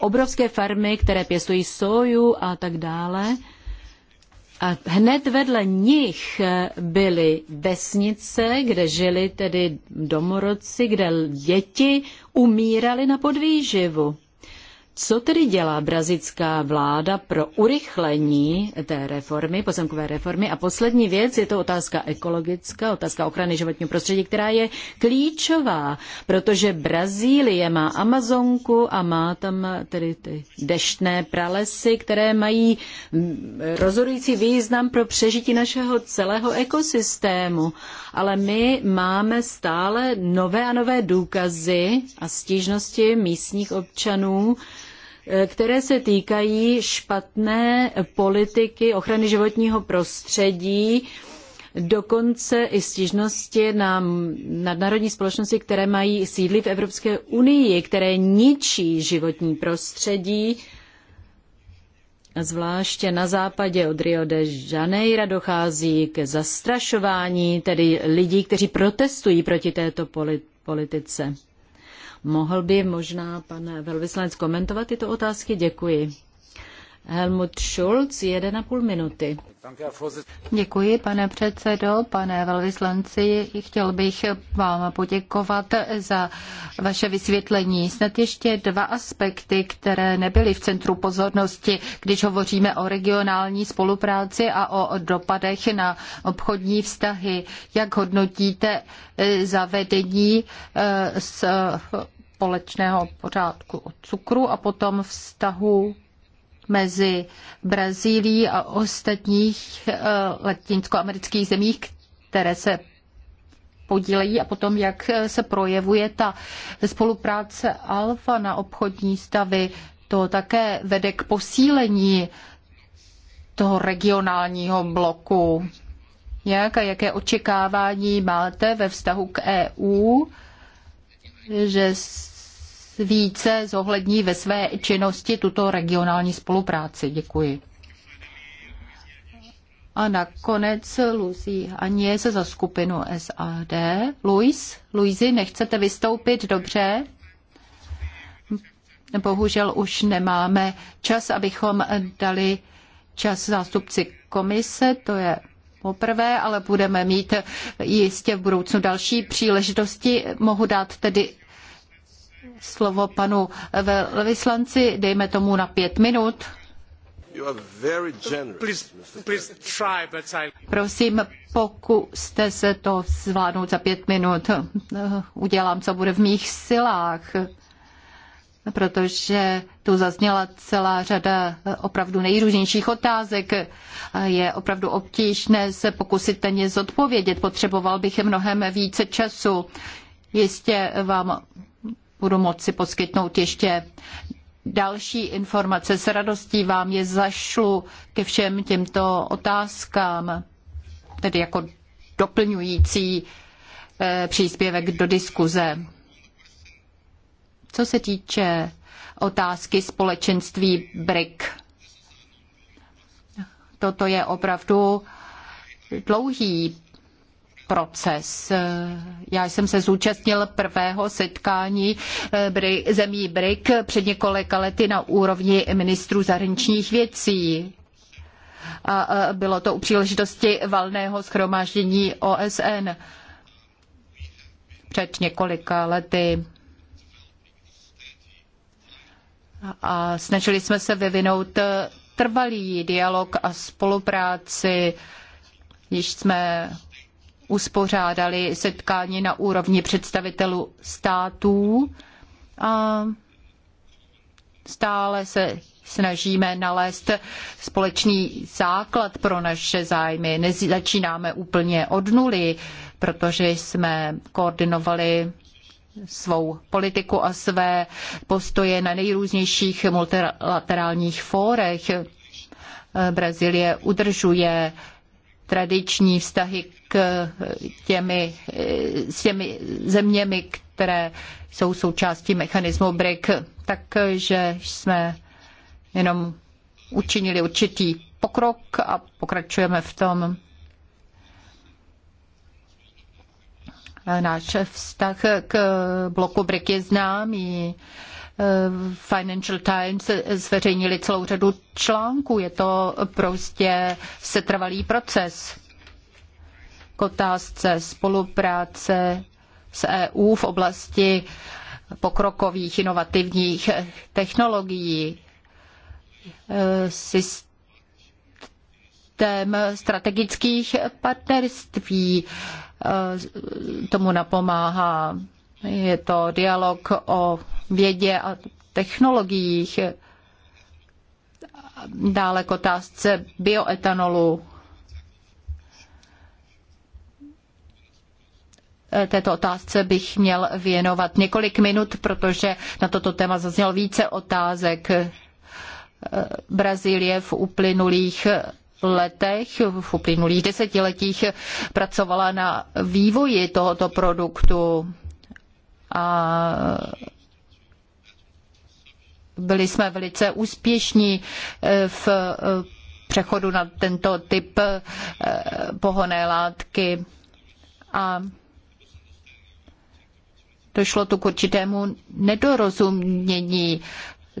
obrovské farmy, které pěstují soju a tak dále. A hned vedle nich byly vesnice, kde žili tedy domorodci, kde děti umírali na podvýživu. Co tedy dělá brazická vláda pro urychlení té reformy, pozemkové reformy? A poslední věc je to otázka ekologická, otázka ochrany životního prostředí, která je klíčová, protože Brazílie má Amazonku a má tam tedy ty deštné pralesy, které mají mm, rozhodující význam pro přežití našeho celého ekosystému. Ale my máme stále nové a nové důkazy a stížnosti místních občanů, Eh, které se týkají špatné politiky ochrany životního prostředí, dokonce i stížnosti na nadnárodní společnosti, které mají sídly v Evropské unii, které ničí životní prostředí. Zvláště na západě od Rio de Janeiro dochází k zastrašování, tedy lidí, kteří protestují proti této politice. Mohl by možná pan velvyslanec komentovat tyto otázky? Děkuji. Helmut Schulz, 1,5 minuty. Děkuji, pane předsedo, pane velvyslanci. Chtěl bych vám poděkovat za vaše vysvětlení. Snad ještě dva aspekty, které nebyly v centru pozornosti, když hovoříme o regionální spolupráci a o dopadech na obchodní vztahy. Jak hodnotíte zavedení eh, s společného pořádku o cukru a potom vztahu mezi Brazílií a ostatních eh, latinskoamerických zemích, které se podílejí a potom, jak se projevuje ta spolupráce Alfa na obchodní stavy. To také vede k posílení toho regionálního bloku. Jak a jaké očekávání máte ve vztahu k EU? že více zohlední ve své činnosti tuto regionální spolupráci. Děkuji. A nakonec Lucy Anie se za skupinu SAD. Luis, Luisi, nechcete vystoupit? Dobře. Bohužel už nemáme čas, abychom dali čas zástupci komise, to je poprvé, ale budeme mít jistě v budoucnu další příležitosti. Mohu dát tedy slovo panu velvyslanci, dejme tomu na pět minut. Prosím, pokuste se to zvládnout za pět minut. Udělám, co bude v mých silách protože tu zazněla celá řada eh, opravdu nejrůznějších otázek. Je opravdu obtížné se pokusit ten je zodpovědět. Potřeboval bych mnohem více času. Jistě vám budu moci poskytnout ještě další informace. S radostí vám je zašlu ke všem těmto otázkám, tedy jako doplňující eh, příspěvek do diskuze. Co se týče otázky společenství BRIC, toto je opravdu dlouhý proces. Já jsem se zúčastnil prvého setkání eh, zemí BRIC před několika lety na úrovni ministrů zahraničních věcí. A eh, bylo to u příležitosti valného schromáždění OSN před několika lety. a snažili jsme se vyvinout eh, trvalý dialog a spolupráci. Již jsme uspořádali setkání na úrovni představitelů států a stále se snažíme nalézt společný základ pro naše zájmy. Nezačínáme úplně od nuly, protože jsme koordinovali svou politiku a své postoje na nejrůznějších multilaterálních fórech. Brazílie udržuje tradiční vztahy k těmi, s těmi zeměmi, které jsou součástí mechanismu BRIC, takže jsme jenom učinili určitý pokrok a pokračujeme v tom. Náš vztah k bloku BRIC je známý. Financial Times zveřejnili celou řadu článků. Je to prostě setrvalý proces. K otázce spolupráce s EU v oblasti pokrokových inovativních technologií, systém strategických partnerství, Eh, tomu napomáhá. Je to dialog o vědě a technologiích, dále k otázce bioetanolu. Eh, této otázce bych měl věnovat několik minut, protože na toto téma zaznělo více otázek. Eh, Brazílie v uplynulých letech, v uplynulých desetiletích pracovala na vývoji tohoto produktu a byli jsme velice úspěšní eh, v eh, přechodu na tento typ eh, pohoné látky a došlo tu k určitému nedorozumění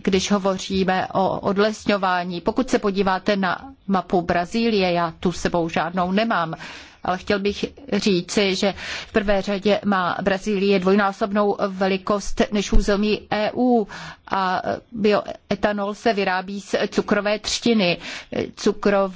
když hovoříme o odlesňování. Pokud se podíváte na mapu Brazílie, já tu sebou žádnou nemám, ale chtěl bych říci, že v prvé řadě má Brazílie dvojnásobnou velikost než území EU a bioetanol se vyrábí z cukrové třtiny. Cukrová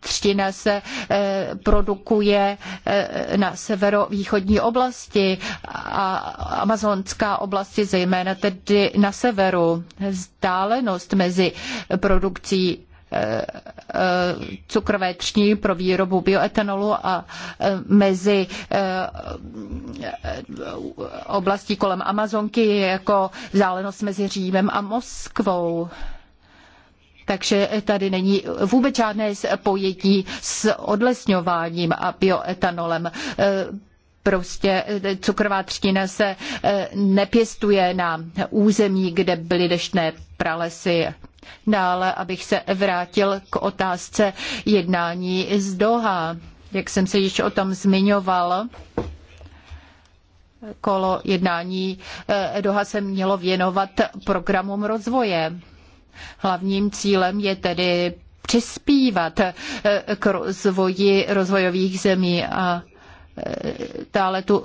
třtina se eh, produkuje eh, na severovýchodní oblasti a amazonská oblast je zejména tedy na severu. Vzdálenost mezi produkcí Eh, eh, cukrové třní pro výrobu bioetanolu a eh, mezi oblastí kolem Amazonky je jako vzdálenost mezi Římem a Moskvou. Takže tady není vůbec žádné spojení s odlesňováním a bioetanolem. Prostě cukrová třtina se eh, nepěstuje na území, kde byly deštné pralesy. Dále, abych se vrátil k otázce jednání z Doha. Jak jsem se již o tom zmiňoval, kolo jednání eh, Doha se mělo věnovat programům rozvoje. Hlavním cílem je tedy přispívat eh, k rozvoji rozvojových zemí a Dále tu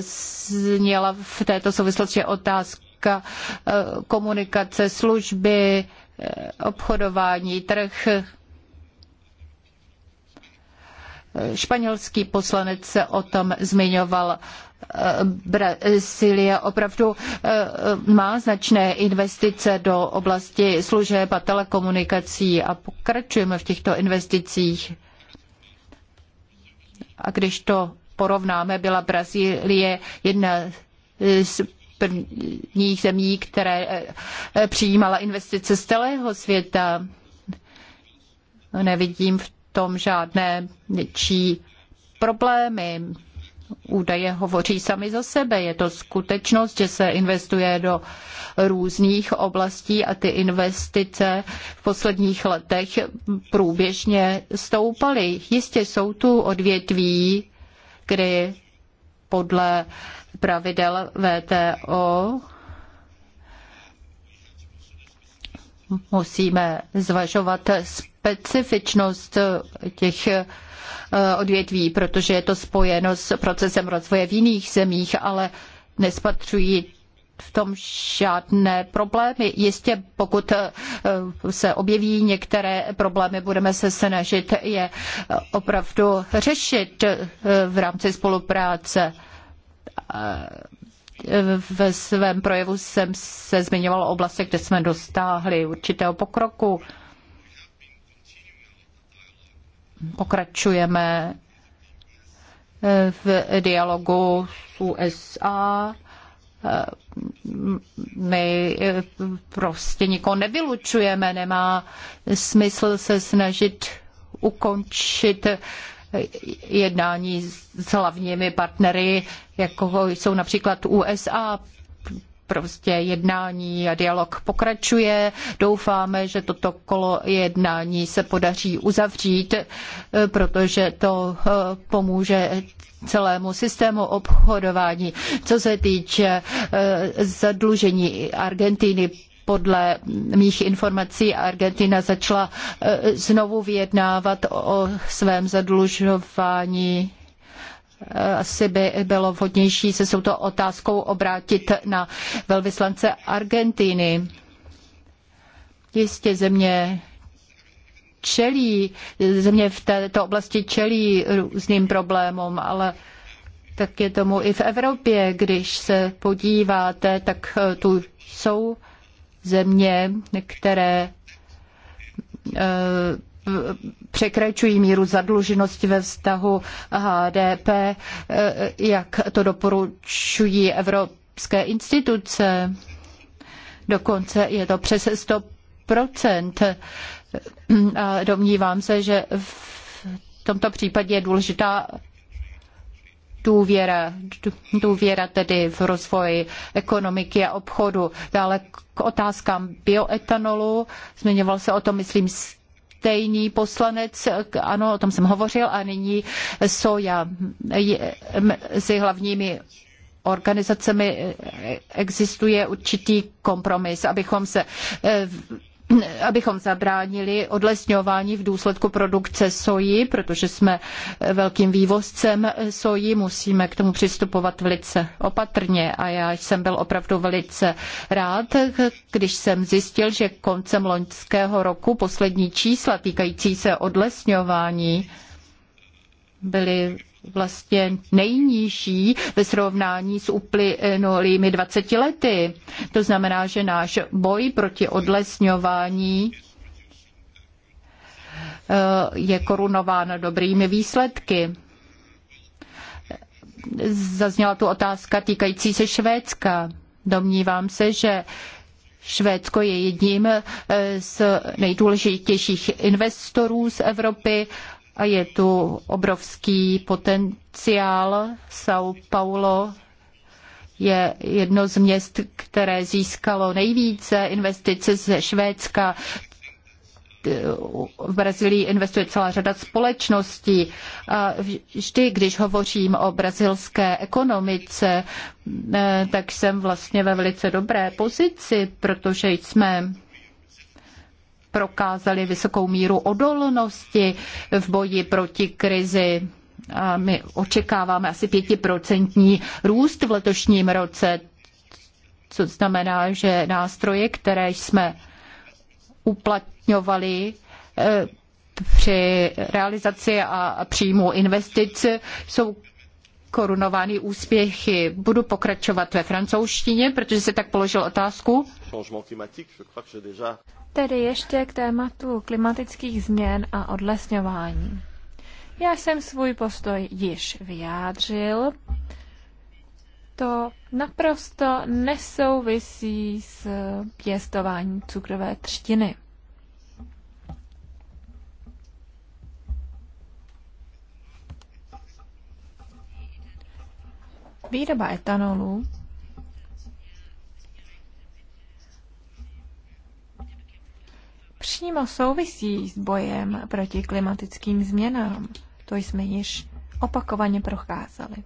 zněla v této souvislosti otázka eh, komunikace, služby, eh, obchodování, trh. Eh, španělský poslanec se o tom zmiňoval. Brazílie opravdu má značné investice do oblasti služeb a telekomunikací a pokračujeme v těchto investicích. A když to porovnáme, byla Brazílie jedna z prvních zemí, které eh, eh, přijímala investice z celého světa. Nevidím v tom žádné větší problémy. Údaje hovoří sami za sebe. Je to skutečnost, že se investuje do různých oblastí a ty investice v posledních letech průběžně stoupaly. Jistě jsou tu odvětví, kdy podle pravidel VTO musíme zvažovat společnost specifičnost eh, těch eh, odvětví, protože je to spojeno s procesem rozvoje v jiných zemích, ale nespatřují v tom žádné problémy. Jistě, pokud eh, se objeví některé problémy, budeme se snažit je opravdu řešit v rámci spolupráce. Ve svém projevu jsem se zmiňovala o oblastech, kde jsme dostáhli určitého pokroku. Pokračujeme eh, v dialogu s USA. Eh, my eh, prostě nikoho nevylučujeme, nemá smysl se snažit ukončit jednání s hlavními partnery, jako jsou například USA, prostě jednání a dialog pokračuje. Doufáme, že toto kolo jednání se podaří uzavřít, eh, protože to eh, pomůže celému systému obchodování. Co se týče eh, zadlužení Argentiny, podle mých informací Argentina začala znovu vyjednávat o svém zadlužování asi by bylo vhodnější se s touto otázkou obrátit na velvyslance Argentiny. Jistě země čelí, země v této oblasti čelí různým problémům, ale tak je tomu i v Evropě. Když se podíváte, tak eh, tu jsou země, které eh, překračují míru zadluženosti ve vztahu HDP, jak to doporučují evropské instituce. Dokonce je to přes 100%. A domnívám se, že v tomto případě je důležitá důvěra, důvěra tedy v rozvoji ekonomiky a obchodu. Dále k otázkám bioetanolu. Zmiňoval se o tom, myslím, stejný poslanec, ano, o tom jsem hovořil, a nyní Soja je, mezi hlavními organizacemi existuje určitý kompromis, abychom se eh, abychom zabránili odlesňování v důsledku produkce soji, protože jsme velkým vývozcem soji, musíme k tomu přistupovat velice opatrně a já jsem byl opravdu velice rád, když jsem zjistil, že koncem loňského roku poslední čísla týkající se odlesňování byly vlastně nejnižší ve srovnání s uplynulými 20 lety. To znamená, že náš boj proti odlesňování eh, je korunován dobrými výsledky. Zazněla tu otázka týkající se Švédska. Domnívám se, že Švédsko je jedním eh, z nejdůležitějších investorů z Evropy a je tu obrovský potenciál. São Paulo je jedno z měst, které získalo nejvíce investice ze Švédska. V Brazílii investuje celá řada společností. A vždy, když hovořím o brazilské ekonomice, eh, tak jsem vlastně ve velice dobré pozici, protože jsme prokázali vysokou míru odolnosti v boji proti krizi. A my očekáváme asi pětiprocentní růst v letošním roce, co znamená, že nástroje, které jsme uplatňovali eh, při realizaci a příjmu investic, jsou korunovány úspěchy. Budu pokračovat ve francouzštině, protože se tak položil otázku. Tedy ještě k tématu klimatických změn a odlesňování. Já jsem svůj postoj již vyjádřil. To naprosto nesouvisí s pěstováním cukrové třtiny. Výroba etanolu přímo souvisí s bojem proti klimatickým změnám. To jsme již opakovaně procházeli.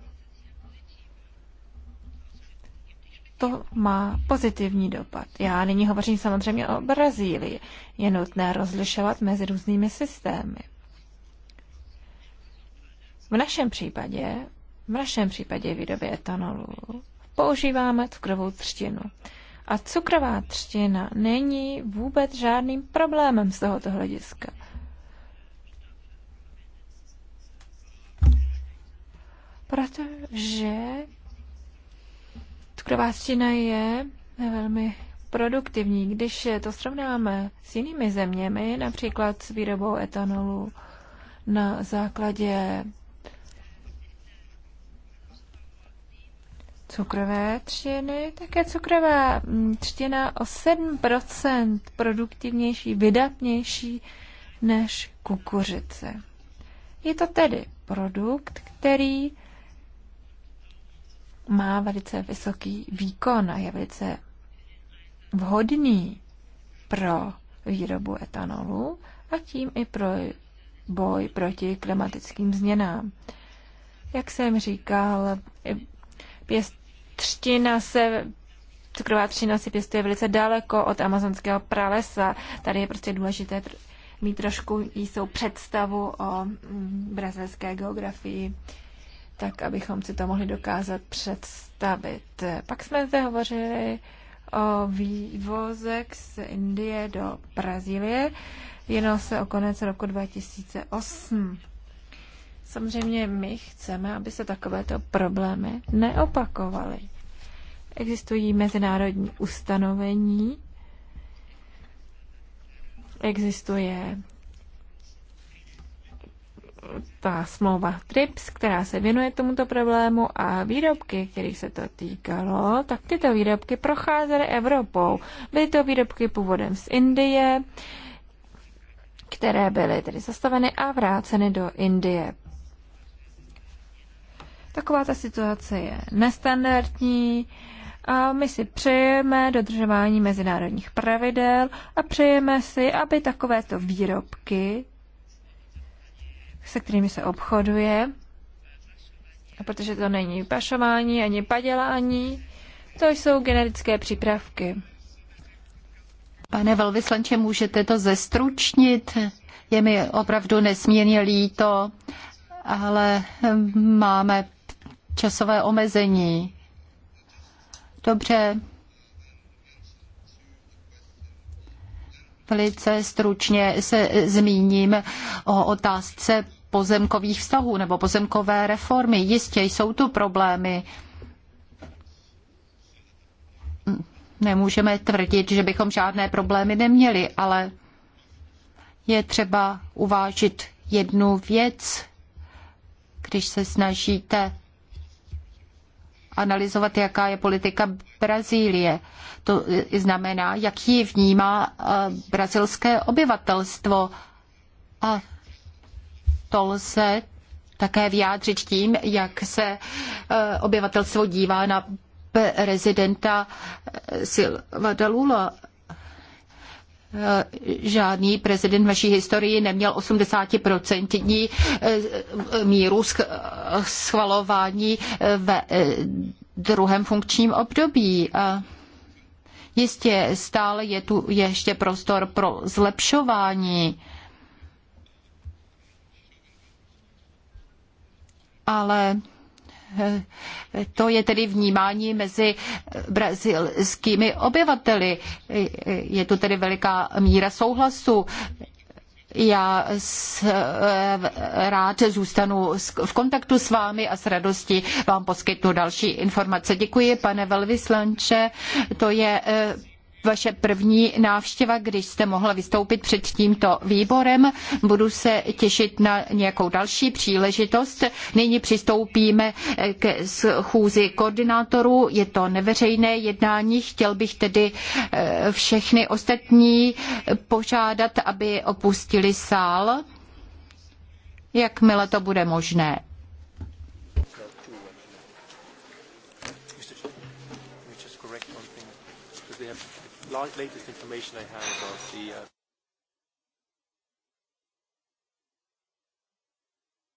To má pozitivní dopad. Já nyní hovořím samozřejmě o Brazílii. Je nutné rozlišovat mezi různými systémy. V našem případě v našem případě výrobě etanolu, používáme cukrovou třtinu. A cukrová třtina není vůbec žádným problémem z tohoto hlediska. Protože cukrová třtina je velmi produktivní. Když to srovnáme s jinými zeměmi, například s výrobou etanolu na základě cukrové třtiny, také cukrová mm, třtina o 7% produktivnější, vydatnější než kukuřice. Je to tedy produkt, který má velice vysoký výkon a je velice vhodný pro výrobu etanolu a tím i pro boj proti klimatickým změnám. Jak jsem říkal, Pěstřtina se cukrová třtina se pěstuje velice daleko od amazonského pralesa. Tady je prostě důležité mít trošku jistou představu o mm, brazilské geografii, tak abychom si to mohli dokázat představit. Pak jsme zde hovořili o vývozek z Indie do Brazílie. jenom se o konec roku 2008. Samozřejmě my chceme, aby se takovéto problémy neopakovaly. Existují mezinárodní ustanovení, existuje ta smlouva TRIPS, která se věnuje tomuto problému a výrobky, kterých se to týkalo, tak tyto výrobky procházely Evropou. Byly to výrobky původem z Indie, které byly tedy zastaveny a vráceny do Indie. Taková ta situace je nestandardní a my si přejeme dodržování mezinárodních pravidel a přejeme si, aby takovéto výrobky, se kterými se obchoduje, a protože to není pašování ani padělání, to jsou generické přípravky. Pane velvyslanče, můžete to zestručnit? Je mi opravdu nesmírně líto, ale máme časové omezení. Dobře. Velice stručně se zmíním o otázce pozemkových vztahů nebo pozemkové reformy. Jistě jsou tu problémy. Nemůžeme tvrdit, že bychom žádné problémy neměli, ale je třeba uvážit jednu věc, když se snažíte analyzovat, jaká je politika Brazílie. To znamená, jak ji vnímá eh, brazilské obyvatelstvo. A to lze také vyjádřit tím, jak se eh, obyvatelstvo dívá na prezidenta eh, Silva Dalula, Eh, žádný prezident v naší historii neměl 80% eh, míru schvalování eh, ve druhém funkčním období. Jistě stále je tu ještě prostor pro zlepšování. Ale to je tedy vnímání mezi brazilskými obyvateli. Je tu tedy veliká míra souhlasu. Já s, rád zůstanu v kontaktu s vámi a s radostí vám poskytnu další informace. Děkuji, pane velvyslanče. To je eh, vaše první návštěva, když jste mohla vystoupit před tímto výborem. Budu se těšit na nějakou další příležitost. Nyní přistoupíme eh, k schůzi koordinátorů. Je to neveřejné jednání. Chtěl bych tedy eh, všechny ostatní požádat, aby opustili sál, jakmile to bude možné. latest information I have about the uh,